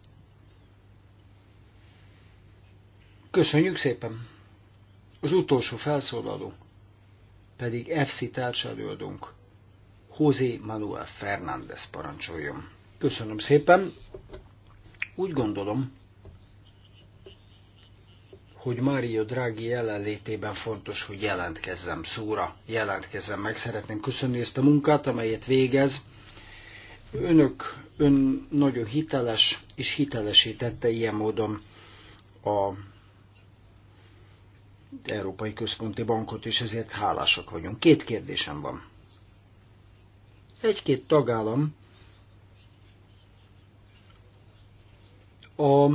Köszönjük szépen! Az utolsó felszólaló pedig FC társadalmunk José Manuel Fernández parancsoljon. Köszönöm szépen! Úgy gondolom, hogy Mário Draghi jelenlétében fontos, hogy jelentkezzem szóra, jelentkezzem meg. Szeretném köszönni ezt a munkát, amelyet végez. Önök, ön nagyon hiteles, és hitelesítette ilyen módon a Európai Központi Bankot, és ezért hálásak vagyunk. Két kérdésem van. Egy-két tagállam a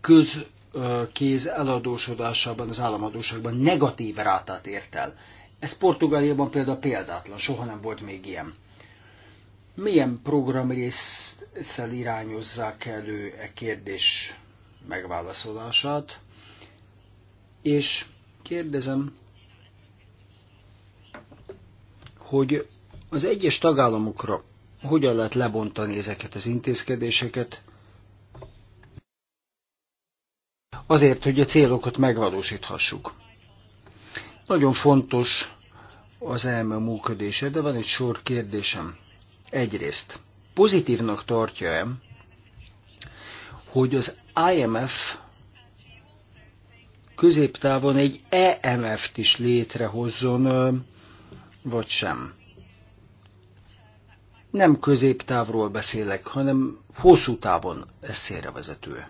közkéz eladósodásában, az államadóságban negatív rátát ért el. Ez Portugáliában például példátlan, soha nem volt még ilyen. Milyen programrészsel irányozzák elő e kérdés megválaszolását? és kérdezem, hogy az egyes tagállamokra hogyan lehet lebontani ezeket az intézkedéseket, azért, hogy a célokat megvalósíthassuk. Nagyon fontos az elme működése, de van egy sor kérdésem. Egyrészt, pozitívnak tartja-e, hogy az IMF középtávon egy EMF-t is létrehozzon, vagy sem. Nem középtávról beszélek, hanem hosszú távon ez vezető.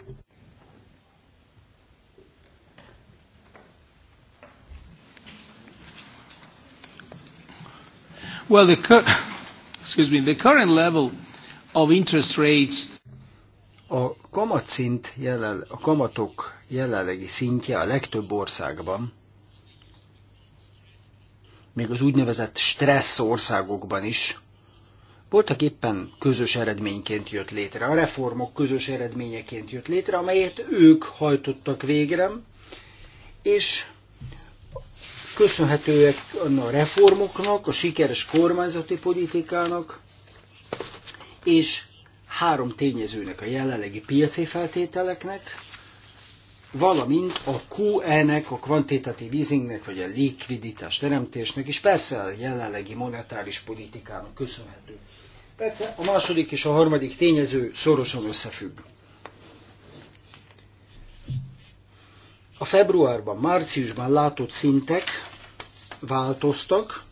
Well, the, excuse me, the current level of interest rates a kamatszint jelen, a kamatok jelenlegi szintje a legtöbb országban, még az úgynevezett stressz országokban is, voltak éppen közös eredményként jött létre, a reformok közös eredményeként jött létre, amelyet ők hajtottak végre, és köszönhetőek a reformoknak, a sikeres kormányzati politikának, és három tényezőnek, a jelenlegi piaci feltételeknek, valamint a QE-nek, a kvantitatív easingnek, vagy a likviditás teremtésnek, és persze a jelenlegi monetáris politikának köszönhető. Persze a második és a harmadik tényező szorosan összefügg. A februárban, márciusban látott szintek változtak,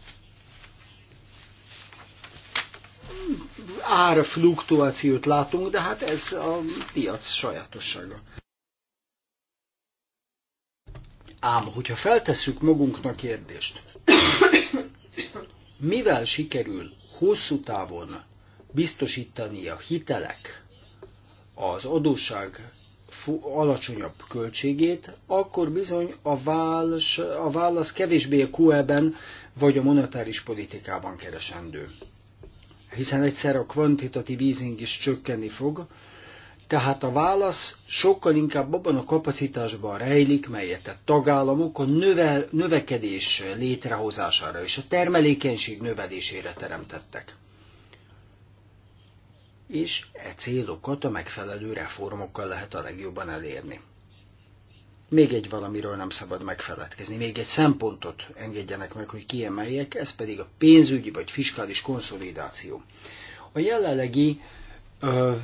árfluktuációt látunk, de hát ez a piac sajátossága. Ám, hogyha feltesszük magunknak kérdést, mivel sikerül hosszú távon biztosítani a hitelek az adósság alacsonyabb költségét, akkor bizony a, válasz, a válasz kevésbé a QE-ben vagy a monetáris politikában keresendő hiszen egyszer a kvantitatív easing is csökkenni fog, tehát a válasz sokkal inkább abban a kapacitásban rejlik, melyet a tagállamok a növel, növekedés létrehozására és a termelékenység növelésére teremtettek. És e célokat a megfelelő reformokkal lehet a legjobban elérni. Még egy valamiről nem szabad megfeledkezni, még egy szempontot engedjenek meg, hogy kiemeljek, ez pedig a pénzügyi vagy fiskális konszolidáció. A jelenlegi ö,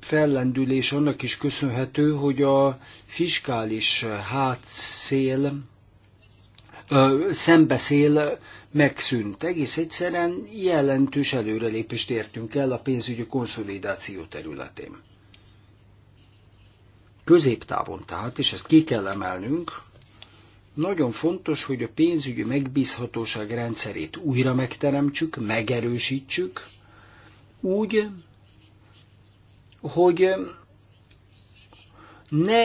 fellendülés annak is köszönhető, hogy a fiskális hátszél, ö, szembeszél megszűnt. Egész egyszerűen jelentős előrelépést értünk el a pénzügyi konszolidáció területén. Középtávon tehát, és ezt ki kell emelnünk, nagyon fontos, hogy a pénzügyi megbízhatóság rendszerét újra megteremtsük, megerősítsük, úgy, hogy ne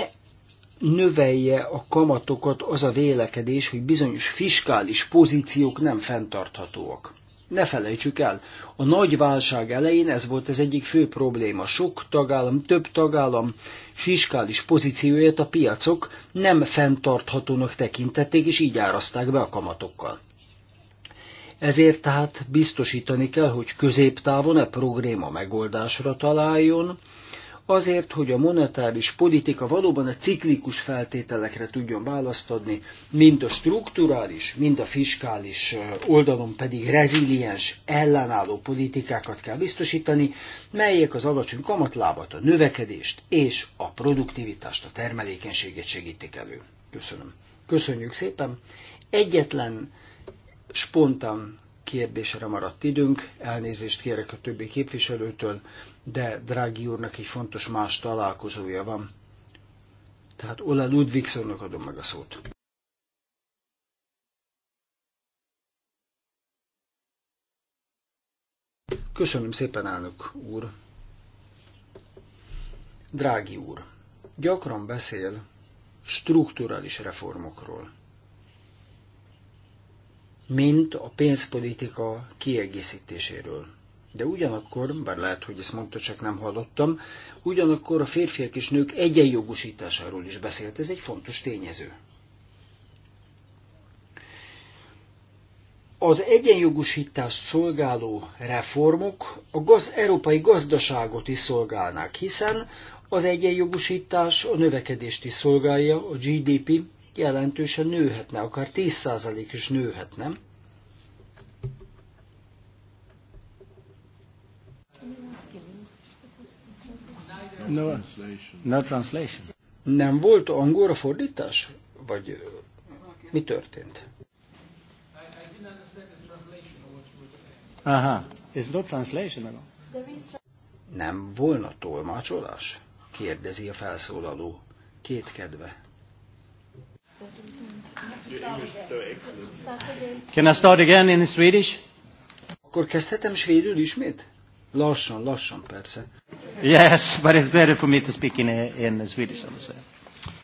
növelje a kamatokat az a vélekedés, hogy bizonyos fiskális pozíciók nem fenntarthatóak. Ne felejtsük el, a nagy válság elején ez volt az egyik fő probléma. Sok tagállam, több tagállam fiskális pozícióját a piacok nem fenntarthatónak tekintették, és így árazták be a kamatokkal. Ezért tehát biztosítani kell, hogy középtávon e probléma megoldásra találjon, azért, hogy a monetáris politika valóban a ciklikus feltételekre tudjon választ adni, mind a strukturális, mind a fiskális oldalon pedig reziliens, ellenálló politikákat kell biztosítani, melyek az alacsony kamatlábat, a növekedést és a produktivitást, a termelékenységet segítik elő. Köszönöm. Köszönjük szépen. Egyetlen spontán kérdésre maradt időnk, elnézést kérek a többi képviselőtől, de Drági úrnak egy fontos más találkozója van. Tehát Ola Ludvigsonnak adom meg a szót. Köszönöm szépen, elnök úr. Drági úr, gyakran beszél strukturális reformokról mint a pénzpolitika kiegészítéséről. De ugyanakkor, bár lehet, hogy ezt mondta, csak nem hallottam, ugyanakkor a férfiak és nők egyenjogosításáról is beszélt. Ez egy fontos tényező. Az egyenjogosítást szolgáló reformok a gaz, európai gazdaságot is szolgálnák, hiszen az egyenjogosítás a növekedést is szolgálja, a GDP jelentősen nőhetne, akár 10% is nőhetne. No, no translation. Nem volt angolra fordítás? Vagy mi történt? Aha, it's no translation at all. Nem volna tolmácsolás? Kérdezi a felszólaló, kétkedve. Can I start again in Swedish? Akkor kezdhetem svédül ismét? Lassan, lassan persze. Yes, but it's better for me to speak in, in Swedish. Also.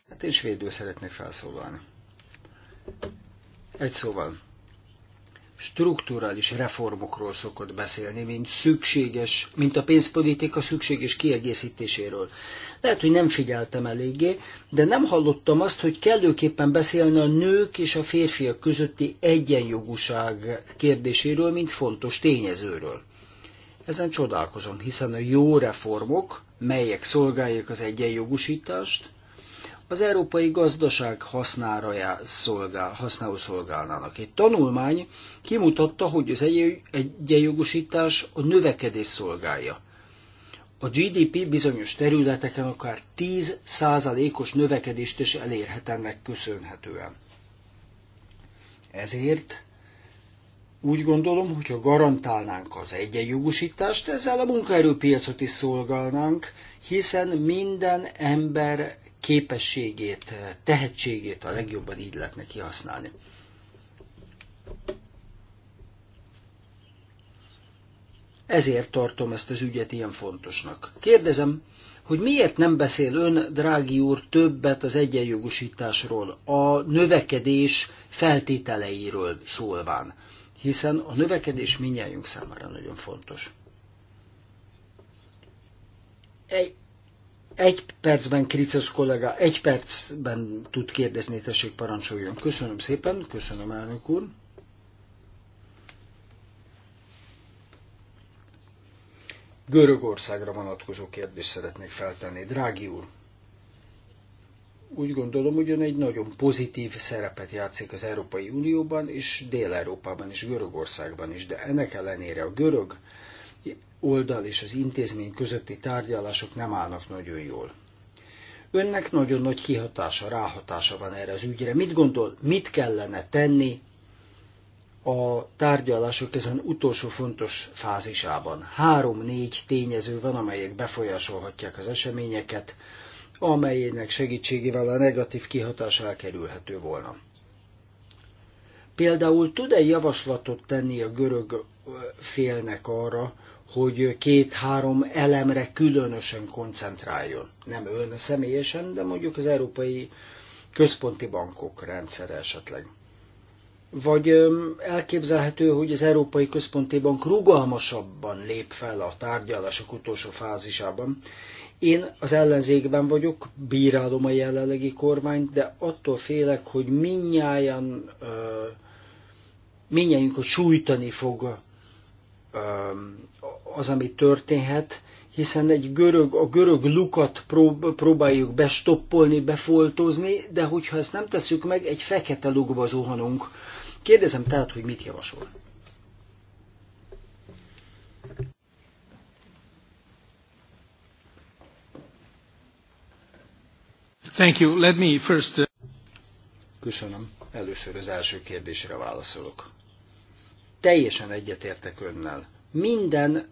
Hát én svédül szeretnék felszólalni. Egy szóval, strukturális reformokról szokott beszélni, mint szükséges, mint a pénzpolitika szükséges kiegészítéséről. Lehet, hogy nem figyeltem eléggé, de nem hallottam azt, hogy kellőképpen beszélne a nők és a férfiak közötti egyenjogúság kérdéséről, mint fontos tényezőről. Ezen csodálkozom, hiszen a jó reformok, melyek szolgálják az egyenjogúsítást az európai gazdaság hasznára szolgál, használó szolgálnának. Egy tanulmány kimutatta, hogy az egyenjogosítás a növekedés szolgálja. A GDP bizonyos területeken akár 10%-os növekedést is elérhet ennek köszönhetően. Ezért úgy gondolom, hogyha garantálnánk az egyenjogosítást, ezzel a munkaerőpiacot is szolgálnánk, hiszen minden ember képességét, tehetségét a legjobban így lehetne kihasználni. Ezért tartom ezt az ügyet ilyen fontosnak. Kérdezem, hogy miért nem beszél ön, drági úr, többet az egyenjogosításról, a növekedés feltételeiről szólván, hiszen a növekedés minnyájunk számára nagyon fontos. Egy egy percben, Kricos kollega, egy percben tud kérdezni, tessék parancsoljon. Köszönöm szépen, köszönöm elnök úr. Görögországra vonatkozó kérdést szeretnék feltenni. Drági úr, úgy gondolom, hogy ön egy nagyon pozitív szerepet játszik az Európai Unióban és Dél-Európában és Görögországban is, de ennek ellenére a görög oldal és az intézmény közötti tárgyalások nem állnak nagyon jól. Önnek nagyon nagy kihatása, ráhatása van erre az ügyre. Mit gondol, mit kellene tenni a tárgyalások ezen utolsó fontos fázisában? Három-négy tényező van, amelyek befolyásolhatják az eseményeket, amelyének segítségével a negatív kihatás elkerülhető volna. Például tud-e javaslatot tenni a görög félnek arra, hogy két-három elemre különösen koncentráljon. Nem ön személyesen, de mondjuk az európai központi bankok rendszere esetleg. Vagy elképzelhető, hogy az Európai Központi Bank rugalmasabban lép fel a tárgyalások utolsó fázisában. Én az ellenzékben vagyok, bírálom a jelenlegi kormányt, de attól félek, hogy minnyáján, minnyájunkat sújtani fog az, ami történhet, hiszen egy görög, a görög lukat prób- próbáljuk bestoppolni, befoltozni, de hogyha ezt nem tesszük meg, egy fekete lukba zuhanunk. Kérdezem tehát, hogy mit javasol. Thank you. Let me first... Uh, Köszönöm. Először az első kérdésre válaszolok. Teljesen egyetértek önnel minden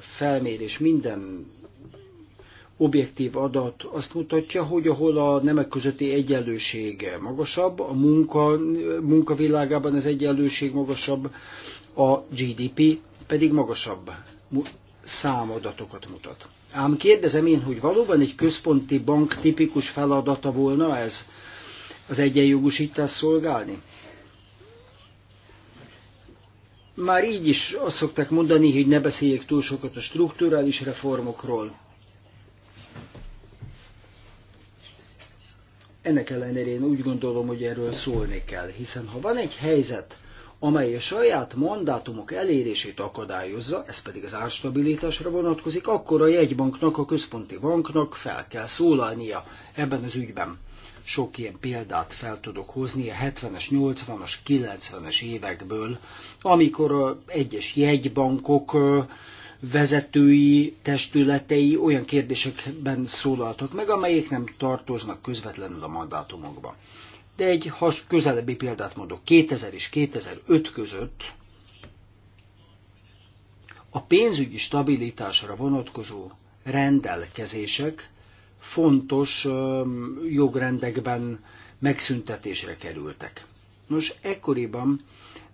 felmérés, minden objektív adat azt mutatja, hogy ahol a nemek közötti egyenlőség magasabb, a munka, munkavilágában az egyenlőség magasabb, a GDP pedig magasabb számadatokat mutat. Ám kérdezem én, hogy valóban egy központi bank tipikus feladata volna ez az egyenjogosítás szolgálni? Már így is azt szokták mondani, hogy ne beszéljék túl sokat a strukturális reformokról. Ennek ellenére én úgy gondolom, hogy erről szólni kell, hiszen ha van egy helyzet, amely a saját mandátumok elérését akadályozza, ez pedig az árstabilitásra vonatkozik, akkor a jegybanknak, a központi banknak fel kell szólalnia ebben az ügyben sok ilyen példát fel tudok hozni a 70-es, 80-as, 90-es évekből, amikor a egyes jegybankok vezetői, testületei olyan kérdésekben szólaltak meg, amelyek nem tartoznak közvetlenül a mandátumokba. De egy has, közelebbi példát mondok, 2000 és 2005 között a pénzügyi stabilitásra vonatkozó rendelkezések fontos jogrendekben megszüntetésre kerültek. Nos, ekkoriban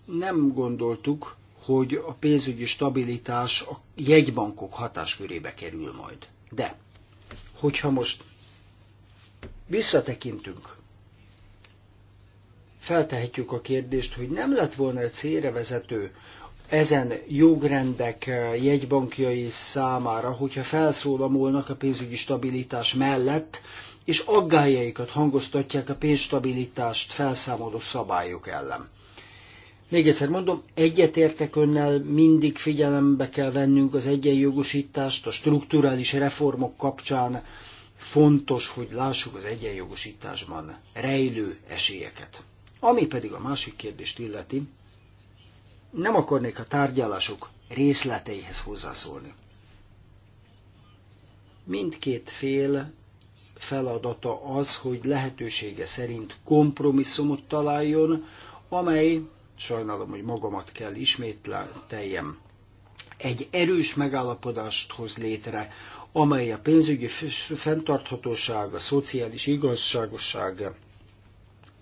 nem gondoltuk, hogy a pénzügyi stabilitás a jegybankok hatáskörébe kerül majd. De, hogyha most visszatekintünk, feltehetjük a kérdést, hogy nem lett volna egy célre vezető ezen jogrendek eh, jegybankjai számára, hogyha felszólamolnak a pénzügyi stabilitás mellett, és aggájaikat hangoztatják a pénzstabilitást felszámoló szabályok ellen. Még egyszer mondom, egyetértek önnel, mindig figyelembe kell vennünk az egyenjogosítást, a strukturális reformok kapcsán fontos, hogy lássuk az egyenjogosításban rejlő esélyeket. Ami pedig a másik kérdést illeti, nem akarnék a tárgyalások részleteihez hozzászólni. Mindkét fél feladata az, hogy lehetősége szerint kompromisszumot találjon, amely, sajnálom, hogy magamat kell ismételjem, egy erős megállapodást hoz létre, amely a pénzügyi fenntarthatóság, a szociális igazságosság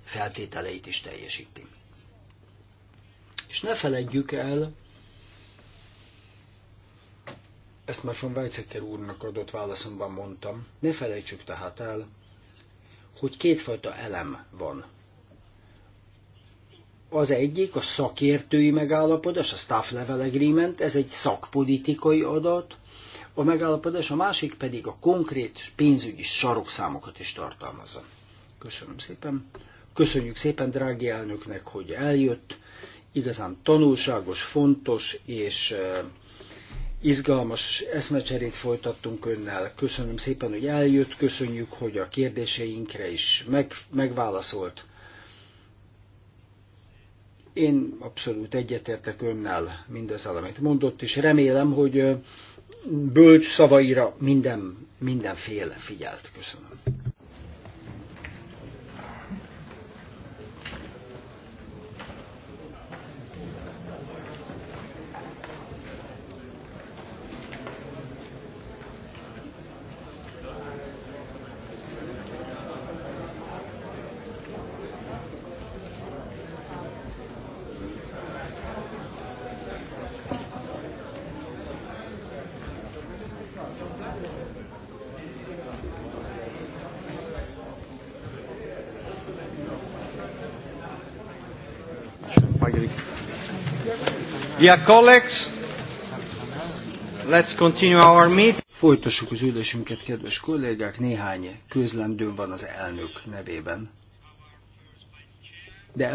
feltételeit is teljesíti. És ne feledjük el, ezt már von Weizsäcker úrnak adott válaszomban mondtam, ne felejtsük tehát el, hogy kétfajta elem van. Az egyik a szakértői megállapodás, a staff level agreement, ez egy szakpolitikai adat, a megállapodás, a másik pedig a konkrét pénzügyi sarokszámokat is tartalmazza. Köszönöm szépen. Köszönjük szépen drági elnöknek, hogy eljött, igazán tanulságos, fontos és izgalmas eszmecserét folytattunk önnel. Köszönöm szépen, hogy eljött, köszönjük, hogy a kérdéseinkre is meg, megválaszolt. Én abszolút egyetértek önnel mindezzel, amit mondott, és remélem, hogy bölcs szavaira minden, minden fél figyelt. Köszönöm. Dear colleagues, let's continue our meet. Folytassuk az ülésünket, kedves kollégák, néhány közlendőm van az elnök nevében. De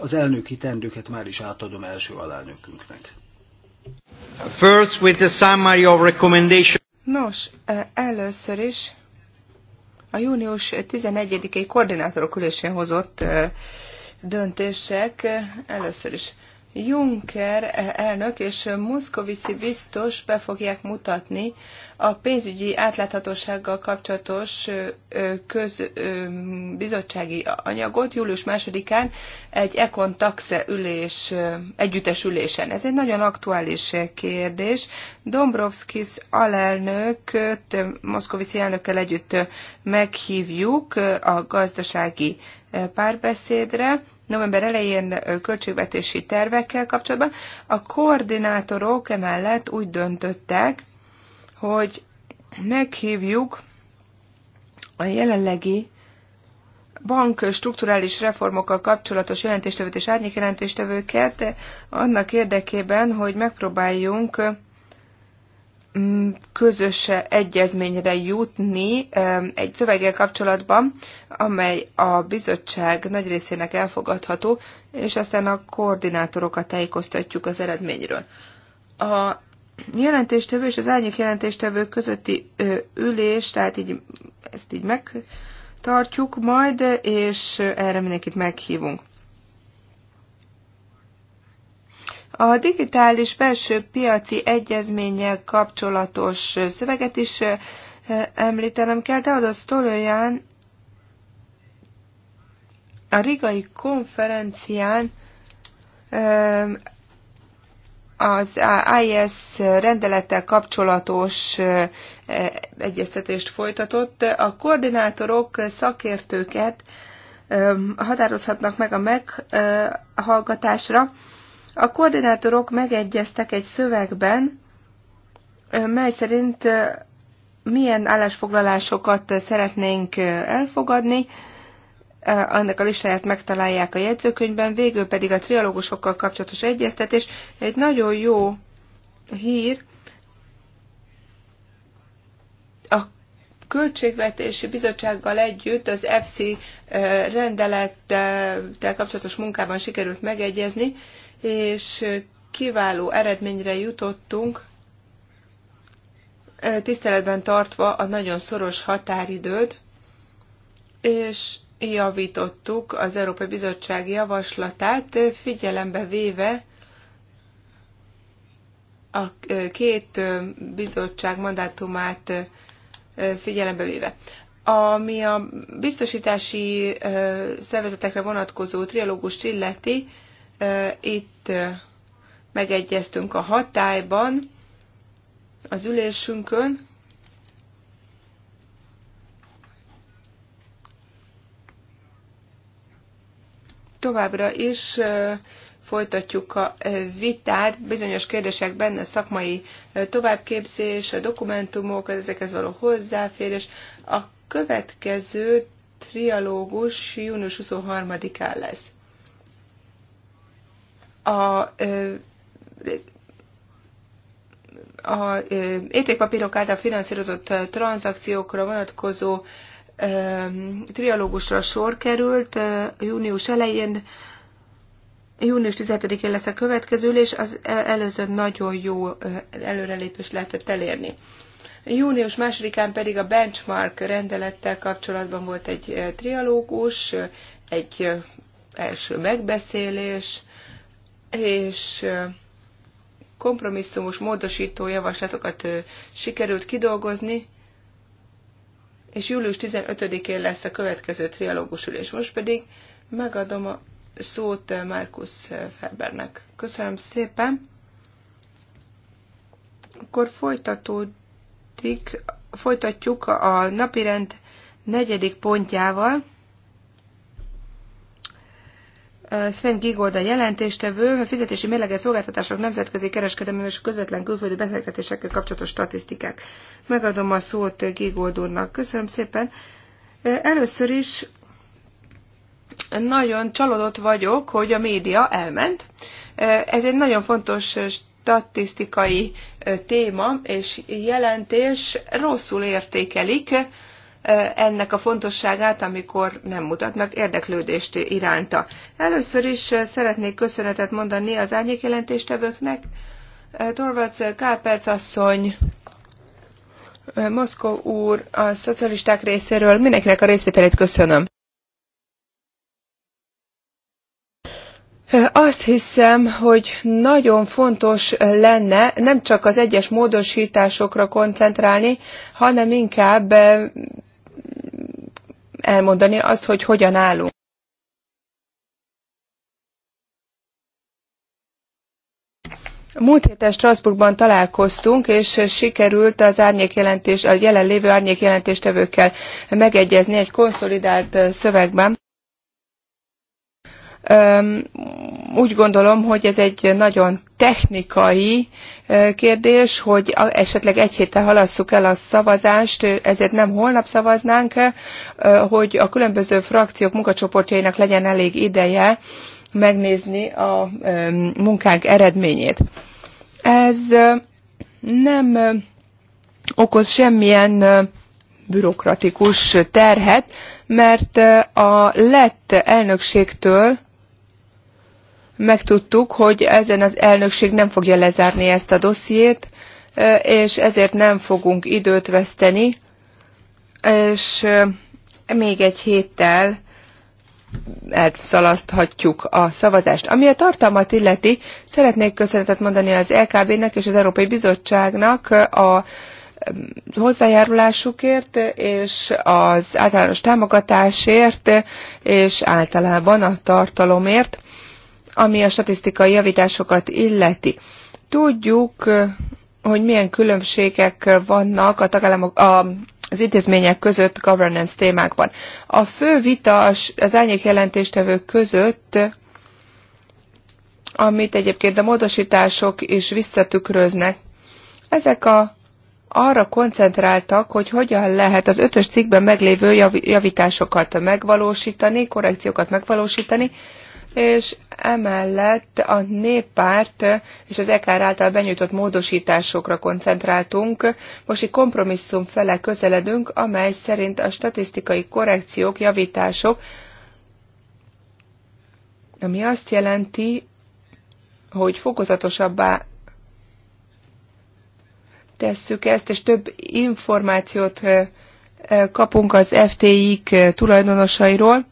az elnöki tendőket már is átadom első alelnökünknek. First with the summary of recommendation. Nos, e, először is a június 11-i koordinátorok ülésén hozott e, döntések először is Juncker eh, elnök és Muszkovici biztos be fogják mutatni a pénzügyi átláthatósággal kapcsolatos köz, bizottsági anyagot július 2-án egy Econ Taxe ülés, együttes ülésen. Ez egy nagyon aktuális kérdés. Dombrovskis alelnököt Moszkovici elnökkel együtt meghívjuk a gazdasági párbeszédre november elején költségvetési tervekkel kapcsolatban. A koordinátorok emellett úgy döntöttek, hogy meghívjuk a jelenlegi bank strukturális reformokkal kapcsolatos jelentéstevőt és árnyékjelentéstevőket annak érdekében, hogy megpróbáljunk Mm, közös egyezményre jutni egy szöveggel kapcsolatban, amely a bizottság nagy részének elfogadható, és aztán a koordinátorokat tájékoztatjuk az eredményről. A jelentéstevő és az árnyék jelentéstevő közötti ülés, tehát így, ezt így megtartjuk majd, és erre mindenkit meghívunk. A digitális belső piaci egyezménnyel kapcsolatos szöveget is említenem kell, de az olyan a rigai konferencián az IS rendelettel kapcsolatos e, egyeztetést folytatott. A koordinátorok szakértőket határozhatnak meg a meghallgatásra, a koordinátorok megegyeztek egy szövegben, mely szerint milyen állásfoglalásokat szeretnénk elfogadni, annak a listáját megtalálják a jegyzőkönyvben, végül pedig a trialógusokkal kapcsolatos egyeztetés. Egy nagyon jó hír, a Költségvetési Bizottsággal együtt az EFSI rendelettel kapcsolatos munkában sikerült megegyezni, és kiváló eredményre jutottunk, tiszteletben tartva a nagyon szoros határidőt, és javítottuk az Európai Bizottság javaslatát, figyelembe véve a két bizottság mandátumát figyelembe véve. Ami a biztosítási szervezetekre vonatkozó trialógust illeti, itt megegyeztünk a hatályban, az ülésünkön, továbbra is folytatjuk a vitát bizonyos kérdésekben, benne, szakmai továbbképzés, a dokumentumok, ezekhez való hozzáférés. A következő trialógus június 23-án lesz a a értékpapírok által finanszírozott tranzakciókra vonatkozó trialógusra sor került június elején. Június 17-én lesz a következő és az e, előző nagyon jó előrelépést lehetett elérni. Június 2-án pedig a benchmark rendelettel kapcsolatban volt egy trialógus, egy első megbeszélés, és kompromisszumos módosító javaslatokat sikerült kidolgozni, és július 15-én lesz a következő trialógusülés. Most pedig megadom a szót Markus Ferbernek. Köszönöm szépen. Akkor folytatódik, folytatjuk a napirend negyedik pontjával. Sven Gigold a jelentéstevő, fizetési mérleges szolgáltatások nemzetközi kereskedelmi és közvetlen külföldi befektetésekkel kapcsolatos statisztikák. Megadom a szót Gigold úrnak. Köszönöm szépen. Először is nagyon csalódott vagyok, hogy a média elment. Ez egy nagyon fontos statisztikai téma és jelentés rosszul értékelik ennek a fontosságát, amikor nem mutatnak érdeklődést iránta. Először is szeretnék köszönetet mondani az árnyékjelentéstevőknek. Torvalds Kápelc asszony, Moszkó úr, a szocialisták részéről mindenkinek a részvételét köszönöm. Azt hiszem, hogy nagyon fontos lenne nem csak az egyes módosításokra koncentrálni, hanem inkább elmondani azt, hogy hogyan állunk. Múlt héten Strasbourgban találkoztunk, és sikerült az árnyékjelentés, a jelenlévő árnyékjelentéstevőkkel megegyezni egy konszolidált szövegben úgy gondolom, hogy ez egy nagyon technikai kérdés, hogy esetleg egy héttel halasszuk el a szavazást, ezért nem holnap szavaznánk, hogy a különböző frakciók munkacsoportjainak legyen elég ideje megnézni a munkánk eredményét. Ez nem okoz semmilyen bürokratikus terhet, mert a lett elnökségtől megtudtuk, hogy ezen az elnökség nem fogja lezárni ezt a dossziét, és ezért nem fogunk időt veszteni, és még egy héttel elszalaszthatjuk a szavazást. Ami a tartalmat illeti, szeretnék köszönetet mondani az LKB-nek és az Európai Bizottságnak a hozzájárulásukért, és az általános támogatásért, és általában a tartalomért ami a statisztikai javításokat illeti. Tudjuk, hogy milyen különbségek vannak a tagállamok, a, az intézmények között governance témákban. A fő vita az elnyék jelentéstevők között, amit egyébként a módosítások is visszatükröznek, ezek a arra koncentráltak, hogy hogyan lehet az ötös cikkben meglévő javításokat megvalósítani, korrekciókat megvalósítani, és emellett a néppárt és az EKR által benyújtott módosításokra koncentráltunk. Most egy kompromisszum fele közeledünk, amely szerint a statisztikai korrekciók, javítások, ami azt jelenti, hogy fokozatosabbá tesszük ezt, és több információt kapunk az FTI-k tulajdonosairól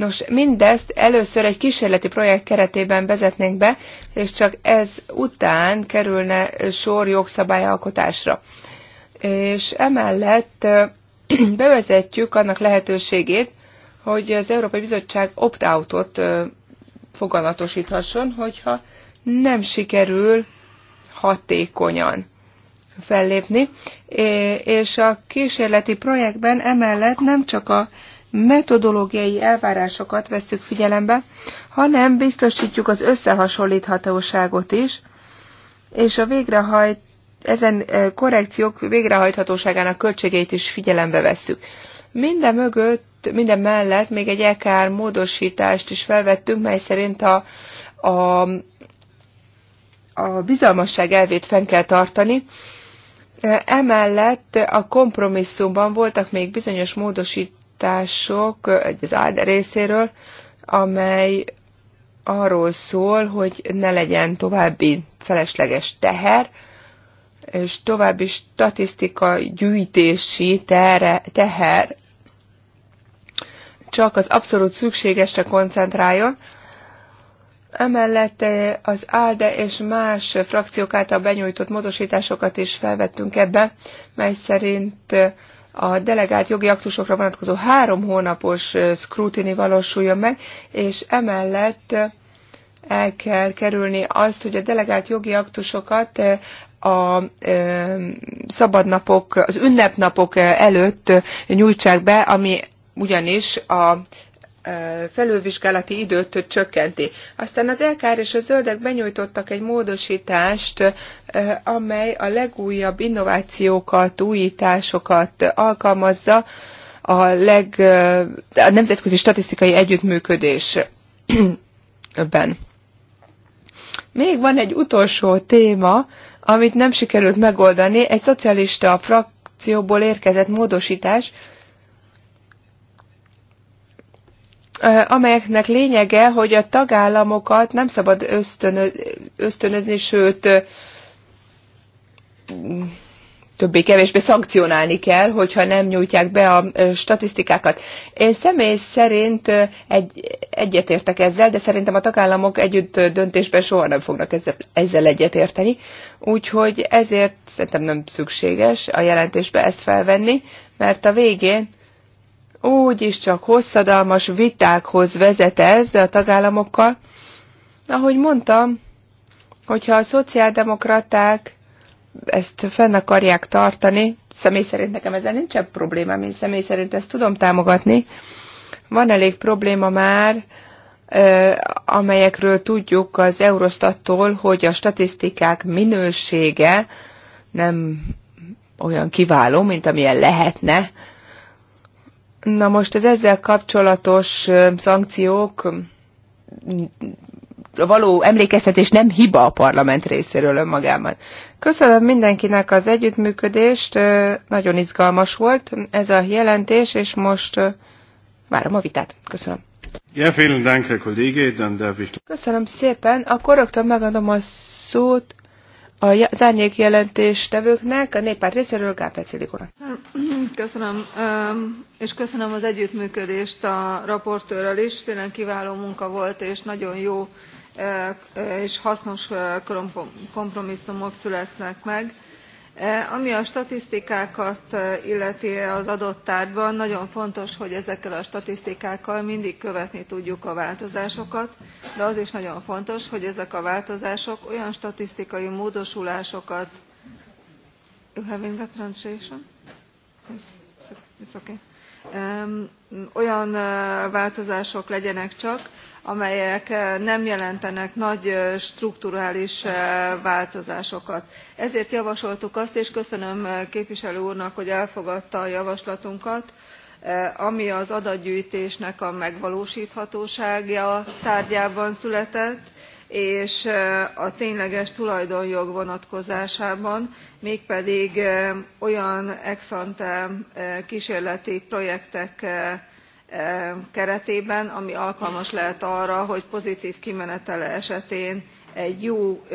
Nos, mindezt először egy kísérleti projekt keretében vezetnénk be, és csak ez után kerülne sor jogszabályalkotásra. És emellett bevezetjük annak lehetőségét, hogy az Európai Bizottság opt-outot foganatosíthasson, hogyha nem sikerül hatékonyan fellépni, és a kísérleti projektben emellett nem csak a metodológiai elvárásokat vesszük figyelembe, hanem biztosítjuk az összehasonlíthatóságot is, és a végrehajt, ezen korrekciók végrehajthatóságának költségeit is figyelembe vesszük. Minden mögött, minden mellett még egy EKR módosítást is felvettünk, mely szerint a, a, a bizalmasság elvét fenn kell tartani, Emellett a kompromisszumban voltak még bizonyos módosít, egy az áld részéről, amely arról szól, hogy ne legyen további felesleges teher, és további statisztika gyűjtési terre, teher csak az abszolút szükségesre koncentráljon. Emellett az ALDE és más frakciók által benyújtott módosításokat is felvettünk ebbe, mely szerint a delegált jogi aktusokra vonatkozó három hónapos szkrutini valósuljon meg, és emellett el kell kerülni azt, hogy a delegált jogi aktusokat a szabadnapok, az ünnepnapok előtt nyújtsák be, ami ugyanis a felülvizsgálati időt csökkenti. Aztán az LKR és a zöldek benyújtottak egy módosítást, amely a legújabb innovációkat, újításokat alkalmazza a, leg, a nemzetközi statisztikai együttműködésben. Még van egy utolsó téma, amit nem sikerült megoldani, egy szocialista frakcióból érkezett módosítás, amelyeknek lényege, hogy a tagállamokat nem szabad ösztönöz, ösztönözni, sőt, többé-kevésbé szankcionálni kell, hogyha nem nyújtják be a statisztikákat. Én személy szerint egy, egyetértek ezzel, de szerintem a tagállamok együtt döntésben soha nem fognak ezzel, ezzel egyetérteni, úgyhogy ezért szerintem nem szükséges a jelentésbe ezt felvenni, mert a végén úgy is csak hosszadalmas vitákhoz vezet ez a tagállamokkal. Ahogy mondtam, hogyha a szociáldemokraták ezt fenn akarják tartani, személy szerint nekem ezzel nincsen probléma, én személy szerint ezt tudom támogatni. Van elég probléma már, amelyekről tudjuk az Eurostattól, hogy a statisztikák minősége nem olyan kiváló, mint amilyen lehetne, Na most az ezzel kapcsolatos szankciók való emlékeztetés nem hiba a parlament részéről önmagában. Köszönöm mindenkinek az együttműködést, nagyon izgalmas volt ez a jelentés, és most várom a vitát. Köszönöm. Ja, vielen Dank, Köszönöm szépen, akkor rögtön megadom a szót a zárnyék tevőknek, a néppárt részéről Gápel Cilikónak. Köszönöm, és köszönöm az együttműködést a raportőrrel is. Tényleg kiváló munka volt, és nagyon jó és hasznos kompromisszumok születnek meg E, ami a statisztikákat e, illeti az adott tárgyban nagyon fontos hogy ezekkel a statisztikákkal mindig követni tudjuk a változásokat de az is nagyon fontos hogy ezek a változások olyan statisztikai módosulásokat you having a translation? Yes, olyan változások legyenek csak amelyek nem jelentenek nagy strukturális változásokat. ezért javasoltuk azt és köszönöm képviselő úrnak hogy elfogadta a javaslatunkat ami az adatgyűjtésnek a megvalósthatósága tárgyában született és a tényleges tulajdonjog vonatkozásában mégpedig olyan ex ante ksérleti projektek keretében ami alkalmas lehet arra hogy pozitv kimenetele esetén egy jó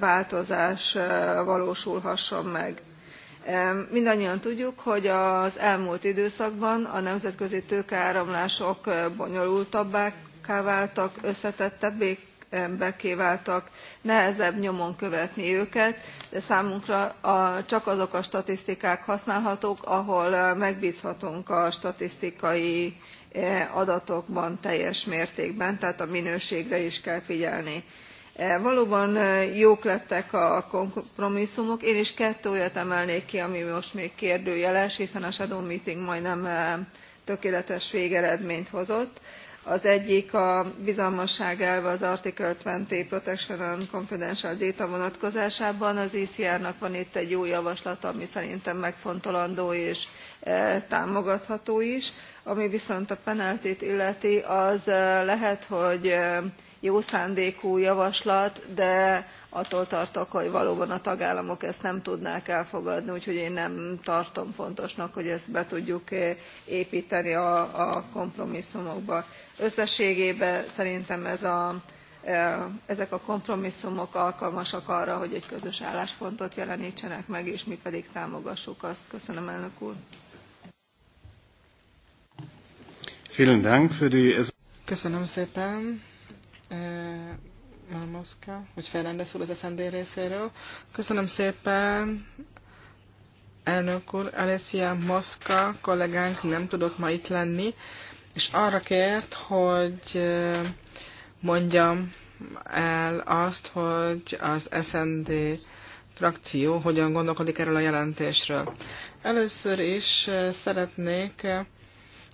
változás valósulhasson meg. mindannyian tudjuk hogy az elmúlt időszakban a nemzetközi tőkeáramlások bonyolultabbá váltak összetettebbé bekké váltak nehezebb nyomon követni őket de számunkra csak azok a statisztikák használhatók ahol eh, megbzhatunk a statisztikai eh, adatokban teljes mértékben tehát a minőségre is kell figyelni eh, valóban jók lettek a kompromisszumok én is kettő olyat emelnék ki ami most még kérdőjeles hiszen a shadow meeting majdnem tökéletes végeredményt hozott az egyik a bizalmasság elve az article twenty protection and confidential data vonatkozásában az ecr nak van itt egy jó javaslata ami szerintem megfontolandó és e, támogatható is ami viszont a penalty t illeti az e, lehet hogy e, jó szándékú javaslat de attól tartok hogy valóban a tagállamok ezt nem tudnák elfogadni úgyhogy én nem tartom fontosnak hogy ezt be tudjuk épteni a kompromisszumokba összességében szerintem ez a, e, ezek a kompromisszumok alkalmasak arra hogy egy közös álláspontot jelentsenek meg és mi pedig támogassuk azt. köszönöm elnök úr! Köszönöm szépen, e, Malmoszka, hogy Fernández az SZND részéről. Köszönöm szépen, elnök úr, Alessia Moszka kollégánk nem tudott ma itt lenni, és arra kért, hogy mondjam el azt, hogy az SND frakció hogyan gondolkodik erről a jelentésről. Először is szeretnék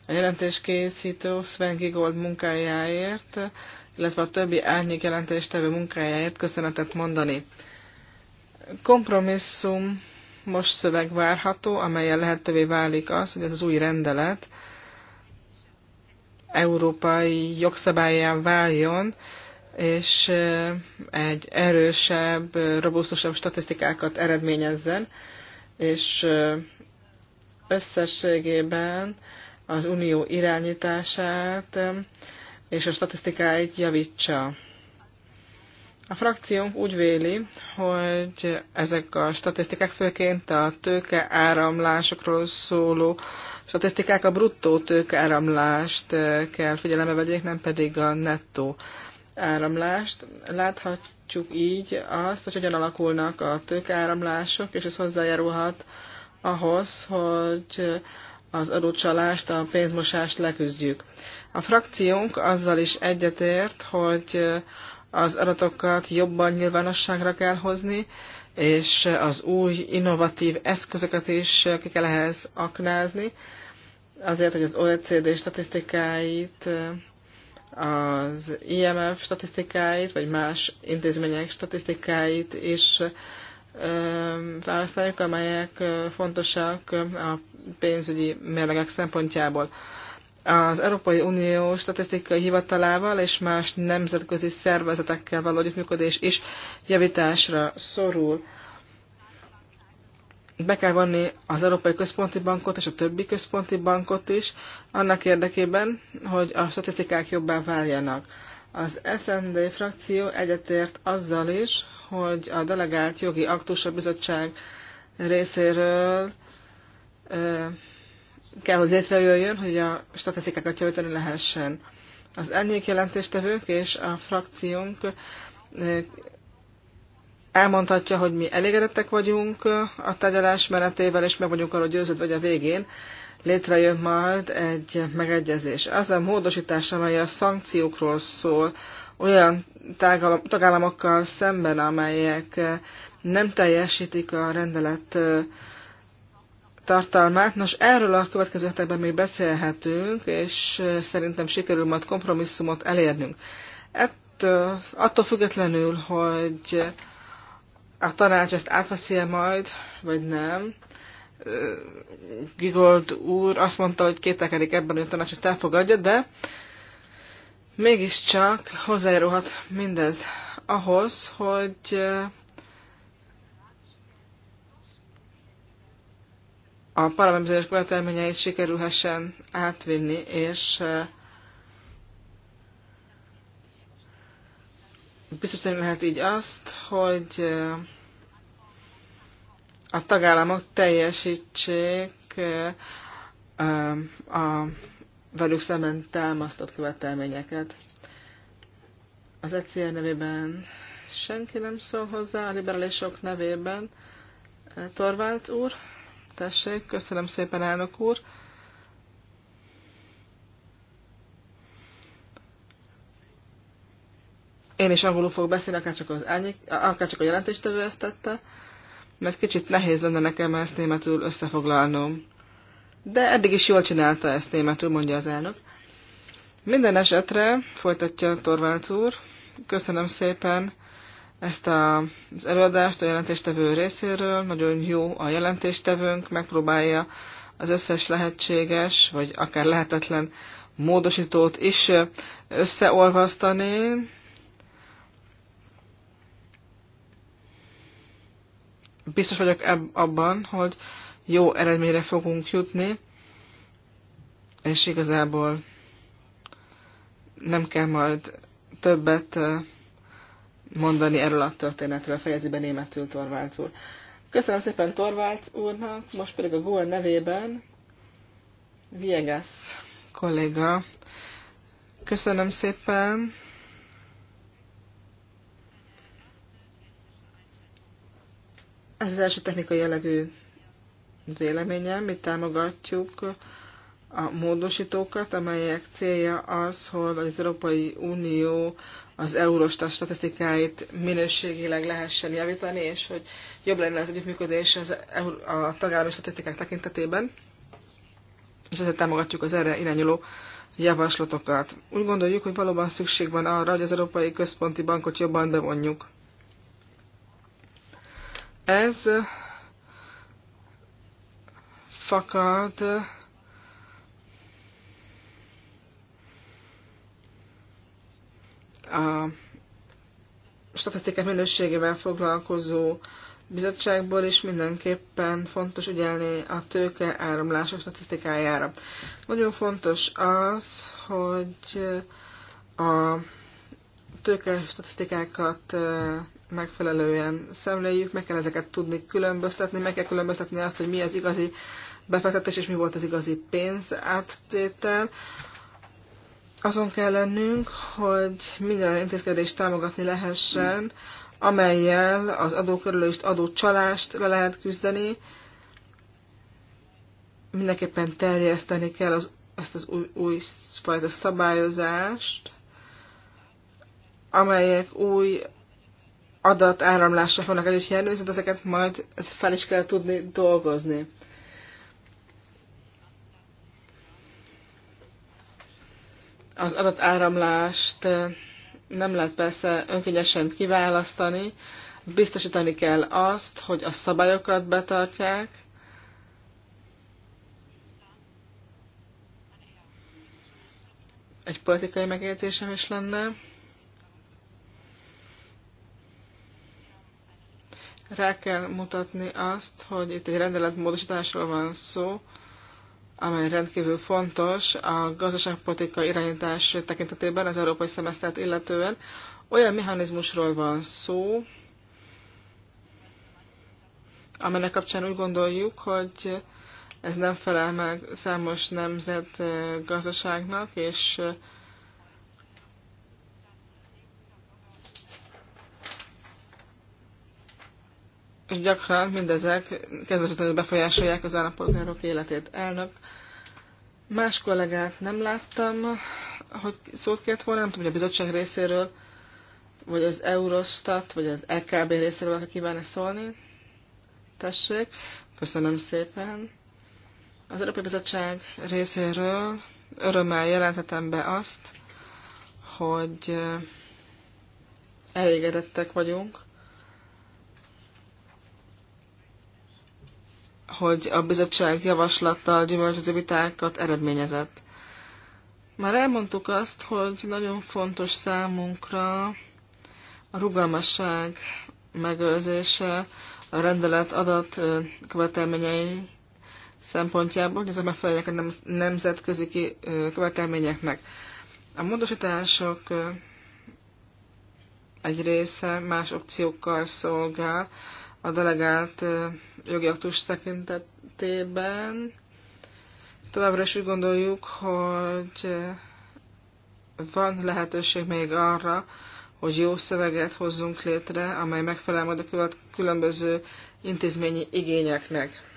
a jelentéskészítő Sven Gigold munkájáért, illetve a többi árnyék jelentéstevő munkájáért köszönetet mondani. Kompromisszum most szöveg várható, amelyen lehetővé válik az, hogy ez az új rendelet európai jogszabályá váljon, és egy erősebb, robusztusabb statisztikákat eredményezzen, és összességében az unió irányítását és a statisztikáit javítsa. A frakciónk úgy véli, hogy ezek a statisztikák főként a tőke áramlásokról szóló statisztikák a bruttó tőkeáramlást eh, kell figyelembe vegyék, nem pedig a nettó áramlást. Láthatjuk így azt, hogy hogyan alakulnak a tőkeáramlások, és ez hozzájárulhat ahhoz, hogy az adócsalást, a pénzmosást leküzdjük. A frakciónk azzal is egyetért, hogy az adatokat jobban nyilvánosságra kell hozni, és az új innovatív eszközöket is ki kell ehhez aknázni, azért, hogy az OECD statisztikáit, az IMF statisztikáit, vagy más intézmények statisztikáit is felhasználjuk, amelyek fontosak a pénzügyi mérlegek szempontjából az Európai Unió statisztikai hivatalával és más nemzetközi szervezetekkel való együttműködés is javításra szorul. Be kell vonni az Európai Központi Bankot és a többi központi bankot is, annak érdekében, hogy a statisztikák jobbá váljanak. Az SND frakció egyetért azzal is, hogy a delegált jogi aktus a bizottság részéről kell, hogy létrejöjjön, hogy a statisztikákat javítani lehessen. Az ennék jelentéstevők és a frakciónk eh, elmondhatja, hogy mi elégedettek vagyunk eh, a tegyelás menetével, és meg vagyunk arra győződve, hogy a végén létrejön majd egy megegyezés. Az a módosítás, amely a szankciókról szól, olyan tagállamokkal szemben, amelyek eh, nem teljesítik a rendelet tartalmát. Nos, erről a következő hetekben még beszélhetünk, és szerintem sikerül majd kompromisszumot elérnünk. Ettől, attól függetlenül, hogy a tanács ezt átveszi majd, vagy nem, Gigold úr azt mondta, hogy kételkedik ebben, hogy a tanács ezt elfogadja, de mégiscsak hozzájárulhat mindez ahhoz, hogy a parlament bizonyos követelményeit sikerülhessen átvinni, és biztosan lehet így azt, hogy a tagállamok teljesítsék a velük szemben támasztott követelményeket. Az ECR nevében senki nem szól hozzá, a liberálisok nevében Torvált úr. Tessék, köszönöm szépen, elnök úr. Én is angolul fogok beszélni, akár csak, az elnyi, akár csak a jelentéstevő ezt tette, mert kicsit nehéz lenne nekem ezt németül összefoglalnom. De eddig is jól csinálta ezt németül, mondja az elnök. Minden esetre, folytatja Torvalds úr, köszönöm szépen ezt a, az előadást a jelentéstevő részéről. Nagyon jó a jelentéstevőnk, megpróbálja az összes lehetséges, vagy akár lehetetlen módosítót is összeolvasztani. Biztos vagyok abban, hogy jó eredményre fogunk jutni, és igazából nem kell majd többet mondani erről a történetről, fejezi be németül Torvalds úr. Köszönöm szépen Torvalds úrnak, most pedig a Gól nevében Viegas kolléga. Köszönöm szépen. Ez az első technikai jellegű véleményem, mi támogatjuk a módosítókat, amelyek célja az, hogy az Európai Unió az Eurostat statisztikáit minőségileg lehessen javítani, és hogy jobb lenne az együttműködés az, a tagállami statisztikák tekintetében, és ezért támogatjuk az erre irányuló javaslatokat. Úgy gondoljuk, hogy valóban szükség van arra, hogy az Európai Központi Bankot jobban bevonjuk. Ez fakad a statisztikák minőségével foglalkozó bizottságból is mindenképpen fontos ügyelni a tőke áramlások statisztikájára. Nagyon fontos az, hogy a tőke statisztikákat megfelelően szemléljük, meg kell ezeket tudni különböztetni, meg kell különböztetni azt, hogy mi az igazi befektetés és mi volt az igazi pénz áttétel azon kell lennünk, hogy minden intézkedést támogatni lehessen, amelyel az adókerülést, adócsalást le lehet küzdeni. Mindenképpen terjeszteni kell az, ezt az új, új fajta szabályozást, amelyek új adatáramlásra fognak együtt járni, viszont ezeket majd fel is kell tudni dolgozni. Az adatáramlást nem lehet persze önkényesen kiválasztani, biztosítani kell azt, hogy a szabályokat betartják, egy politikai megjegyzésem is lenne. Rá kell mutatni azt, hogy itt egy rendeletmódosításról van szó, amely rendkívül fontos a gazdaságpolitika irányítás tekintetében az európai szemesztert illetően. Olyan mechanizmusról van szó, amelynek kapcsán úgy gondoljuk, hogy ez nem felel meg számos nemzet eh, gazdaságnak, és eh, és gyakran mindezek kedvezetlenül befolyásolják az állampolgárok életét. Elnök, más kollégát nem láttam, hogy szót kért volna, nem tudom, hogy a bizottság részéről, vagy az Eurostat, vagy az EKB részéről, aki kívánna szólni. Tessék, köszönöm szépen. Az Európai Bizottság részéről örömmel jelenthetem be azt, hogy elégedettek vagyunk hogy a bizottság javaslata gyümölcsöző vitákat eredményezett. Már elmondtuk azt, hogy nagyon fontos számunkra a rugalmasság megőrzése, a rendelet adat követelményei szempontjából, hogy ezek megfelelnek a nemzetközi követelményeknek. A módosítások egy része más opciókkal szolgál, a delegált jogi aktus tekintetében. Továbbra is úgy gondoljuk, hogy van lehetőség még arra, hogy jó szöveget hozzunk létre, amely megfelel majd a különböző intézményi igényeknek.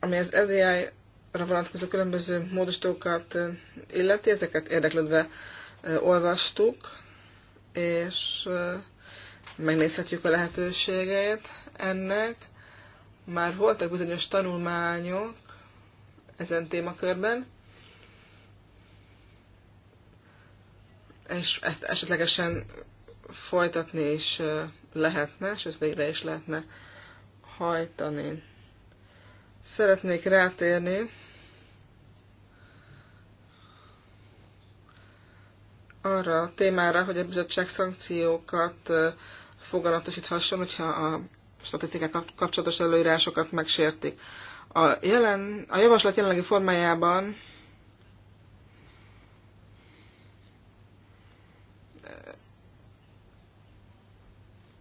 Ami az FDI-ra vonatkozó különböző módosítókat illeti, ezeket érdeklődve olvastuk, és megnézhetjük a lehetőségeit ennek. Már voltak bizonyos tanulmányok ezen témakörben, és ezt esetlegesen folytatni is lehetne, sőt végre is lehetne hajtani. Szeretnék rátérni arra a témára, hogy a bizottság szankciókat foganatosíthasson, hogyha a statisztikák kapcsolatos előírásokat megsértik. A, jelen, a javaslat jelenlegi formájában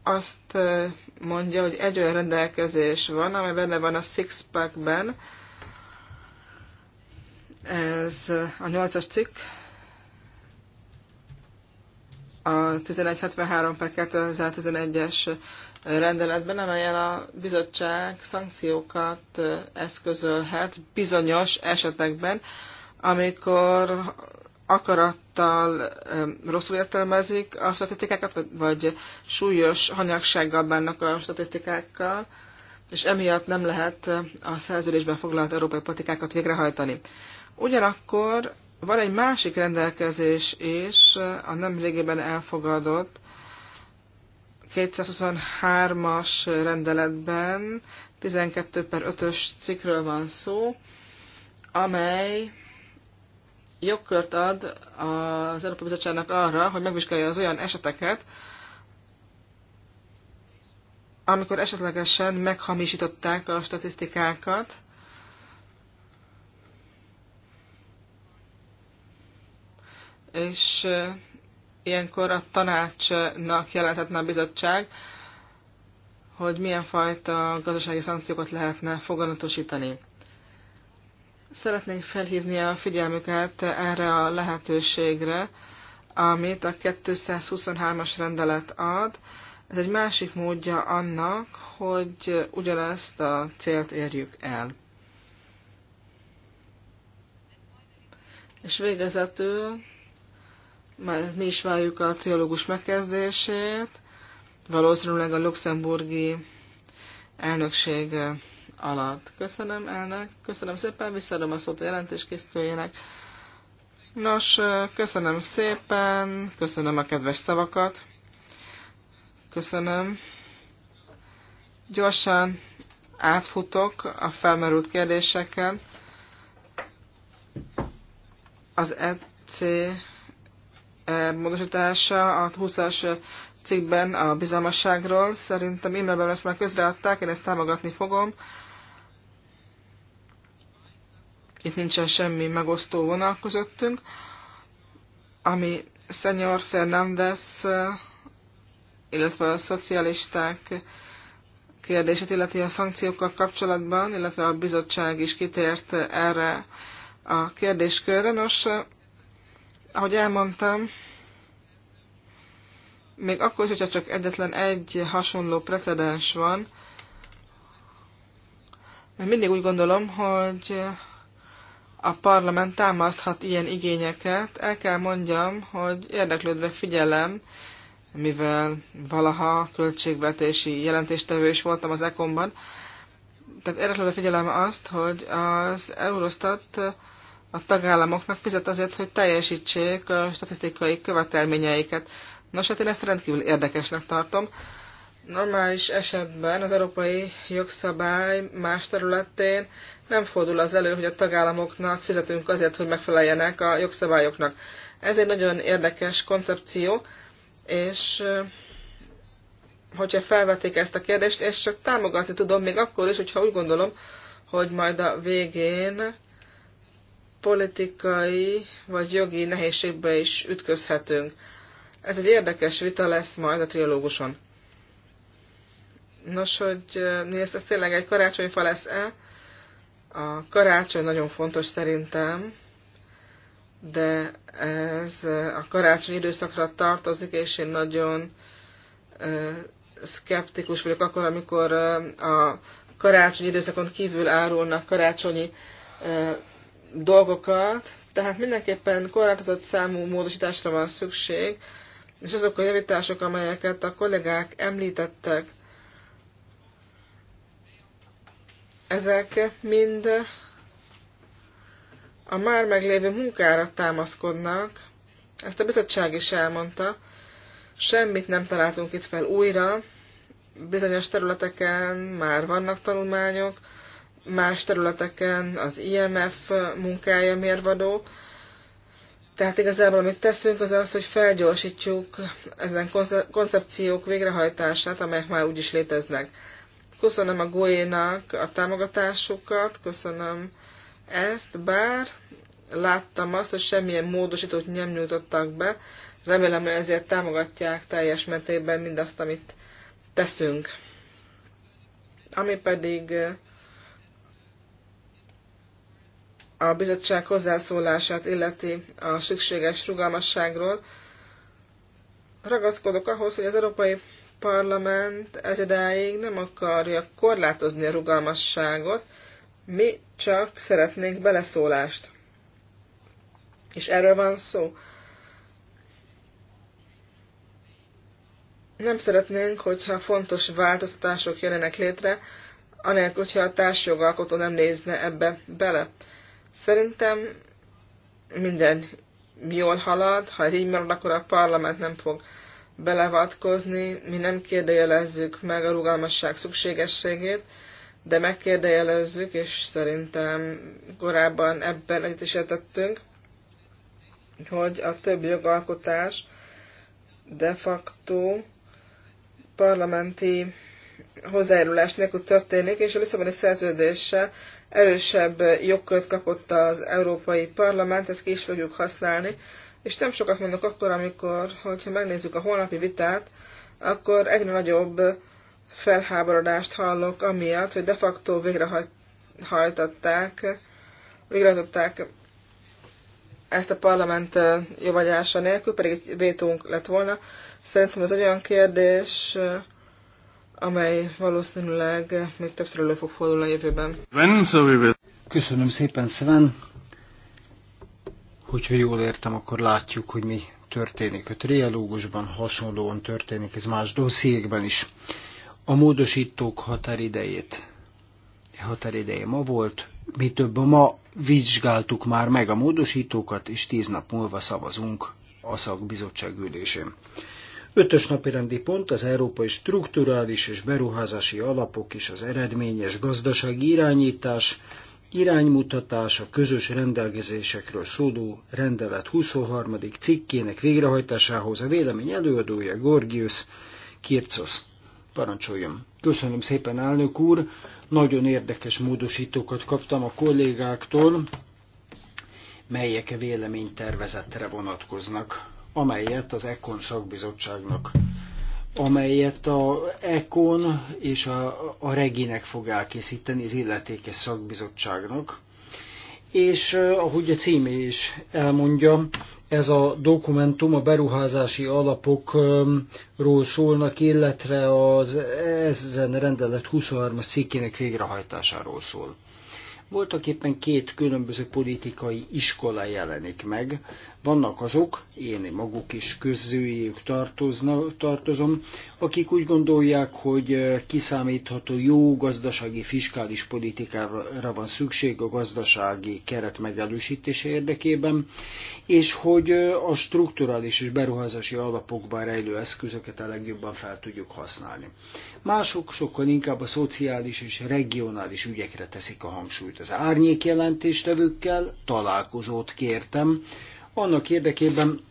azt mondja, hogy egy olyan rendelkezés van, amely benne van a six ben ez a nyolcas cikk, a 1173 per 2011-es rendeletben, amelyen a bizottság szankciókat eszközölhet bizonyos esetekben, amikor akarattal rosszul értelmezik a statisztikákat, vagy súlyos hanyagsággal bánnak a statisztikákkal, és emiatt nem lehet a szerződésben foglalt európai politikákat végrehajtani. Ugyanakkor van egy másik rendelkezés is, a nem régiben elfogadott 223-as rendeletben 12 per 5-ös cikkről van szó, amely jogkört ad az Európai Bizottságnak arra, hogy megvizsgálja az olyan eseteket, amikor esetlegesen meghamisították a statisztikákat, és ilyenkor a tanácsnak jelentetne a bizottság, hogy milyen fajta gazdasági szankciókat lehetne foganatosítani. Szeretnénk felhívni a figyelmüket erre a lehetőségre, amit a 223-as rendelet ad. Ez egy másik módja annak, hogy ugyanezt a célt érjük el. És végezetül már mi is várjuk a triológus megkezdését, valószínűleg a luxemburgi elnökség alatt. Köszönöm elnök, köszönöm szépen, visszaadom a szót a jelentéskészítőjének. Nos, köszönöm szépen, köszönöm a kedves szavakat, köszönöm. Gyorsan átfutok a felmerült kérdéseken. Az EC módosítása a 20-as cikkben a bizalmasságról. Szerintem e-mailben ezt már közreadták, én ezt támogatni fogom. Itt nincsen semmi megosztó vonal közöttünk. Ami Senyor Fernández, illetve a szocialisták kérdését, illeti a szankciókkal kapcsolatban, illetve a bizottság is kitért erre a kérdéskörre. Nos, ahogy elmondtam, még akkor is, hogyha csak egyetlen egy hasonló precedens van, mert mindig úgy gondolom, hogy a parlament támaszthat ilyen igényeket. El kell mondjam, hogy érdeklődve figyelem, mivel valaha költségvetési jelentéstevő is voltam az ekonban, tehát érdeklődve figyelem azt, hogy az Eurostat a tagállamoknak fizet azért, hogy teljesítsék a statisztikai követelményeiket. Nos, hát én ezt rendkívül érdekesnek tartom. Normális esetben az európai jogszabály más területén nem fordul az elő, hogy a tagállamoknak fizetünk azért, hogy megfeleljenek a jogszabályoknak. Ez egy nagyon érdekes koncepció, és hogyha felvették ezt a kérdést, és csak támogatni tudom még akkor is, hogyha úgy gondolom, hogy majd a végén politikai vagy jogi nehézségbe is ütközhetünk. Ez egy érdekes vita lesz majd a triológuson. Nos, hogy nézd, ez tényleg egy karácsonyfa lesz-e? A karácsony nagyon fontos szerintem, de ez a karácsony időszakra tartozik, és én nagyon szkeptikus vagyok akkor, amikor a karácsonyi időszakon kívül árulnak karácsonyi dolgokat, tehát mindenképpen korlátozott számú módosításra van szükség, és azok a javítások, amelyeket a kollégák említettek, ezek mind a már meglévő munkára támaszkodnak, ezt a bizottság is elmondta, semmit nem találtunk itt fel újra, bizonyos területeken már vannak tanulmányok, más területeken az IMF munkája mérvadó. Tehát igazából amit teszünk az az, hogy felgyorsítjuk ezen koncepciók végrehajtását, amelyek már úgyis léteznek. Köszönöm a Goénak a támogatásukat, köszönöm ezt, bár láttam azt, hogy semmilyen módosítót nem nyújtottak be. Remélem, hogy ezért támogatják teljes mértékben mindazt, amit teszünk. Ami pedig a bizottság hozzászólását illeti a szükséges rugalmasságról, ragaszkodok ahhoz, hogy az Európai Parlament ez idáig nem akarja korlátozni a rugalmasságot, mi csak szeretnénk beleszólást. És erről van szó. Nem szeretnénk, hogyha fontos változtatások jönnek létre, anélkül, hogyha a társjogalkotó nem nézne ebbe bele. Szerintem minden jól halad, ha ez így marad, akkor a parlament nem fog belevatkozni, mi nem kérdőjelezzük meg a rugalmasság szükségességét, de megkérdőjelezzük, és szerintem korábban ebben egyet is értettünk, hogy a több jogalkotás de facto parlamenti hozzájárulás nélkül történik, és a Lisszaboni szerződéssel erősebb jogkört kapott az Európai Parlament, ezt ki is fogjuk használni, és nem sokat mondok akkor, amikor, hogyha megnézzük a holnapi vitát, akkor egyre nagyobb felháborodást hallok amiatt, hogy de facto végrehajtatták, végrehajtották ezt a parlament jóvagyása nélkül, pedig egy vétónk lett volna. Szerintem ez olyan kérdés, amely valószínűleg még többször elő fog fordulni a jövőben. Köszönöm szépen, Sven. Hogyha jól értem, akkor látjuk, hogy mi történik a trialógusban, hasonlóan történik ez más dossziékben is. A módosítók határidejét határideje ma volt, mi több ma vizsgáltuk már meg a módosítókat, és tíz nap múlva szavazunk a szakbizottság ülésén. Ötös napirendi pont az európai strukturális és beruházási alapok és az eredményes gazdasági irányítás, iránymutatás a közös rendelkezésekről szóló rendelet 23. cikkének végrehajtásához a vélemény előadója Gorgius Kircosz. Parancsoljon! Köszönöm szépen, elnök úr! Nagyon érdekes módosítókat kaptam a kollégáktól, melyek a véleménytervezetre vonatkoznak amelyet az ECON szakbizottságnak amelyet a ECON és a, a Reginek fog elkészíteni az illetékes szakbizottságnak. És ahogy a címe is elmondja, ez a dokumentum a beruházási alapokról szólnak, illetve az ezen rendelet 23 székének végrehajtásáról szól. Voltak éppen két különböző politikai iskola jelenik meg. Vannak azok, én maguk is közőjék tartozom, akik úgy gondolják, hogy kiszámítható jó gazdasági fiskális politikára van szükség a gazdasági keret megelősítése érdekében, és hogy a strukturális és beruházási alapokban rejlő eszközöket a legjobban fel tudjuk használni. Mások sokkal inkább a szociális és regionális ügyekre teszik a hangsúlyt. Az árnyék jelentéstevőkkel találkozót kértem, annak érdekében,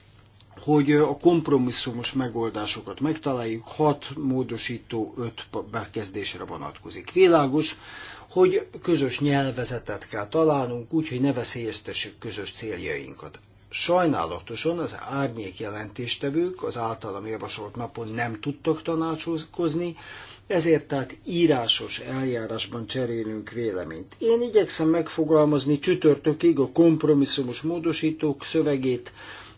hogy a kompromisszumos megoldásokat megtaláljuk, hat módosító öt bekezdésre vonatkozik. Világos, hogy közös nyelvezetet kell találnunk, úgyhogy ne veszélyeztessük közös céljainkat. Sajnálatosan az árnyék jelentéstevők az általam javasolt napon nem tudtak tanácsozni, ezért tehát írásos eljárásban cserélünk véleményt. Én igyekszem megfogalmazni csütörtökig a kompromisszumos módosítók szövegét,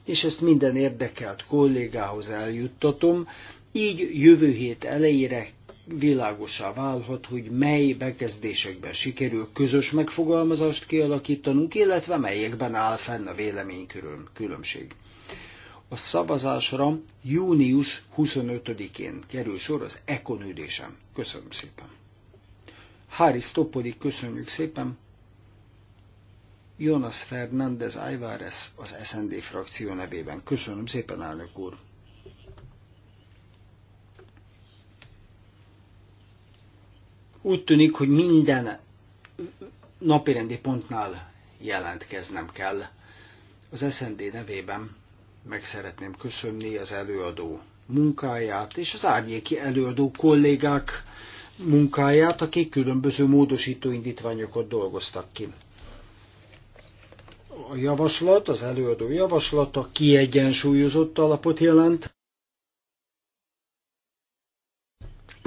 és ezt minden érdekelt kollégához eljuttatom, így jövő hét elejére világosá válhat, hogy mely bekezdésekben sikerül közös megfogalmazást kialakítanunk, illetve melyekben áll fenn a véleménykülönbség. A szavazásra június 25-én kerül sor az ekonődésem. Köszönöm szépen. Háris Stopodik, köszönjük szépen. Jonas Fernández Álvarez az SND frakció nevében. Köszönöm szépen, elnök úr. Úgy tűnik, hogy minden napirendi pontnál jelentkeznem kell. Az SND nevében meg szeretném köszönni az előadó munkáját és az árnyéki előadó kollégák munkáját, akik különböző módosító indítványokat dolgoztak ki. A javaslat, az előadó javaslata kiegyensúlyozott alapot jelent,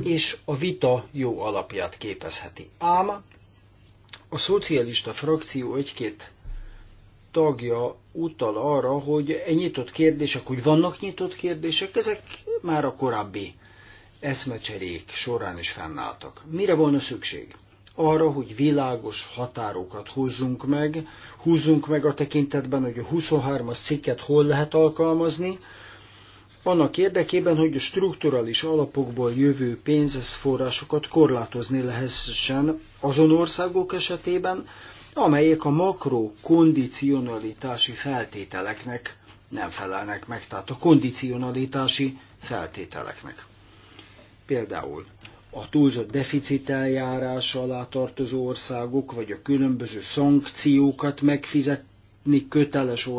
és a vita jó alapját képezheti. Ám a szocialista frakció egy-két tagja utal arra, hogy egy nyitott kérdések, hogy vannak nyitott kérdések, ezek már a korábbi eszmecserék során is fennálltak. Mire volna szükség? Arra, hogy világos határokat húzzunk meg, húzzunk meg a tekintetben, hogy a 23-as cikket hol lehet alkalmazni, annak érdekében, hogy a strukturális alapokból jövő pénzeszforrásokat korlátozni lehessen azon országok esetében, amelyek a kondicionalitási feltételeknek nem felelnek meg, tehát a kondicionalitási feltételeknek. Például a túlzott deficit eljárás alá tartozó országok, vagy a különböző szankciókat megfizetni köteles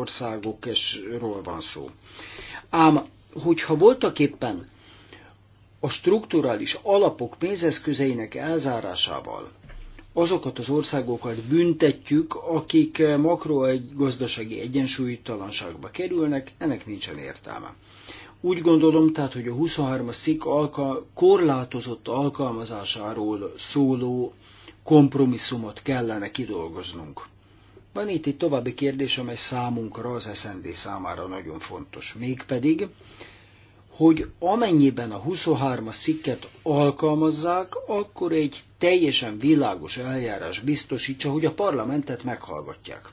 ról van szó. Ám, hogyha voltak éppen a strukturális alapok pénzeszközeinek elzárásával azokat az országokat büntetjük, akik makrogazdasági egyensúlytalanságba kerülnek, ennek nincsen értelme. Úgy gondolom tehát, hogy a 23 szik alka korlátozott alkalmazásáról szóló kompromisszumot kellene kidolgoznunk. Van itt egy további kérdés, amely számunkra, az SND számára nagyon fontos. Mégpedig, hogy amennyiben a 23-as szikket alkalmazzák, akkor egy teljesen világos eljárás biztosítsa, hogy a parlamentet meghallgatják.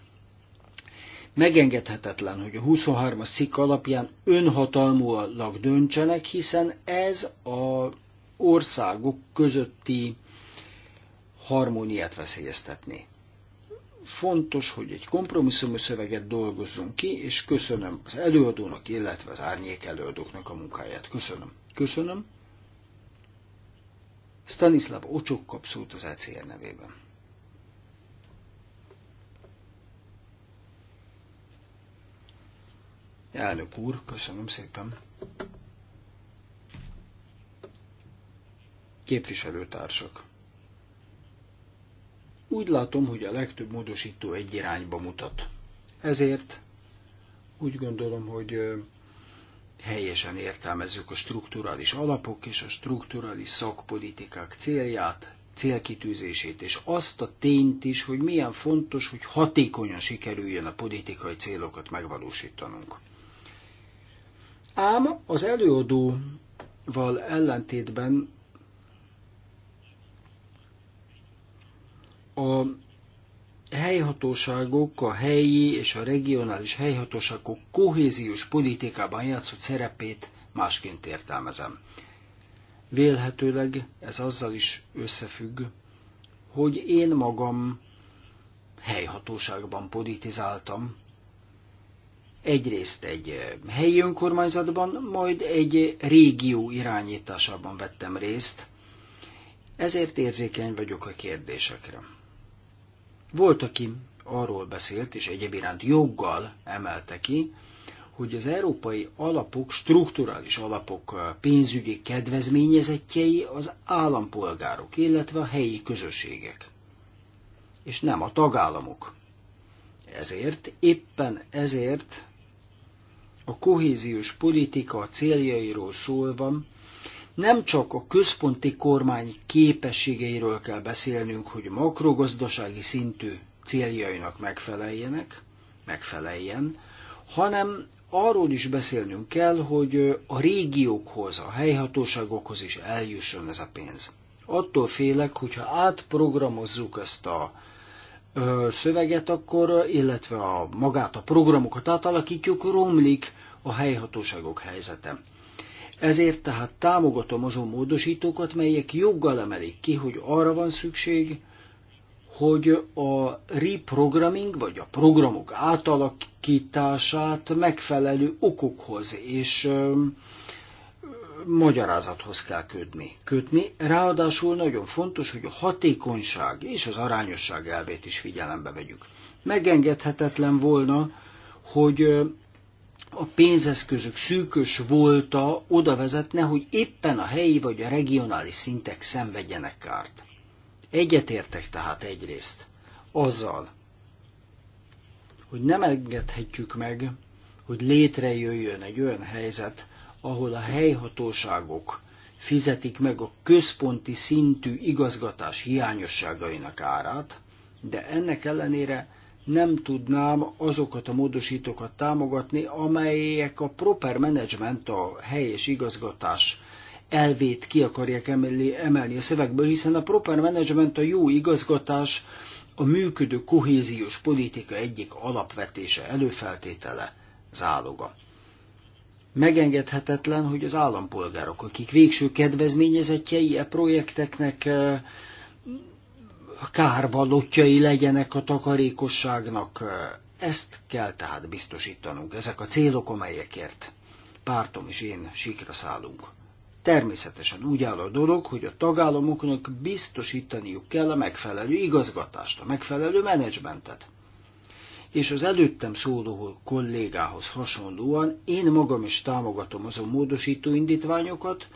Megengedhetetlen, hogy a 23-as szik alapján önhatalmúlag döntsenek, hiszen ez a országok közötti harmóniát veszélyeztetné fontos, hogy egy kompromisszumos szöveget dolgozzunk ki, és köszönöm az előadónak, illetve az árnyék előadóknak a munkáját. Köszönöm. Köszönöm. Stanislav Ocsok kap szót az ECR nevében. Elnök úr, köszönöm szépen. Képviselőtársak. Úgy látom, hogy a legtöbb módosító egy irányba mutat. Ezért úgy gondolom, hogy helyesen értelmezzük a strukturális alapok és a strukturális szakpolitikák célját, célkitűzését, és azt a tényt is, hogy milyen fontos, hogy hatékonyan sikerüljön a politikai célokat megvalósítanunk. Ám az előadóval ellentétben A helyhatóságok, a helyi és a regionális helyhatóságok kohéziós politikában játszott szerepét másként értelmezem. Vélhetőleg ez azzal is összefügg, hogy én magam helyhatóságban politizáltam. Egyrészt egy helyi önkormányzatban, majd egy régió irányításában vettem részt, ezért érzékeny vagyok a kérdésekre. Volt, aki arról beszélt, és egyéb iránt joggal emelte ki, hogy az európai alapok, strukturális alapok eh, pénzügyi kedvezményezettjei az állampolgárok, illetve a helyi közösségek, és nem a tagállamok. Ezért, éppen ezért a kohéziós politika céljairól szólva nem csak a központi kormány képességeiről kell beszélnünk, hogy makrogazdasági szintű céljainak megfeleljenek, megfeleljen, hanem arról is beszélnünk kell, hogy a régiókhoz, a helyhatóságokhoz is eljusson ez a pénz. Attól félek, hogyha átprogramozzuk ezt a szöveget, akkor, illetve a, magát a programokat átalakítjuk, romlik a helyhatóságok helyzete. Ezért tehát támogatom azon módosítókat, melyek joggal emelik ki, hogy arra van szükség, hogy a reprogramming, vagy a programok átalakítását megfelelő okokhoz és ö, magyarázathoz kell kötni. kötni. Ráadásul nagyon fontos, hogy a hatékonyság és az arányosság elvét is figyelembe vegyük. Megengedhetetlen volna, hogy a pénzeszközök szűkös volta oda vezetne, hogy éppen a helyi vagy a regionális szintek szenvedjenek kárt. Egyetértek tehát egyrészt azzal, hogy nem engedhetjük meg, hogy létrejöjjön egy olyan helyzet, ahol a helyhatóságok fizetik meg a központi szintű igazgatás hiányosságainak árát, de ennek ellenére nem tudnám azokat a módosítókat támogatni, amelyek a proper management, a helyes igazgatás elvét ki akarják emelni a szövegből, hiszen a proper management, a jó igazgatás a működő kohéziós politika egyik alapvetése, előfeltétele, záloga. Megengedhetetlen, hogy az állampolgárok, akik végső kedvezményezettjei e projekteknek, eh, a kárvalótjai legyenek a takarékosságnak. Ezt kell tehát biztosítanunk. Ezek a célok, amelyekért pártom és én sikra szállunk. Természetesen úgy áll a dolog, hogy a tagállamoknak biztosítaniuk kell a megfelelő igazgatást, a megfelelő menedzsmentet. És az előttem szóló kollégához hasonlóan én magam is támogatom azon módosító indítványokat,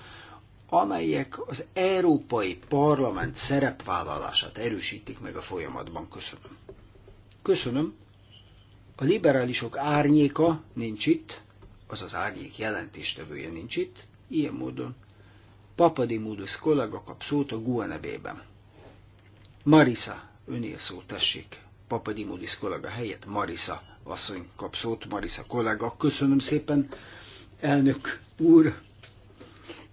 amelyek az Európai Parlament szerepvállalását erősítik meg a folyamatban. Köszönöm. Köszönöm. A liberálisok árnyéka nincs itt, azaz árnyék jelentéstevője nincs itt, ilyen módon. Papadimudus kollega kap szót a Guanebében. Marisa, önél szó tessék. Papadimudis kollega helyett Marisa asszony kap szót, Marisa kollega. Köszönöm szépen, elnök úr,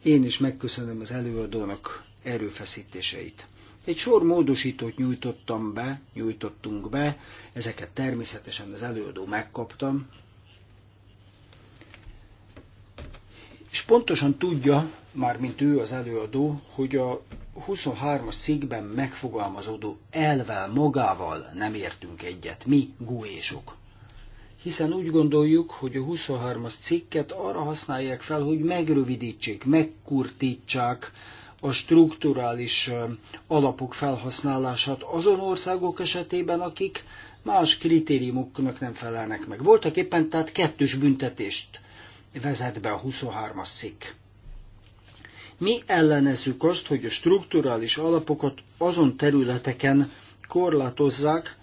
én is megköszönöm az előadónak erőfeszítéseit. Egy sor módosítót nyújtottam be, nyújtottunk be, ezeket természetesen az előadó megkaptam. És pontosan tudja, már mint ő az előadó, hogy a 23-as cikkben megfogalmazódó elvel magával nem értünk egyet, mi guésok hiszen úgy gondoljuk, hogy a 23-as cikket arra használják fel, hogy megrövidítsék, megkurtítsák a strukturális alapok felhasználását azon országok esetében, akik más kritériumoknak nem felelnek meg. Voltak éppen tehát kettős büntetést vezet be a 23-as cikk. Mi ellenezzük azt, hogy a strukturális alapokat azon területeken korlátozzák,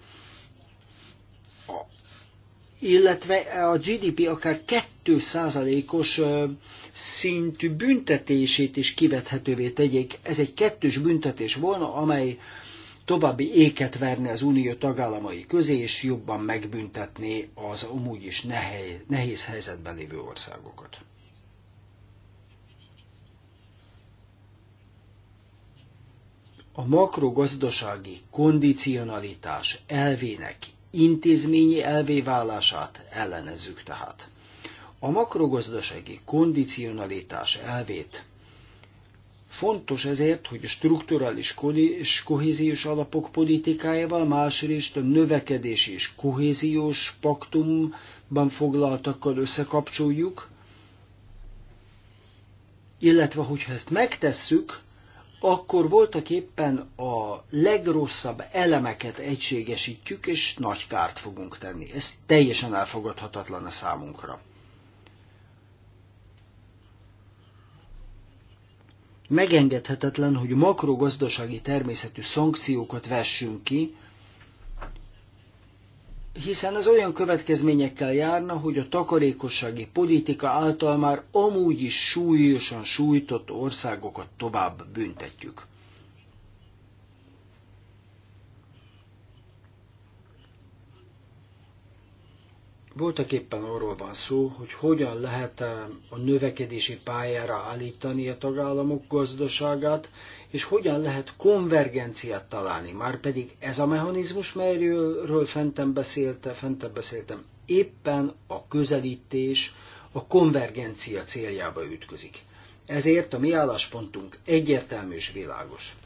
illetve a GDP akár 2%-os szintű büntetését is kivethetővé tegyék. Ez egy kettős büntetés volna, amely további éket verne az unió tagállamai közé, és jobban megbüntetné az amúgy is nehéz, nehéz helyzetben lévő országokat. a makrogazdasági kondicionalitás elvének intézményi elvé válását ellenezzük tehát. A makrogazdasági kondicionalitás elvét Fontos ezért, hogy a strukturális és kohéziós alapok politikájával, másrészt a növekedési és kohéziós paktumban foglaltakkal összekapcsoljuk, illetve hogyha ezt megtesszük, akkor voltak éppen a legrosszabb elemeket egységesítjük, és nagy kárt fogunk tenni. Ez teljesen elfogadhatatlan a számunkra. Megengedhetetlen, hogy makrogazdasági természetű szankciókat vessünk ki, hiszen az olyan következményekkel járna, hogy a takarékossági politika által már amúgy is súlyosan sújtott országokat tovább büntetjük. Voltak éppen arról van szó, hogy hogyan lehet eh, a növekedési pályára állítani a tagállamok gazdaságát, és hogyan lehet konvergenciát találni. Márpedig ez a mechanizmus, melyről fentem beszélte, fentem beszéltem, éppen a közelítés, a konvergencia céljába ütközik. Ezért a mi álláspontunk egyértelmű és világos.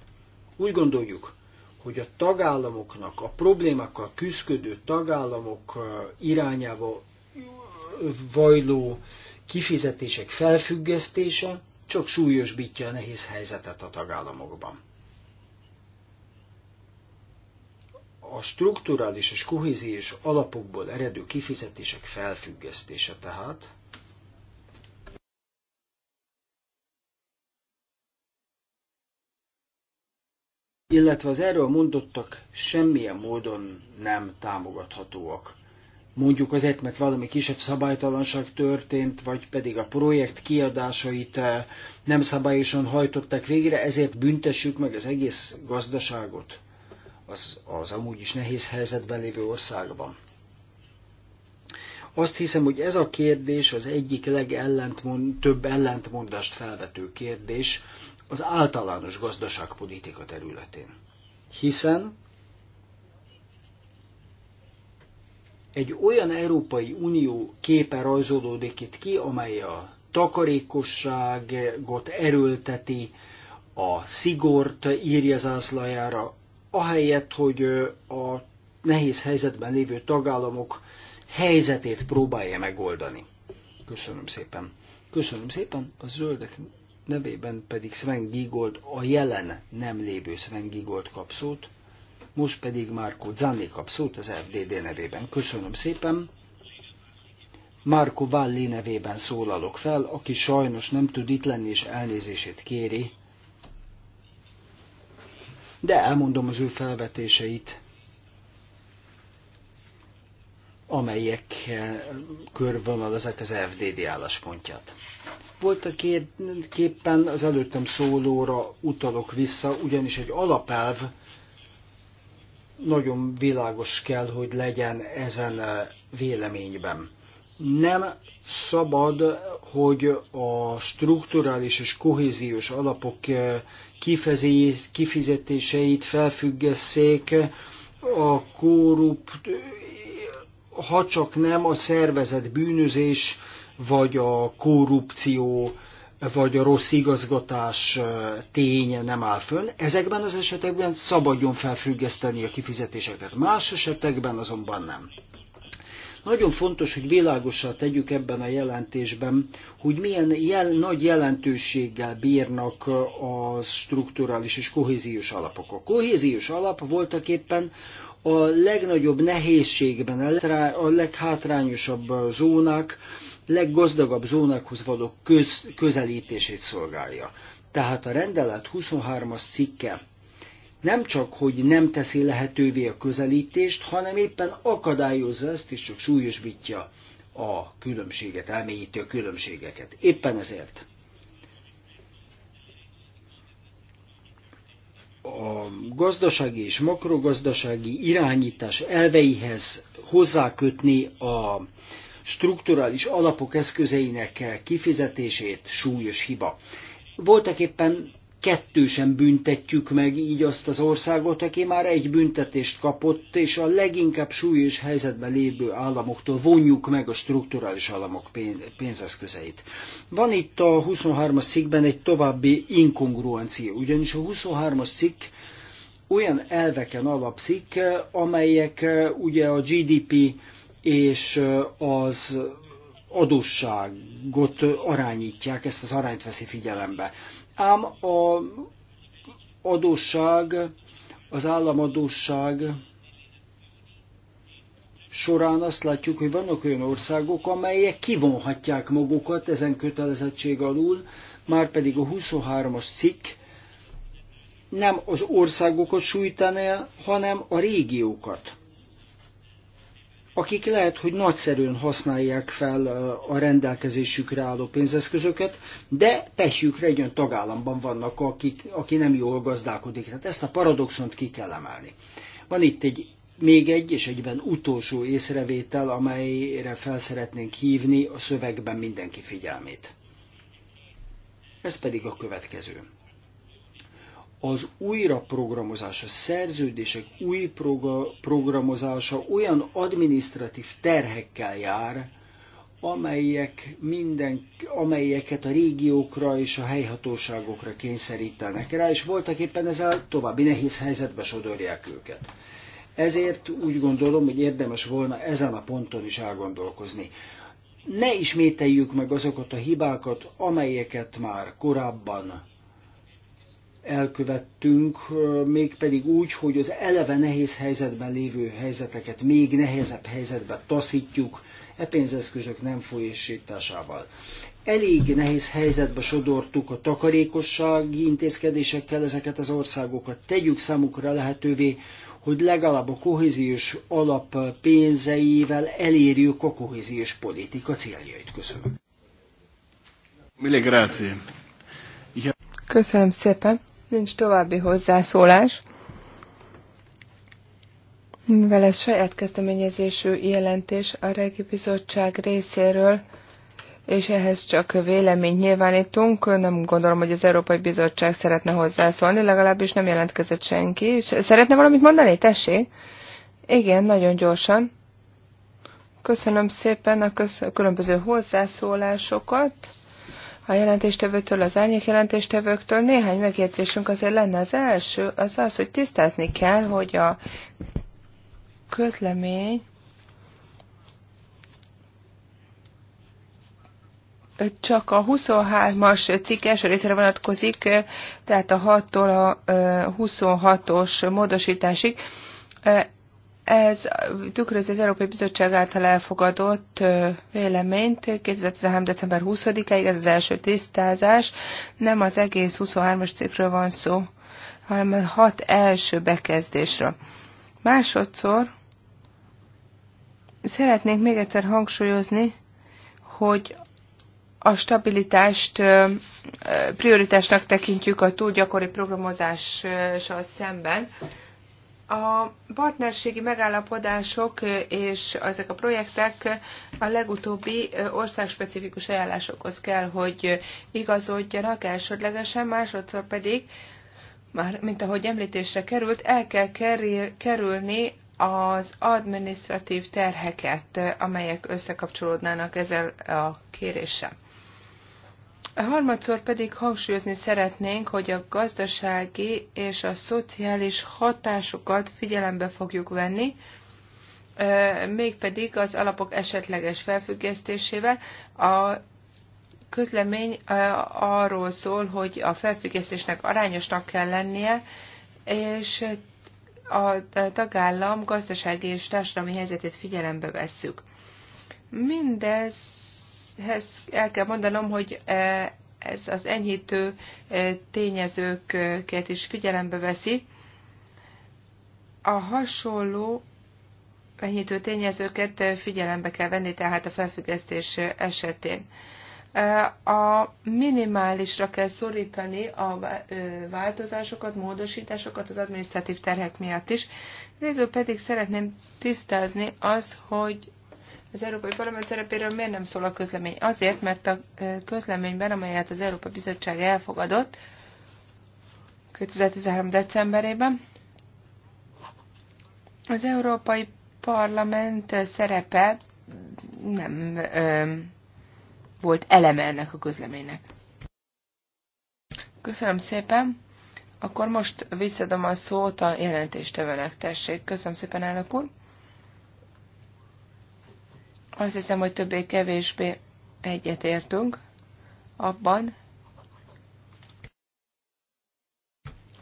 Úgy gondoljuk, hogy a tagállamoknak, a problémákkal küzdködő tagállamok uh, irányába uh, vajló kifizetések felfüggesztése csak súlyosbítja a nehéz helyzetet a tagállamokban. A strukturális és kohéziós alapokból eredő kifizetések felfüggesztése tehát, illetve az erről mondottak semmilyen módon nem támogathatóak mondjuk azért, mert valami kisebb szabálytalanság történt, vagy pedig a projekt kiadásait eh, nem szabályosan hajtották végre, ezért büntessük meg az egész gazdaságot az, az amúgy is nehéz helyzetben lévő országban. Azt hiszem, hogy ez a kérdés az egyik legellentmond, több ellentmondást felvető kérdés az általános gazdaságpolitika területén. Hiszen Egy olyan Európai Unió képe rajzolódik itt ki, amely a takarékosságot erőlteti, a szigort írja zászlajára, ahelyett, hogy a nehéz helyzetben lévő tagállamok helyzetét próbálja megoldani. Köszönöm szépen. Köszönöm szépen. A zöldek nevében pedig Sven Gigold, a jelen nem lévő Sven Gigold kapszót. Most pedig Márko Zanni kap szót az FDD nevében. Köszönöm szépen. Márko Valli nevében szólalok fel, aki sajnos nem tud itt lenni és elnézését kéri. De elmondom az ő felvetéseit, amelyek eh, körvonalazák az FDD álláspontját. Voltak képpen az előttem szólóra utalok vissza, ugyanis egy alapelv, nagyon világos kell, hogy legyen ezen eh, véleményben. Nem szabad, hogy a strukturális és kohéziós alapok eh, kifizetéseit felfüggesszék a korrupt, ha csak nem a szervezet bűnözés vagy a korrupció vagy a rossz igazgatás ténye nem áll fönn, ezekben az esetekben szabadjon felfüggeszteni a kifizetéseket. Más esetekben azonban nem. Nagyon fontos, hogy világosan tegyük ebben a jelentésben, hogy milyen jel, nagy jelentőséggel bírnak a strukturális és kohéziós alapok. A kohéziós alap voltak éppen a legnagyobb nehézségben, a leghátrányosabb zónák, leggazdagabb zónákhoz való köz, közelítését szolgálja. Tehát a rendelet 23-as cikke nem csak, hogy nem teszi lehetővé a közelítést, hanem éppen akadályozza ezt, és csak súlyosbítja a különbséget, elmélyíti a különbségeket. Éppen ezért a gazdasági és makrogazdasági irányítás elveihez hozzákötni a strukturális alapok eszközeinek kifizetését súlyos hiba. Voltak éppen kettősen büntetjük meg így azt az országot, aki már egy büntetést kapott, és a leginkább súlyos helyzetben lévő államoktól vonjuk meg a strukturális államok pénzeszközeit. Van itt a 23-as cikkben egy további inkongruencia, ugyanis a 23-as cikk olyan elveken alapszik, amelyek uh, ugye a GDP és az adósságot arányítják, ezt az arányt veszi figyelembe. Ám a adósság, az államadósság során azt látjuk, hogy vannak olyan országok, amelyek kivonhatják magukat ezen kötelezettség alul, már pedig a 23-as cikk nem az országokat sújtaná, hanem a régiókat akik lehet, hogy nagyszerűen használják fel a rendelkezésükre álló pénzeszközöket, de tehjükre egy olyan tagállamban vannak, akik, aki nem jól gazdálkodik. Tehát ezt a paradoxont ki kell emelni. Van itt egy még egy és egyben utolsó észrevétel, amelyre fel szeretnénk hívni a szövegben mindenki figyelmét. Ez pedig a következő az újraprogramozása, szerződések új programozása olyan administratív terhekkel jár, amelyek minden, amelyeket a régiókra és a helyhatóságokra kényszerítenek rá, és voltak éppen ezzel további nehéz helyzetbe sodorják őket. Ezért úgy gondolom, hogy érdemes volna ezen a ponton is elgondolkozni. Ne ismételjük meg azokat a hibákat, amelyeket már korábban elkövettünk, mégpedig úgy, hogy az eleve nehéz helyzetben lévő helyzeteket még nehezebb helyzetbe taszítjuk e pénzeszközök nem folyésításával. Elég nehéz helyzetbe sodortuk a takarékossági intézkedésekkel ezeket az országokat. Tegyük számukra lehetővé, hogy legalább a kohéziós alap pénzeivel elérjük a kohéziós politika céljait. Köszönöm. Mille grazie. Köszönöm szépen. Nincs további hozzászólás. Mivel ez saját kezdeményezésű jelentés a Régi Bizottság részéről, és ehhez csak véleményt nyilvánítunk, nem gondolom, hogy az Európai Bizottság szeretne hozzászólni, legalábbis nem jelentkezett senki. Szeretne valamit mondani? Tessék? Igen, nagyon gyorsan. Köszönöm szépen a, köz- a különböző hozzászólásokat a jelentéstevőtől, az árnyék jelentéstevőktől néhány megjegyzésünk azért lenne. Az első az az, hogy tisztázni kell, hogy a közlemény csak a 23-as cikk első részre vonatkozik, tehát a 6-tól a 26-os módosításig. Ez tükrözi az Európai Bizottság által elfogadott véleményt 2013. december 20-ig, ez az első tisztázás, nem az egész 23-as cikkről van szó, hanem a hat első bekezdésről. Másodszor szeretnénk még egyszer hangsúlyozni, hogy a stabilitást prioritásnak tekintjük a túl gyakori programozással szemben. A partnerségi megállapodások és ezek a projektek a legutóbbi országspecifikus ajánlásokhoz kell, hogy igazodjanak elsődlegesen, másodszor pedig, már mint ahogy említésre került, el kell kerülni az administratív terheket, amelyek összekapcsolódnának ezzel a kéréssel. Harmadszor pedig hangsúlyozni szeretnénk, hogy a gazdasági és a szociális hatásokat figyelembe fogjuk venni, mégpedig az alapok esetleges felfüggesztésével. A közlemény arról szól, hogy a felfüggesztésnek arányosnak kell lennie, és a tagállam gazdasági és társadalmi helyzetét figyelembe vesszük. Mindez el kell mondanom, hogy e, ez az enyhítő e, tényezőket is figyelembe veszi. A hasonló enyhítő tényezőket figyelembe kell venni, tehát a felfüggesztés esetén. E, a minimálisra kell szorítani a változásokat, módosításokat az adminisztratív terhek miatt is. Végül pedig szeretném tisztázni az, hogy az Európai Parlament szerepéről miért nem szól a közlemény? Azért, mert a közleményben, amelyet az Európai Bizottság elfogadott 2013. decemberében, az Európai Parlament szerepe nem ö, volt eleme ennek a közleménynek. Köszönöm szépen. Akkor most visszadom a szót a jelentéstevőnek. Tessék, köszönöm szépen, elnök úr. Azt hiszem, hogy többé-kevésbé egyetértünk abban,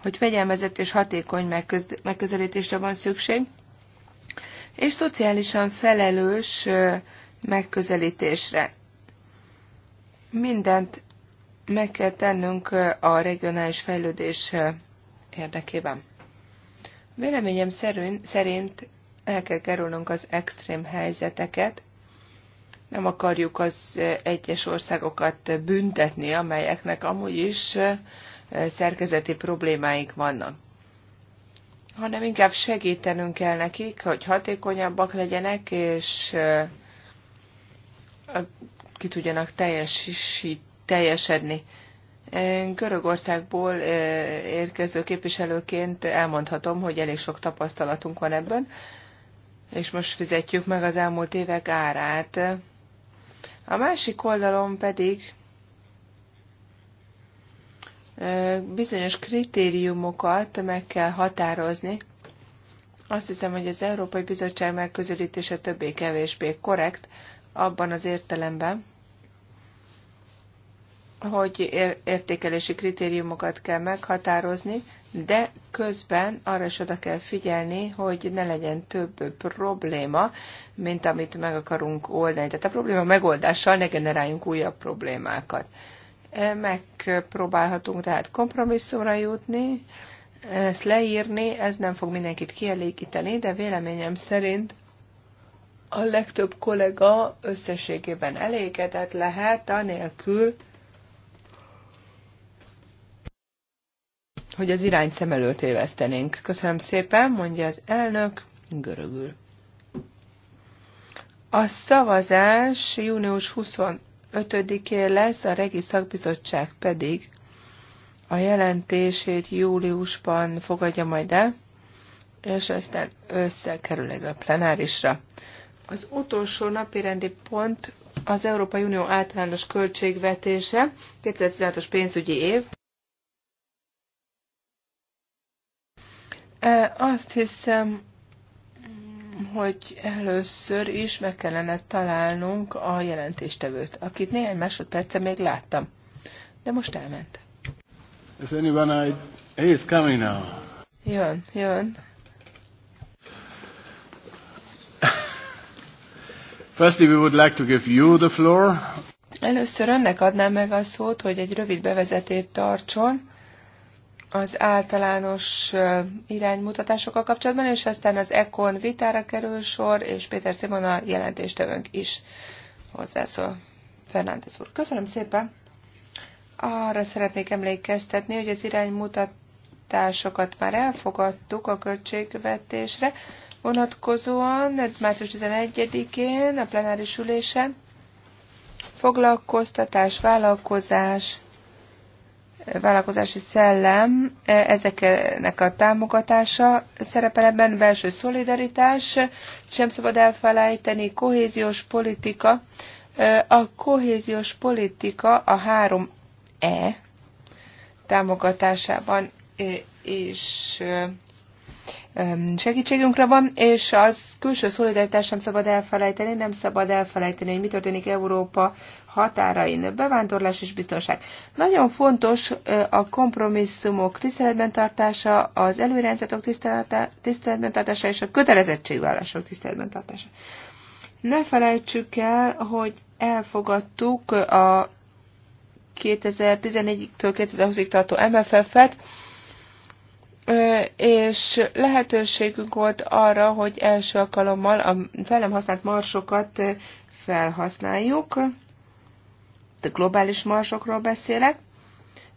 hogy fegyelmezett és hatékony megközelítésre van szükség, és szociálisan felelős megközelítésre. Mindent meg kell tennünk a regionális fejlődés érdekében. Véleményem szerint el kell kerülnünk az extrém helyzeteket, nem akarjuk az egyes országokat büntetni, amelyeknek amúgy is szerkezeti problémáik vannak hanem inkább segítenünk kell nekik, hogy hatékonyabbak legyenek, és ki tudjanak teljesít, teljesedni. Görögországból érkező képviselőként elmondhatom, hogy elég sok tapasztalatunk van ebben, és most fizetjük meg az elmúlt évek árát. A másik oldalon pedig bizonyos kritériumokat meg kell határozni. Azt hiszem, hogy az Európai Bizottság megközelítése többé-kevésbé korrekt abban az értelemben, hogy értékelési kritériumokat kell meghatározni, de közben arra is oda kell figyelni, hogy ne legyen több probléma, mint amit meg akarunk oldani. Tehát a probléma megoldással ne generáljunk újabb problémákat. E, megpróbálhatunk tehát kompromisszumra jutni, ezt leírni, ez nem fog mindenkit kielégíteni, de véleményem szerint a legtöbb kollega összességében elégedett lehet, anélkül, hogy az irány szem előtt évesztenénk. Köszönöm szépen, mondja az elnök görögül. A szavazás június 25-én lesz, a Regi Szakbizottság pedig a jelentését júliusban fogadja majd el, és aztán összekerül ez a plenárisra. Az utolsó napi rendi pont az Európai Unió általános költségvetése, 2016-os pénzügyi év, Azt hiszem, hogy először is meg kellene találnunk a jelentéstevőt, akit néhány másodperce még láttam, de most elment. Is anyone I... He's coming now. Jön, jön. Firstly, we would like to give you the floor. Először önnek adnám meg a szót, hogy egy rövid bevezetét tartson az általános iránymutatásokkal kapcsolatban, és aztán az ECON vitára kerül sor, és Péter Simon a jelentéstevőnk is hozzászól. Fernández úr, köszönöm szépen! Arra szeretnék emlékeztetni, hogy az iránymutatásokat már elfogadtuk a költségvetésre vonatkozóan, március 11-én a plenáris ülésen, foglalkoztatás, vállalkozás, vállalkozási szellem, e, ezeknek a támogatása szerepel ebben, belső szolidaritás, sem szabad elfelejteni, kohéziós politika. E, a kohéziós politika a 3E támogatásában e, és segítségünkre van, és az külső szolidaritást sem szabad elfelejteni, nem szabad elfelejteni, hogy mi történik Európa határain, bevándorlás és biztonság. Nagyon fontos a kompromisszumok tiszteletben tartása, az előrendszetok tiszteletben tartása és a kötelezettségvállások tiszteletben tartása. Ne felejtsük el, hogy elfogadtuk a 2014-től 2020-ig tartó MFF-et, és lehetőségünk volt arra, hogy első alkalommal a felem használt marsokat felhasználjuk. A globális marsokról beszélek.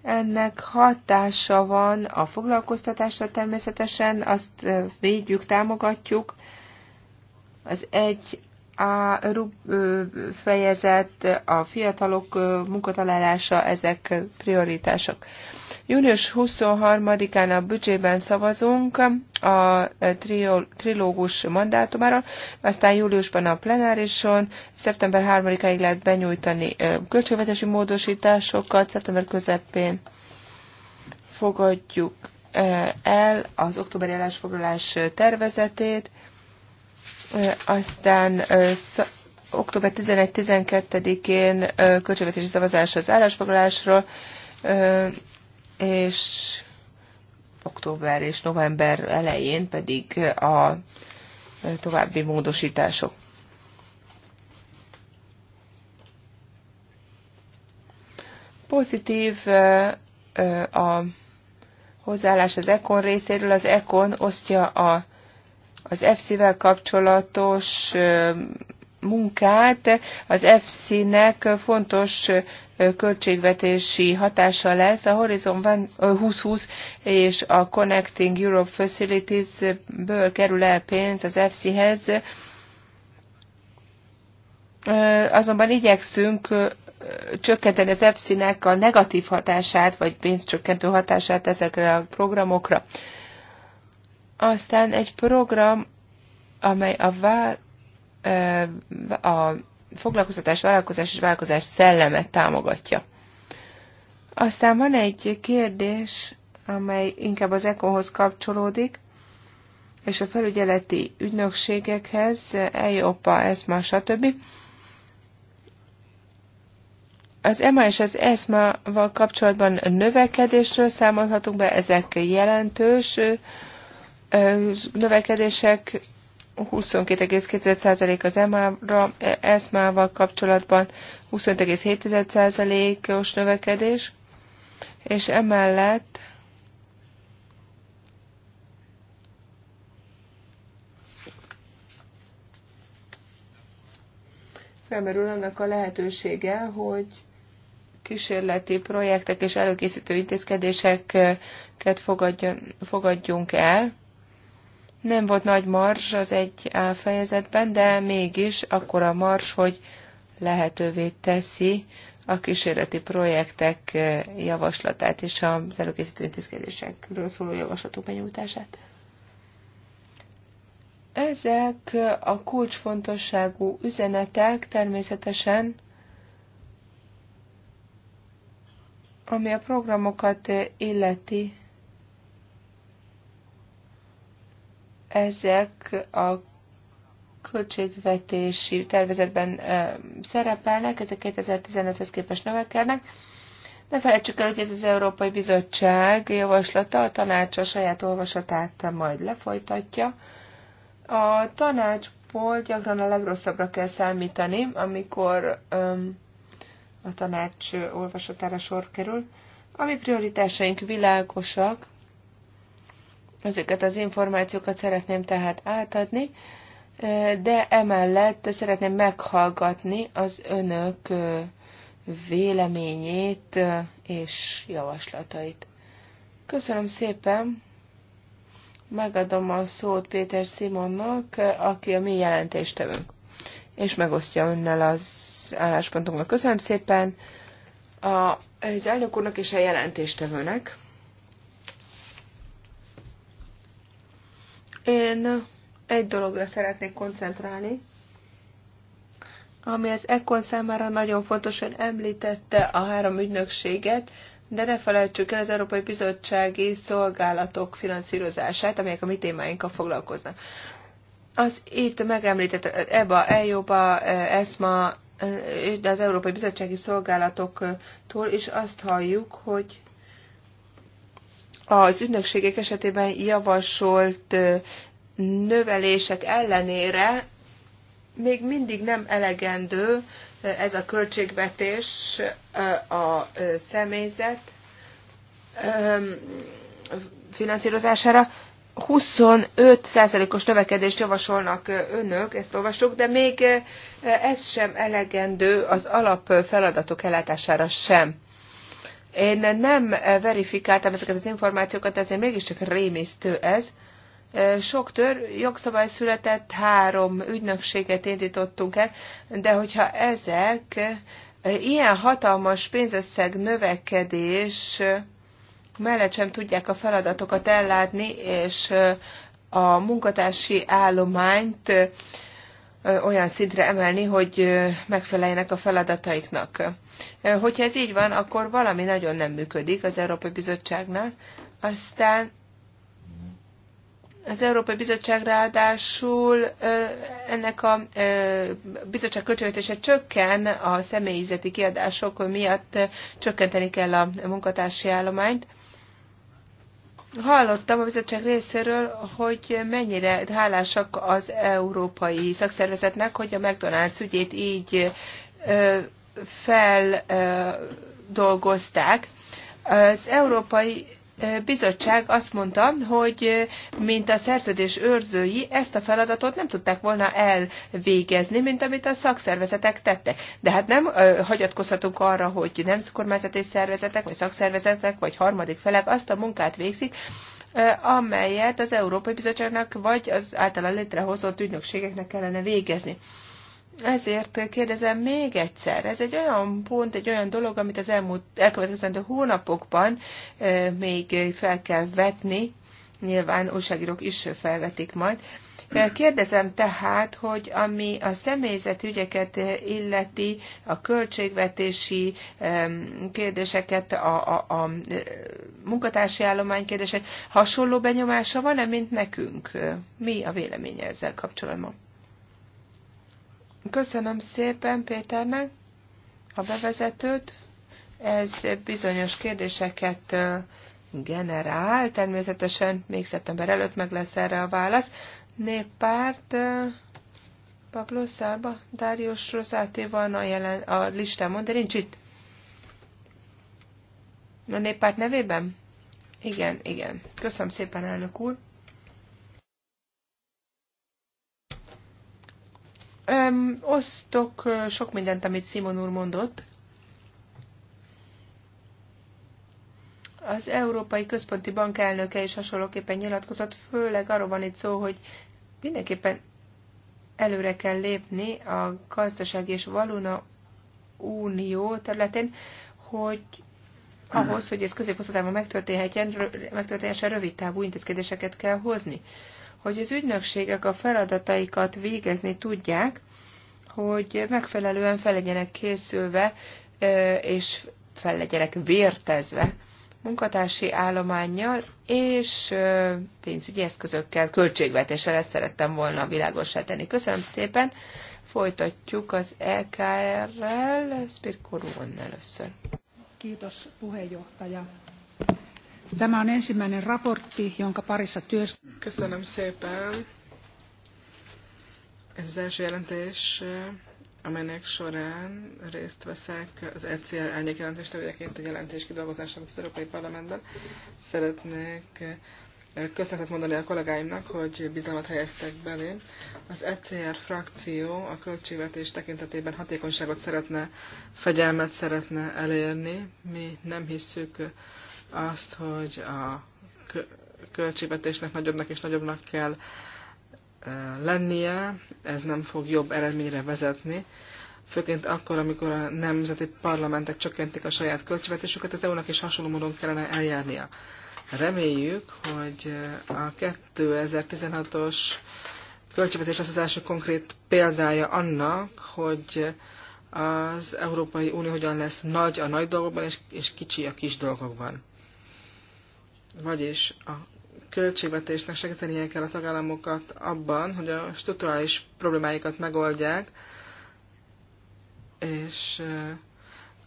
Ennek hatása van a foglalkoztatásra természetesen, azt védjük, támogatjuk. Az egy a rub fejezet, a fiatalok munkatalálása, ezek prioritások. Június 23-án a büdzsében szavazunk a trilógus mandátumáról, aztán júliusban a plenárison, szeptember 3-áig lehet benyújtani költségvetési módosításokat, szeptember közepén fogadjuk el az októberi állásfoglalás tervezetét, aztán október 11-12-én költségvetési szavazás az állásfoglalásról, és október és november elején pedig a további módosítások. Pozitív a hozzáállás az ECON részéről. Az ECON osztja a az FC-vel kapcsolatos munkát. Az FC-nek fontos költségvetési hatása lesz a Horizon 2020 és a Connecting Europe Facilities-ből kerül el pénz az FC-hez. Azonban igyekszünk csökkenteni az EFSZ-nek a negatív hatását, vagy pénzcsökkentő hatását ezekre a programokra. Aztán egy program, amely a, vál, a foglalkoztatás, vállalkozás és vállalkozás szellemet támogatja. Aztán van egy kérdés, amely inkább az ECO-hoz kapcsolódik, és a felügyeleti ügynökségekhez, EIOPA, ESMA, stb. Az EMA és az ESMA-val kapcsolatban növekedésről számolhatunk be, ezek jelentős növekedések 22,2% az EMA-ra, ESMA-val kapcsolatban 25,7%-os növekedés, és emellett felmerül annak a lehetősége, hogy kísérleti projektek és előkészítő intézkedéseket fogadjon, fogadjunk el, nem volt nagy mars az egy A fejezetben, de mégis akkor a mars, hogy lehetővé teszi a kísérleti projektek eh, javaslatát és az előkészítő intézkedésekről szóló javaslatok benyújtását. Ezek a kulcsfontosságú üzenetek természetesen, ami a programokat eh, illeti, ezek a költségvetési tervezetben szerepelnek, ezek 2015 hez képest növekednek. Ne felejtsük el, hogy ez az Európai Bizottság javaslata, a tanács a saját olvasatát majd lefolytatja. A tanácsból gyakran a legrosszabbra kell számítani, amikor ö, a tanács olvasatára sor kerül. A mi prioritásaink világosak, Ezeket az információkat szeretném tehát átadni, de emellett szeretném meghallgatni az önök véleményét és javaslatait. Köszönöm szépen! Megadom a szót Péter Simonnak, aki a mi jelentéstevőnk, és megosztja önnel az álláspontunkat. Köszönöm szépen! A, az elnök úrnak és a jelentéstevőnek. Én egy dologra szeretnék koncentrálni, ami az ECON számára nagyon fontosan említette a három ügynökséget, de ne felejtsük el az Európai Bizottsági Szolgálatok finanszírozását, amelyek a mi témáinkkal foglalkoznak. Az itt megemlített EBA, EJOBA, ESMA, de az Európai Bizottsági Szolgálatoktól is azt halljuk, hogy az ügynökségek esetében javasolt növelések ellenére még mindig nem elegendő ez a költségvetés a személyzet finanszírozására. 25%-os növekedést javasolnak önök, ezt olvastuk, de még ez sem elegendő az alapfeladatok ellátására sem. Én nem verifikáltam ezeket az információkat, ezért mégiscsak rémisztő ez. Sok tör, jogszabály született, három ügynökséget indítottunk el, de hogyha ezek ilyen hatalmas pénzösszeg növekedés mellett sem tudják a feladatokat ellátni, és a munkatársi állományt olyan szintre emelni, hogy megfeleljenek a feladataiknak. Hogyha ez így van, akkor valami nagyon nem működik az Európai Bizottságnál. Aztán az Európai Bizottság ráadásul ennek a bizottság költségvetése csökken a személyzeti kiadások miatt csökkenteni kell a munkatársi állományt. Hallottam a bizottság részéről, hogy mennyire hálásak az európai szakszervezetnek, hogy a McDonald's ügyét így feldolgozták. Az Európai Bizottság azt mondta, hogy mint a szerződés őrzői ezt a feladatot nem tudták volna elvégezni, mint amit a szakszervezetek tettek. De hát nem hagyatkozhatunk arra, hogy nem kormányzati szervezetek, vagy szakszervezetek, vagy harmadik felek azt a munkát végzik, amelyet az Európai Bizottságnak vagy az általa létrehozott ügynökségeknek kellene végezni. Ezért kérdezem még egyszer, ez egy olyan pont, egy olyan dolog, amit az elmúlt elkövetkezendő hónapokban e, még fel kell vetni, nyilván újságírók is felvetik majd. Kérdezem tehát, hogy ami a személyzet ügyeket illeti, a költségvetési kérdéseket, a, a, a munkatársi állomány kérdéseket, hasonló benyomása van-e, mint nekünk? Mi a véleménye ezzel kapcsolatban? Köszönöm szépen Péternek a bevezetőt. Ez bizonyos kérdéseket generál. Természetesen még szeptember előtt meg lesz erre a válasz. Néppárt Pablo Szárba, Dárius Rozáté van a, jelen, a listámon, de nincs itt. A néppárt nevében? Igen, igen. Köszönöm szépen, elnök úr. Öm, osztok sok mindent, amit Simon úr mondott. Az Európai Központi Bank elnöke is hasonlóképpen nyilatkozott, főleg arról van itt szó, hogy mindenképpen előre kell lépni a gazdaság és valuna unió területén, hogy ahhoz, hogy ez középhosszú távon megtörténhessen, megtörténhessen rövid távú intézkedéseket kell hozni hogy az ügynökségek a feladataikat végezni tudják, hogy megfelelően fel legyenek készülve, és fel legyenek vértezve munkatársi állományjal és pénzügyi eszközökkel, költségvetéssel, ezt szerettem volna világosá tenni. Köszönöm szépen, folytatjuk az EKR-rel, Spirkorúon először. Kiitos puheenjohtaja. Tämä on ensimmäinen raportti, jonka parissa Köszönöm szépen. Ez az első jelentés, amelynek során részt veszek az ECR elnyék jelentéstevőjeként a jelentés kidolgozásának az Európai Parlamentben. Szeretnék eh, köszönetet mondani a kollégáimnak, hogy bizalmat helyeztek belém. Az ECR frakció a költségvetés tekintetében hatékonyságot szeretne, fegyelmet szeretne elérni. Mi nem hisszük azt, hogy a költségvetésnek nagyobbnak és nagyobbnak kell lennie, ez nem fog jobb eredményre vezetni, főként akkor, amikor a nemzeti parlamentek csökkentik a saját költségvetésüket, az EU-nak is hasonló módon kellene eljárnia. Reméljük, hogy a 2016-os költségvetés lesz az első konkrét példája annak, hogy az Európai Unió hogyan lesz nagy a nagy dolgokban, és, és kicsi a kis dolgokban vagyis a költségvetésnek segítenie kell a tagállamokat abban, hogy a strukturális problémáikat megoldják, és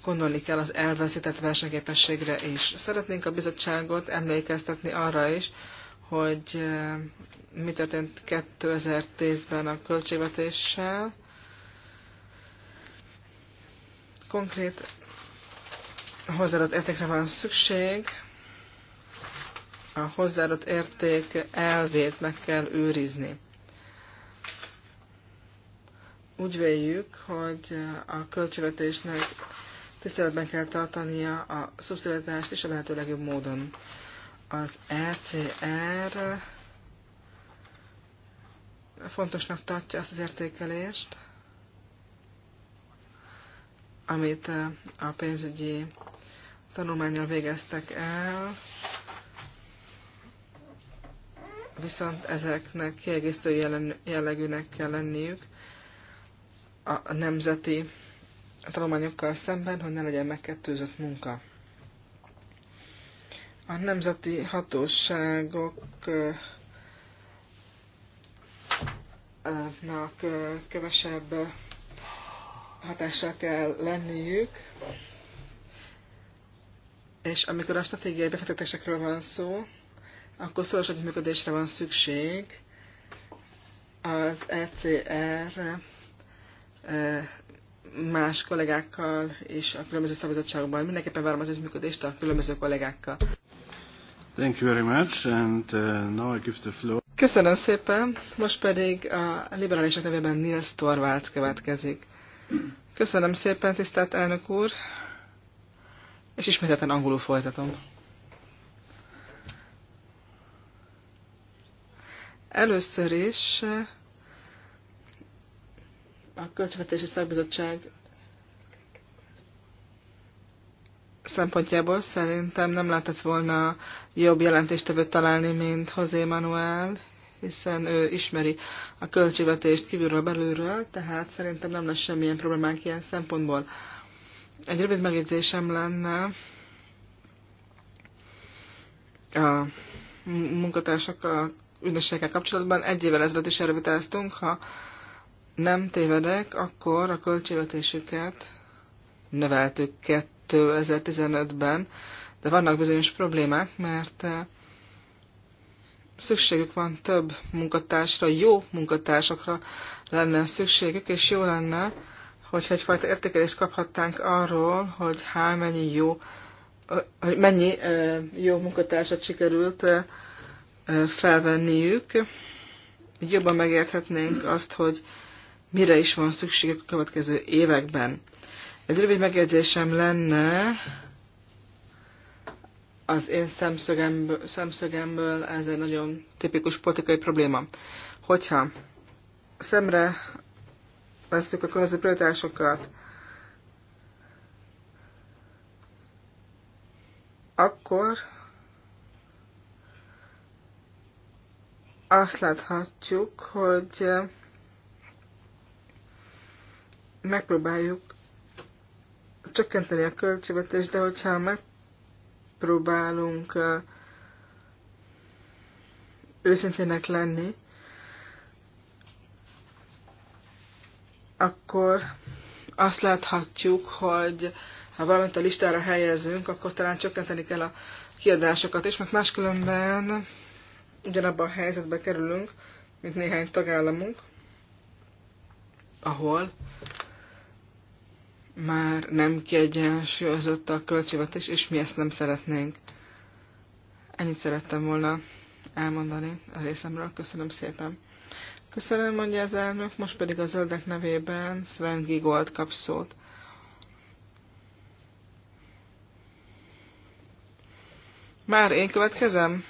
gondolni kell az elveszített versenyképességre is. Szeretnénk a bizottságot emlékeztetni arra is, hogy mi történt 2010-ben a költségvetéssel. Konkrét hozzáadott értékre van szükség, a hozzáadott érték elvét meg kell őrizni. Úgy véljük, hogy a költségvetésnek tiszteletben kell tartania a szubszidiaritást is a lehető legjobb módon. Az ECR fontosnak tartja azt az értékelést, amit a pénzügyi tanulmányal végeztek el, viszont ezeknek kiegészítő jellegűnek kell lenniük a nemzeti tanulmányokkal szemben, hogy ne legyen megkettőzött munka. A nemzeti hatóságoknak kevesebb hatással kell lenniük, és amikor a stratégiai befektetésekről van szó, akkor szoros együttműködésre van szükség az ECR más kollégákkal és a különböző szabadságokban. Mindenképpen várom az együttműködést a különböző kollégákkal. Thank you very much, and uh, now I give the floor. Köszönöm szépen, most pedig a liberálisok nevében Nils Torvalds következik. Köszönöm szépen, tisztelt elnök úr, és ismételten angolul folytatom. Először is a Költségvetési Szakbizottság szempontjából szerintem nem lehetett volna jobb jelentéstevőt találni, mint José Manuel, hiszen ő ismeri a költségvetést kívülről belülről, tehát szerintem nem lesz semmilyen problémánk ilyen szempontból. Egy rövid megjegyzésem lenne a a ügynökségekkel kapcsolatban. Egy évvel ezelőtt is erről vitáztunk, ha nem tévedek, akkor a költségvetésüket növeltük 2015-ben, de vannak bizonyos problémák, mert eh, szükségük van több munkatársra, jó munkatársakra lenne szükségük, és jó lenne, hogyha egyfajta értékelést kaphattánk arról, hogy hány mennyi jó, eh, hogy mennyi eh, jó munkatársat sikerült felvenniük. Jobban megérthetnénk azt, hogy mire is van szükségük a következő években. Egy rövid megjegyzésem lenne az én szemszögemből, szemszögemből ez egy nagyon tipikus politikai probléma. Hogyha szemre veszük a különböző prioritásokat, akkor azt láthatjuk, hogy megpróbáljuk csökkenteni a költségvetést, de hogyha megpróbálunk őszintének lenni, akkor azt láthatjuk, hogy ha valamit a listára helyezünk, akkor talán csökkenteni kell a kiadásokat is, mert máskülönben ugyanabban a helyzetbe kerülünk, mint néhány tagállamunk, ahol már nem kiegyensúlyozott a költségvetés, és mi ezt nem szeretnénk. Ennyit szerettem volna elmondani a részemről. Köszönöm szépen. Köszönöm, mondja az elnök, most pedig a zöldek nevében Sven Gigold kap szót. Már én következem?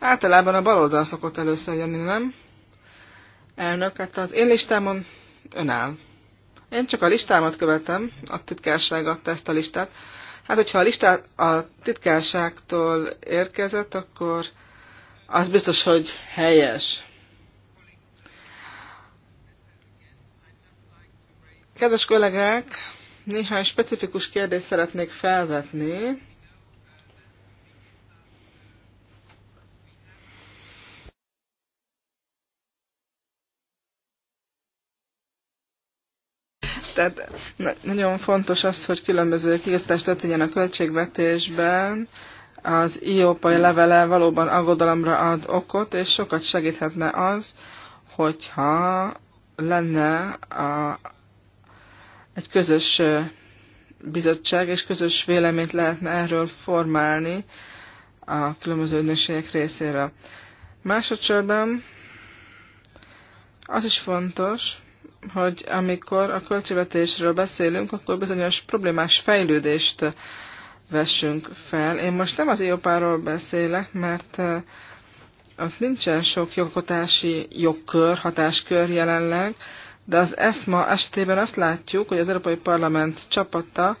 Általában a baloldal szokott először jönni, nem? Elnök, hát az én listámon ön áll. Én csak a listámat követem, a titkárság adta ezt a listát. Hát, hogyha a listát a titkárságtól érkezett, akkor az biztos, hogy helyes. Kedves kollégák, néhány specifikus kérdést szeretnék felvetni Tehát nagyon fontos az, hogy különböző kiigazítást történjen a költségvetésben. Az iópai levele valóban aggodalomra ad okot, és sokat segíthetne az, hogyha lenne a, egy közös bizottság, és közös véleményt lehetne erről formálni a különböző ügynökségek részéről. Másodszorban az is fontos, hogy amikor a költségvetésről beszélünk, akkor bizonyos problémás fejlődést vessünk fel. Én most nem az IOPA-ról beszélek, mert ott nincsen sok jogkotási jogkör, hatáskör jelenleg, de az ESMA esetében azt látjuk, hogy az Európai Parlament csapata,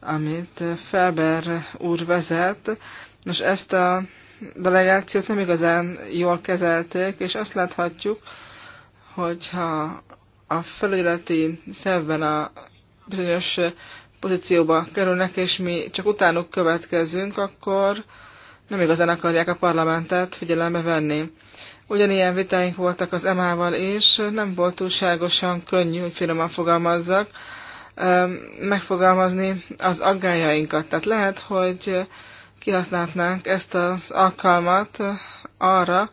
amit Felber úr vezet, most ezt a delegációt nem igazán jól kezelték, és azt láthatjuk, hogyha a felügyeleti szervben a bizonyos pozícióba kerülnek, és mi csak utánuk következünk, akkor nem igazán akarják a parlamentet figyelembe venni. Ugyanilyen vitáink voltak az EMA-val és nem volt túlságosan könnyű, hogy finoman fogalmazzak, ehm, megfogalmazni az aggájainkat. Tehát lehet, hogy kihasználhatnánk ezt az alkalmat arra,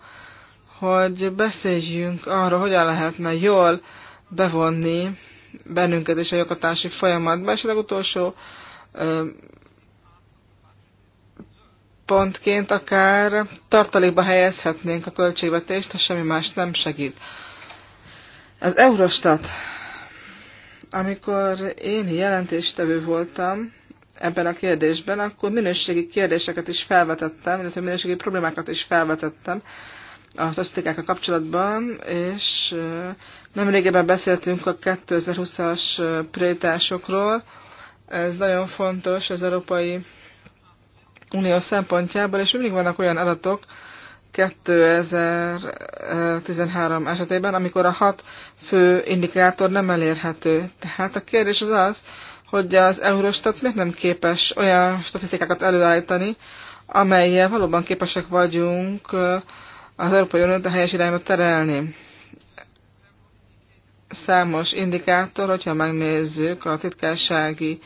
hogy beszéljünk arra, hogyan lehetne jól bevonni bennünket is a jogatási folyamatba, és a legutolsó pontként akár tartalékba helyezhetnénk a költségvetést, ha semmi más nem segít. Az Eurostat, amikor én jelentéstevő voltam ebben a kérdésben, akkor minőségi kérdéseket is felvetettem, illetve minőségi problémákat is felvetettem a statisztikákkal kapcsolatban, és nem régebben beszéltünk a 2020-as prétásokról. Ez nagyon fontos az Európai Unió szempontjából, és mindig vannak olyan adatok, 2013 esetében, amikor a hat fő indikátor nem elérhető. Tehát a kérdés az az, hogy az Eurostat miért nem képes olyan statisztikákat előállítani, amelyel valóban képesek vagyunk az Európai Uniót a helyes irányba terelni számos indikátor, hogyha megnézzük a titkársági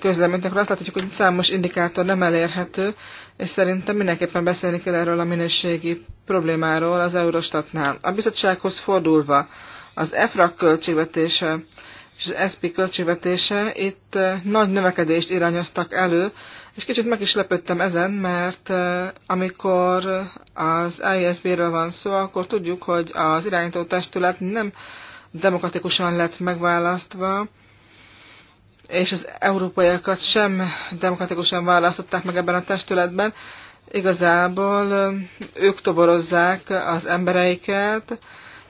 közleményt, akkor azt látjuk, hogy számos indikátor nem elérhető, és szerintem mindenképpen beszélni kell erről a minőségi problémáról az Eurostatnál. A bizottsághoz fordulva az EFRA költségvetése és az SP költségvetése itt eh, nagy növekedést irányoztak elő, és kicsit meg is lepődtem ezen, mert eh, amikor az ISB-ről van szó, akkor tudjuk, hogy az irányító testület nem demokratikusan lett megválasztva, és az európaiakat sem demokratikusan választották meg ebben a testületben. Igazából eh, ők toborozzák az embereiket,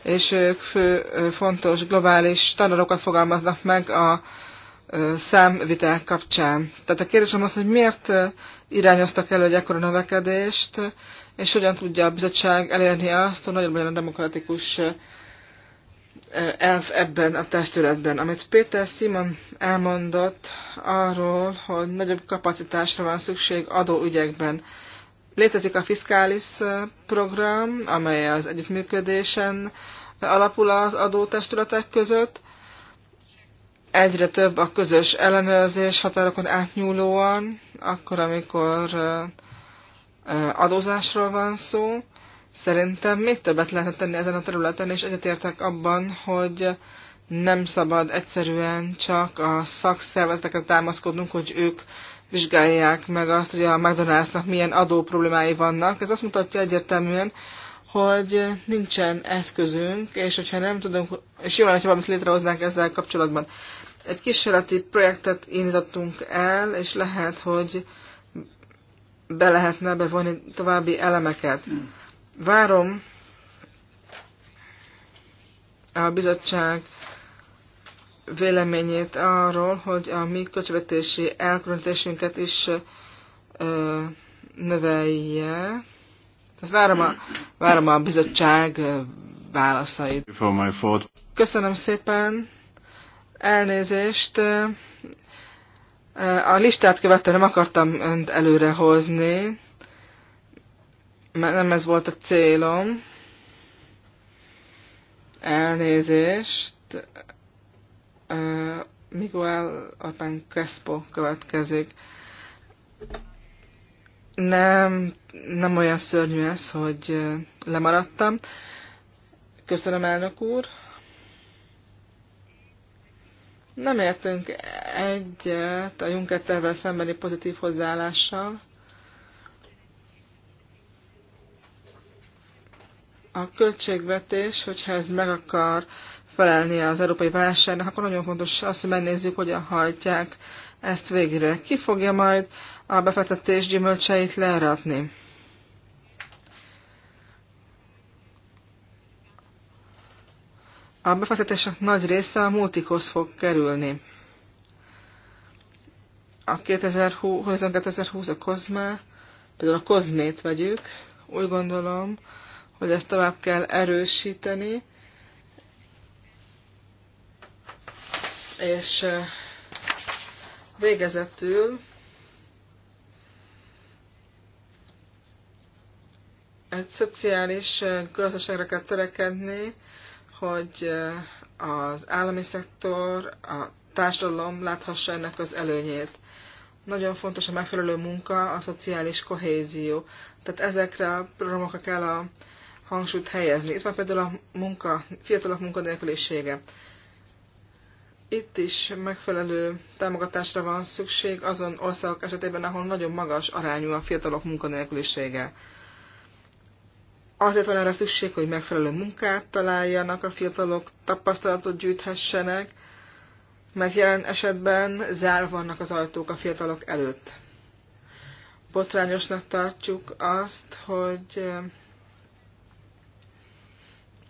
és ők fő, eh, fontos globális tanulókat fogalmaznak meg a számviták kapcsán. Tehát a kérdésem az, hogy miért irányoztak elő egy ekkora növekedést, és hogyan tudja a bizottság elérni azt, hogy nagyon nagyon demokratikus elf ebben a testületben. Amit Péter Simon elmondott arról, hogy nagyobb kapacitásra van szükség adóügyekben. Létezik a fiskális program, amely az együttműködésen alapul az adótestületek között, egyre több a közös ellenőrzés határokon átnyúlóan, akkor, amikor adózásról van szó. Szerintem még többet lehetne tenni ezen a területen, és egyetértek abban, hogy nem szabad egyszerűen csak a szakszervezetekre támaszkodnunk, hogy ők vizsgálják meg azt, hogy a McDonald'snak milyen adó problémái vannak. Ez azt mutatja egyértelműen, hogy nincsen eszközünk, és hogyha nem tudunk, és jó lenne, ha valamit létrehoznánk ezzel kapcsolatban. Egy kísérleti projektet indítottunk el, és lehet, hogy be lehetne bevonni további elemeket. Várom a bizottság véleményét arról, hogy a mi költségvetési elkülönítésünket is ö, növelje. Tehát várom a, várom a bizottság válaszait. Köszönöm szépen! Elnézést. A listát követően nem akartam önt előrehozni, mert nem ez volt a célom. Elnézést. Miguel Alpen Crespo következik. Nem, nem olyan szörnyű ez, hogy lemaradtam. Köszönöm, elnök úr. Nem értünk egyet a Juncker tervvel szembeni pozitív hozzáállással. A költségvetés, hogyha ez meg akar felelni az európai válságnak, akkor nagyon fontos azt, hogy megnézzük, hogyan hajtják ezt végre. Ki fogja majd a befektetés gyümölcseit leratni? a befektetések nagy része a multikhoz fog kerülni. A 2020, 2020 a Kozme, például a Kozmét vegyük, úgy gondolom, hogy ezt tovább kell erősíteni, és végezetül egy szociális gazdaságra kell törekedni, hogy az állami szektor, a társadalom láthassa ennek az előnyét. Nagyon fontos a megfelelő munka, a szociális kohézió. Tehát ezekre a programokra kell a hangsúlyt helyezni. Itt van például a munka, fiatalok munkanélkülisége. Itt is megfelelő támogatásra van szükség azon országok esetében, ahol nagyon magas arányú a fiatalok munkanélkülisége. Azért van erre szükség, hogy megfelelő munkát találjanak a fiatalok, tapasztalatot gyűjthessenek, mert jelen esetben zárva vannak az ajtók a fiatalok előtt. Botrányosnak tartjuk azt, hogy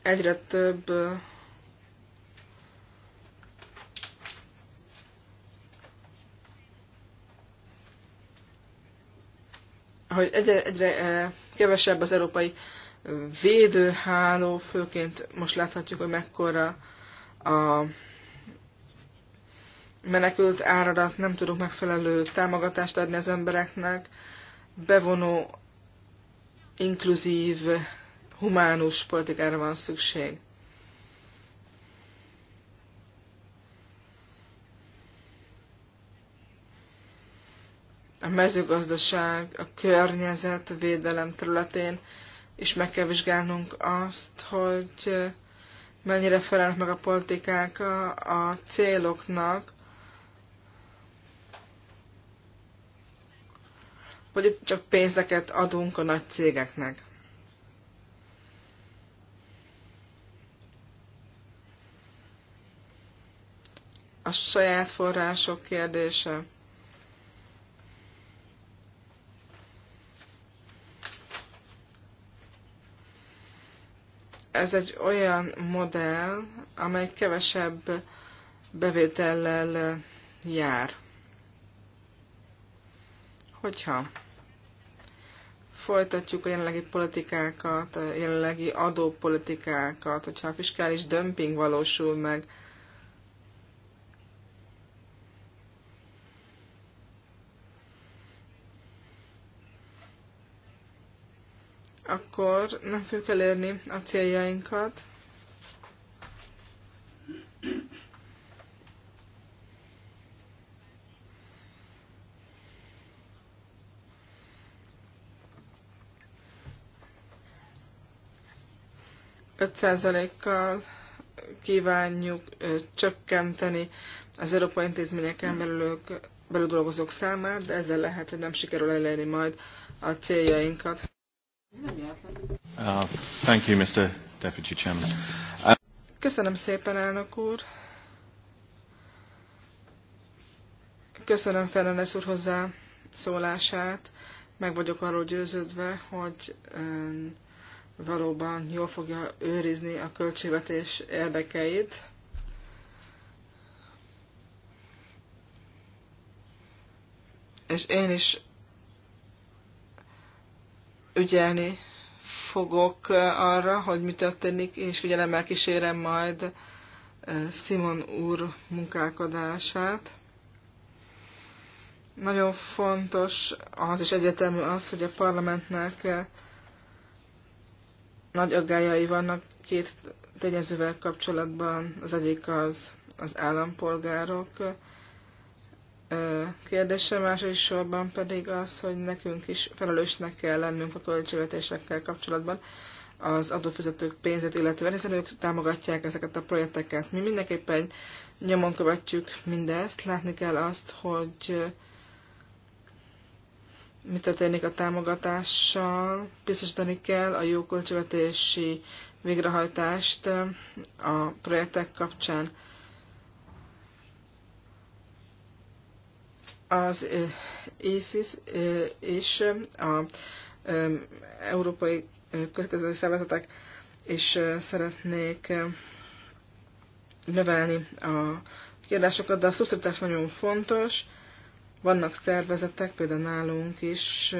egyre több hogy egyre, egyre eh, kevesebb az európai védőháló, főként most láthatjuk, hogy mekkora a menekült áradat, nem tudok megfelelő támogatást adni az embereknek, bevonó, inkluzív, humánus politikára van szükség. A mezőgazdaság, a környezet védelem területén és meg kell vizsgálnunk azt, hogy mennyire felelnek meg a politikák a céloknak, vagy itt csak pénzeket adunk a nagy cégeknek. A saját források kérdése. ez egy olyan modell, amely kevesebb bevétellel jár. Hogyha folytatjuk a jelenlegi politikákat, a jelenlegi adópolitikákat, hogyha a fiskális dömping valósul meg, akkor nem fogjuk elérni a céljainkat. kal kívánjuk csökkenteni az európai intézményeken belül dolgozók számát, de ezzel lehet, hogy nem sikerül elérni majd a céljainkat. Uh, thank you, Mr. Deputy Chairman. Uh, Köszönöm szépen, elnök úr. Köszönöm Fernandez úr hozzá szólását. Meg vagyok arról győződve, hogy ön um, valóban jól fogja őrizni a költségvetés érdekeit. És én is ügyelni fogok arra, hogy mi történik, és figyelemmel kísérem majd Simon úr munkálkodását. Nagyon fontos az is egyetemű az, hogy a parlamentnek nagy aggájai vannak két tényezővel kapcsolatban. Az egyik az, az állampolgárok kérdése, másodszorban pedig az, hogy nekünk is felelősnek kell lennünk a költségvetésekkel kapcsolatban az adófizetők pénzét illetően, hiszen ők támogatják ezeket a projekteket. Mi mindenképpen nyomon követjük mindezt, látni kell azt, hogy mi történik a támogatással, biztosítani kell a jó költségvetési végrehajtást a projektek kapcsán. Az ISIS és a európai közkezelő szervezetek is szeretnék növelni a kérdésokat, de a szubszidítás nagyon fontos. Vannak szervezetek, például nálunk is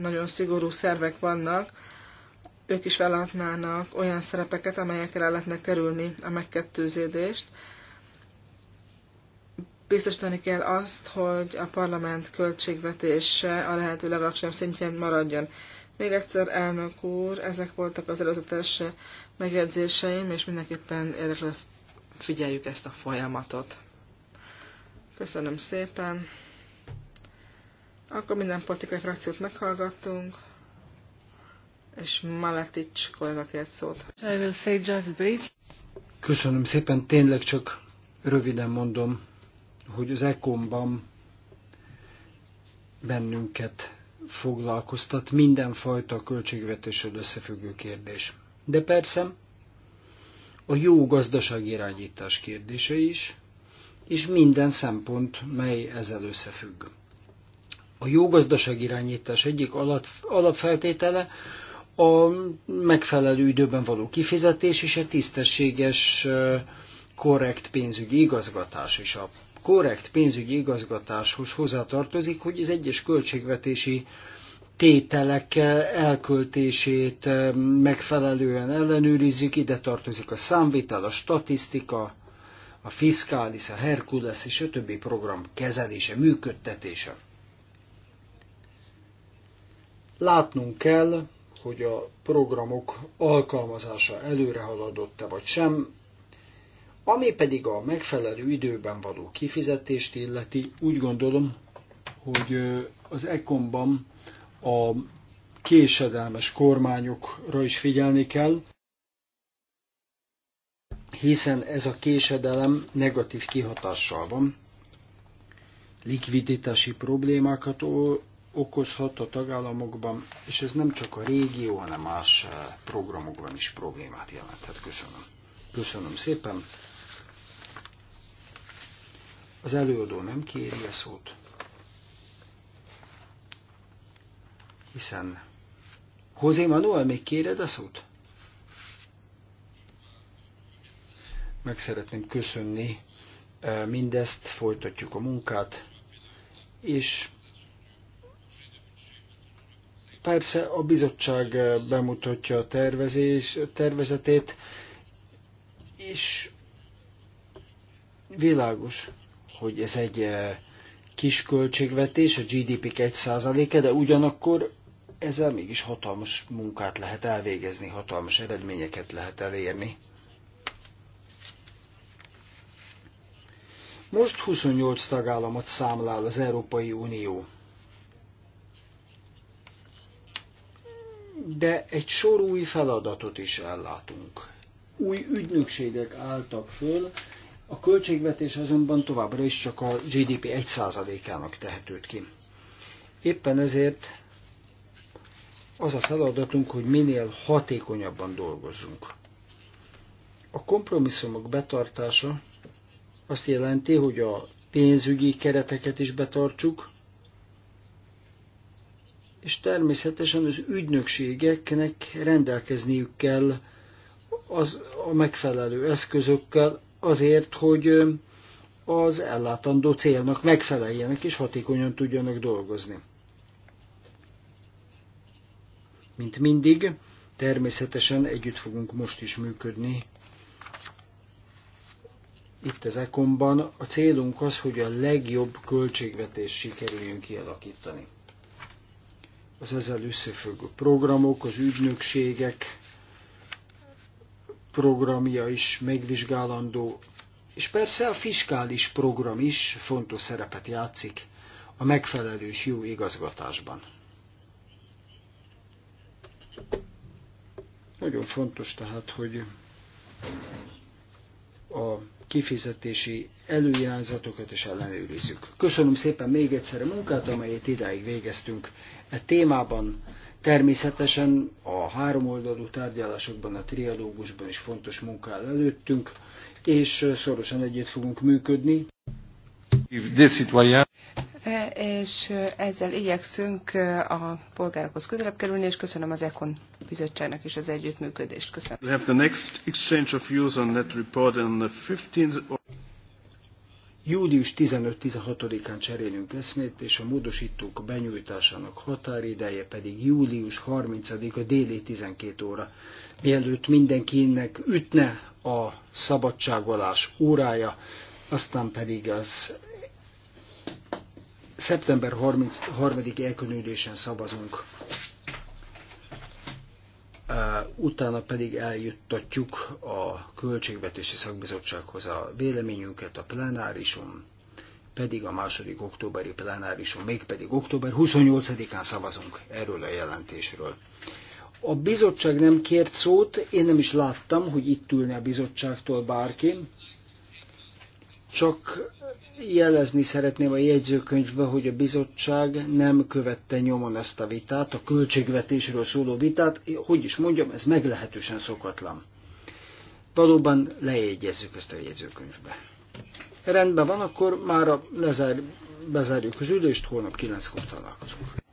nagyon szigorú szervek vannak, ők is vállalhatnának olyan szerepeket, amelyekre lehetne kerülni a megkettőződést, biztosítani kell azt, hogy a parlament költségvetése a lehető legalacsonyabb szintjén maradjon. Még egyszer, elnök úr, ezek voltak az előzetes megjegyzéseim, és mindenképpen érdekel figyeljük ezt a folyamatot. Köszönöm szépen. Akkor minden politikai frakciót meghallgattunk, és Maletics kollega kért szót. Köszönöm szépen, tényleg csak röviden mondom, hogy az ekomban bennünket foglalkoztat mindenfajta költségvetésről összefüggő kérdés. De persze a jó gazdaság irányítás kérdése is, és minden szempont, mely ezzel összefügg. A jó gazdaság irányítás egyik alapfeltétele a megfelelő időben való kifizetés és a tisztességes, korrekt pénzügyi igazgatás és a korrekt pénzügyi igazgatáshoz hozzátartozik, hogy az egyes költségvetési tételek elköltését eh, megfelelően ellenőrizzük, ide tartozik a számvitel, a statisztika, a fiskális, a Herkules és a többi program kezelése, működtetése. Látnunk kell, hogy a programok alkalmazása előre haladott-e vagy sem, ami pedig a megfelelő időben való kifizetést illeti, úgy gondolom, hogy az ecom a késedelmes kormányokra is figyelni kell, hiszen ez a késedelem negatív kihatással van. Likviditási problémákat okozhat a tagállamokban, és ez nem csak a régió, hanem más programokban is problémát jelenthet. Köszönöm. Köszönöm szépen. Az előadó nem kéri a szót, hiszen Hozé Manuel, még kéred a szót? Meg szeretném köszönni e, mindezt, folytatjuk a munkát, és persze a bizottság e, bemutatja a tervezés, tervezetét, és világos, hogy ez egy eh, kis költségvetés, a GDP 1%-e, de ugyanakkor ezzel mégis hatalmas munkát lehet elvégezni, hatalmas eredményeket lehet elérni. Most 28 tagállamot számlál az Európai Unió. De egy sor új feladatot is ellátunk. Új ügynökségek álltak föl, a költségvetés azonban továbbra is csak a GDP 1%-ának tehetőt ki. Éppen ezért az a feladatunk, hogy minél hatékonyabban dolgozzunk. A kompromisszumok betartása azt jelenti, hogy a pénzügyi kereteket is betartsuk, és természetesen az ügynökségeknek rendelkezniük kell az a megfelelő eszközökkel, azért, hogy az ellátandó célnak megfeleljenek és hatékonyan tudjanak dolgozni. Mint mindig, természetesen együtt fogunk most is működni. Itt az ekomban a célunk az, hogy a legjobb költségvetés sikerüljön kialakítani. Az ezzel összefüggő programok, az ügynökségek, programja is megvizsgálandó, és persze a fiskális program is fontos szerepet játszik a megfelelős jó igazgatásban. Nagyon fontos tehát, hogy a kifizetési előirányzatokat is ellenőrizzük. Köszönöm szépen még egyszer a munkát, amelyet idáig végeztünk e témában. Természetesen a háromoldalú tárgyalásokban, a triadógusban is fontos munka áll előttünk, és szorosan együtt fogunk működni. E, és ezzel igyekszünk e, a polgárokhoz közelebb kerülni, és köszönöm az ECON bizottságnak is az együttműködést. Köszönöm. We have the next exchange of views on that report on the 15th... Július 15-16-án cserélünk eszmét, és a módosítók benyújtásának határideje pedig július 30-a déli 12 óra. Mielőtt mindenkinek ütne a szabadságolás órája, aztán pedig az szeptember 33-i elkönülésen szavazunk utána pedig eljuttatjuk a Költségvetési Szakbizottsághoz a véleményünket a plenárison, pedig a második októberi plenárison, mégpedig október 28-án szavazunk erről a jelentésről. A bizottság nem kért szót, én nem is láttam, hogy itt ülne a bizottságtól bárki, csak jelezni szeretném a jegyzőkönyvbe, hogy a bizottság nem követte nyomon ezt a vitát, a költségvetésről szóló vitát, hogy is mondjam, ez meglehetősen szokatlan. Valóban lejegyezzük ezt a jegyzőkönyvbe. Rendben van, akkor már lezár, bezárjuk az ülést, holnap 9-kor találkozunk.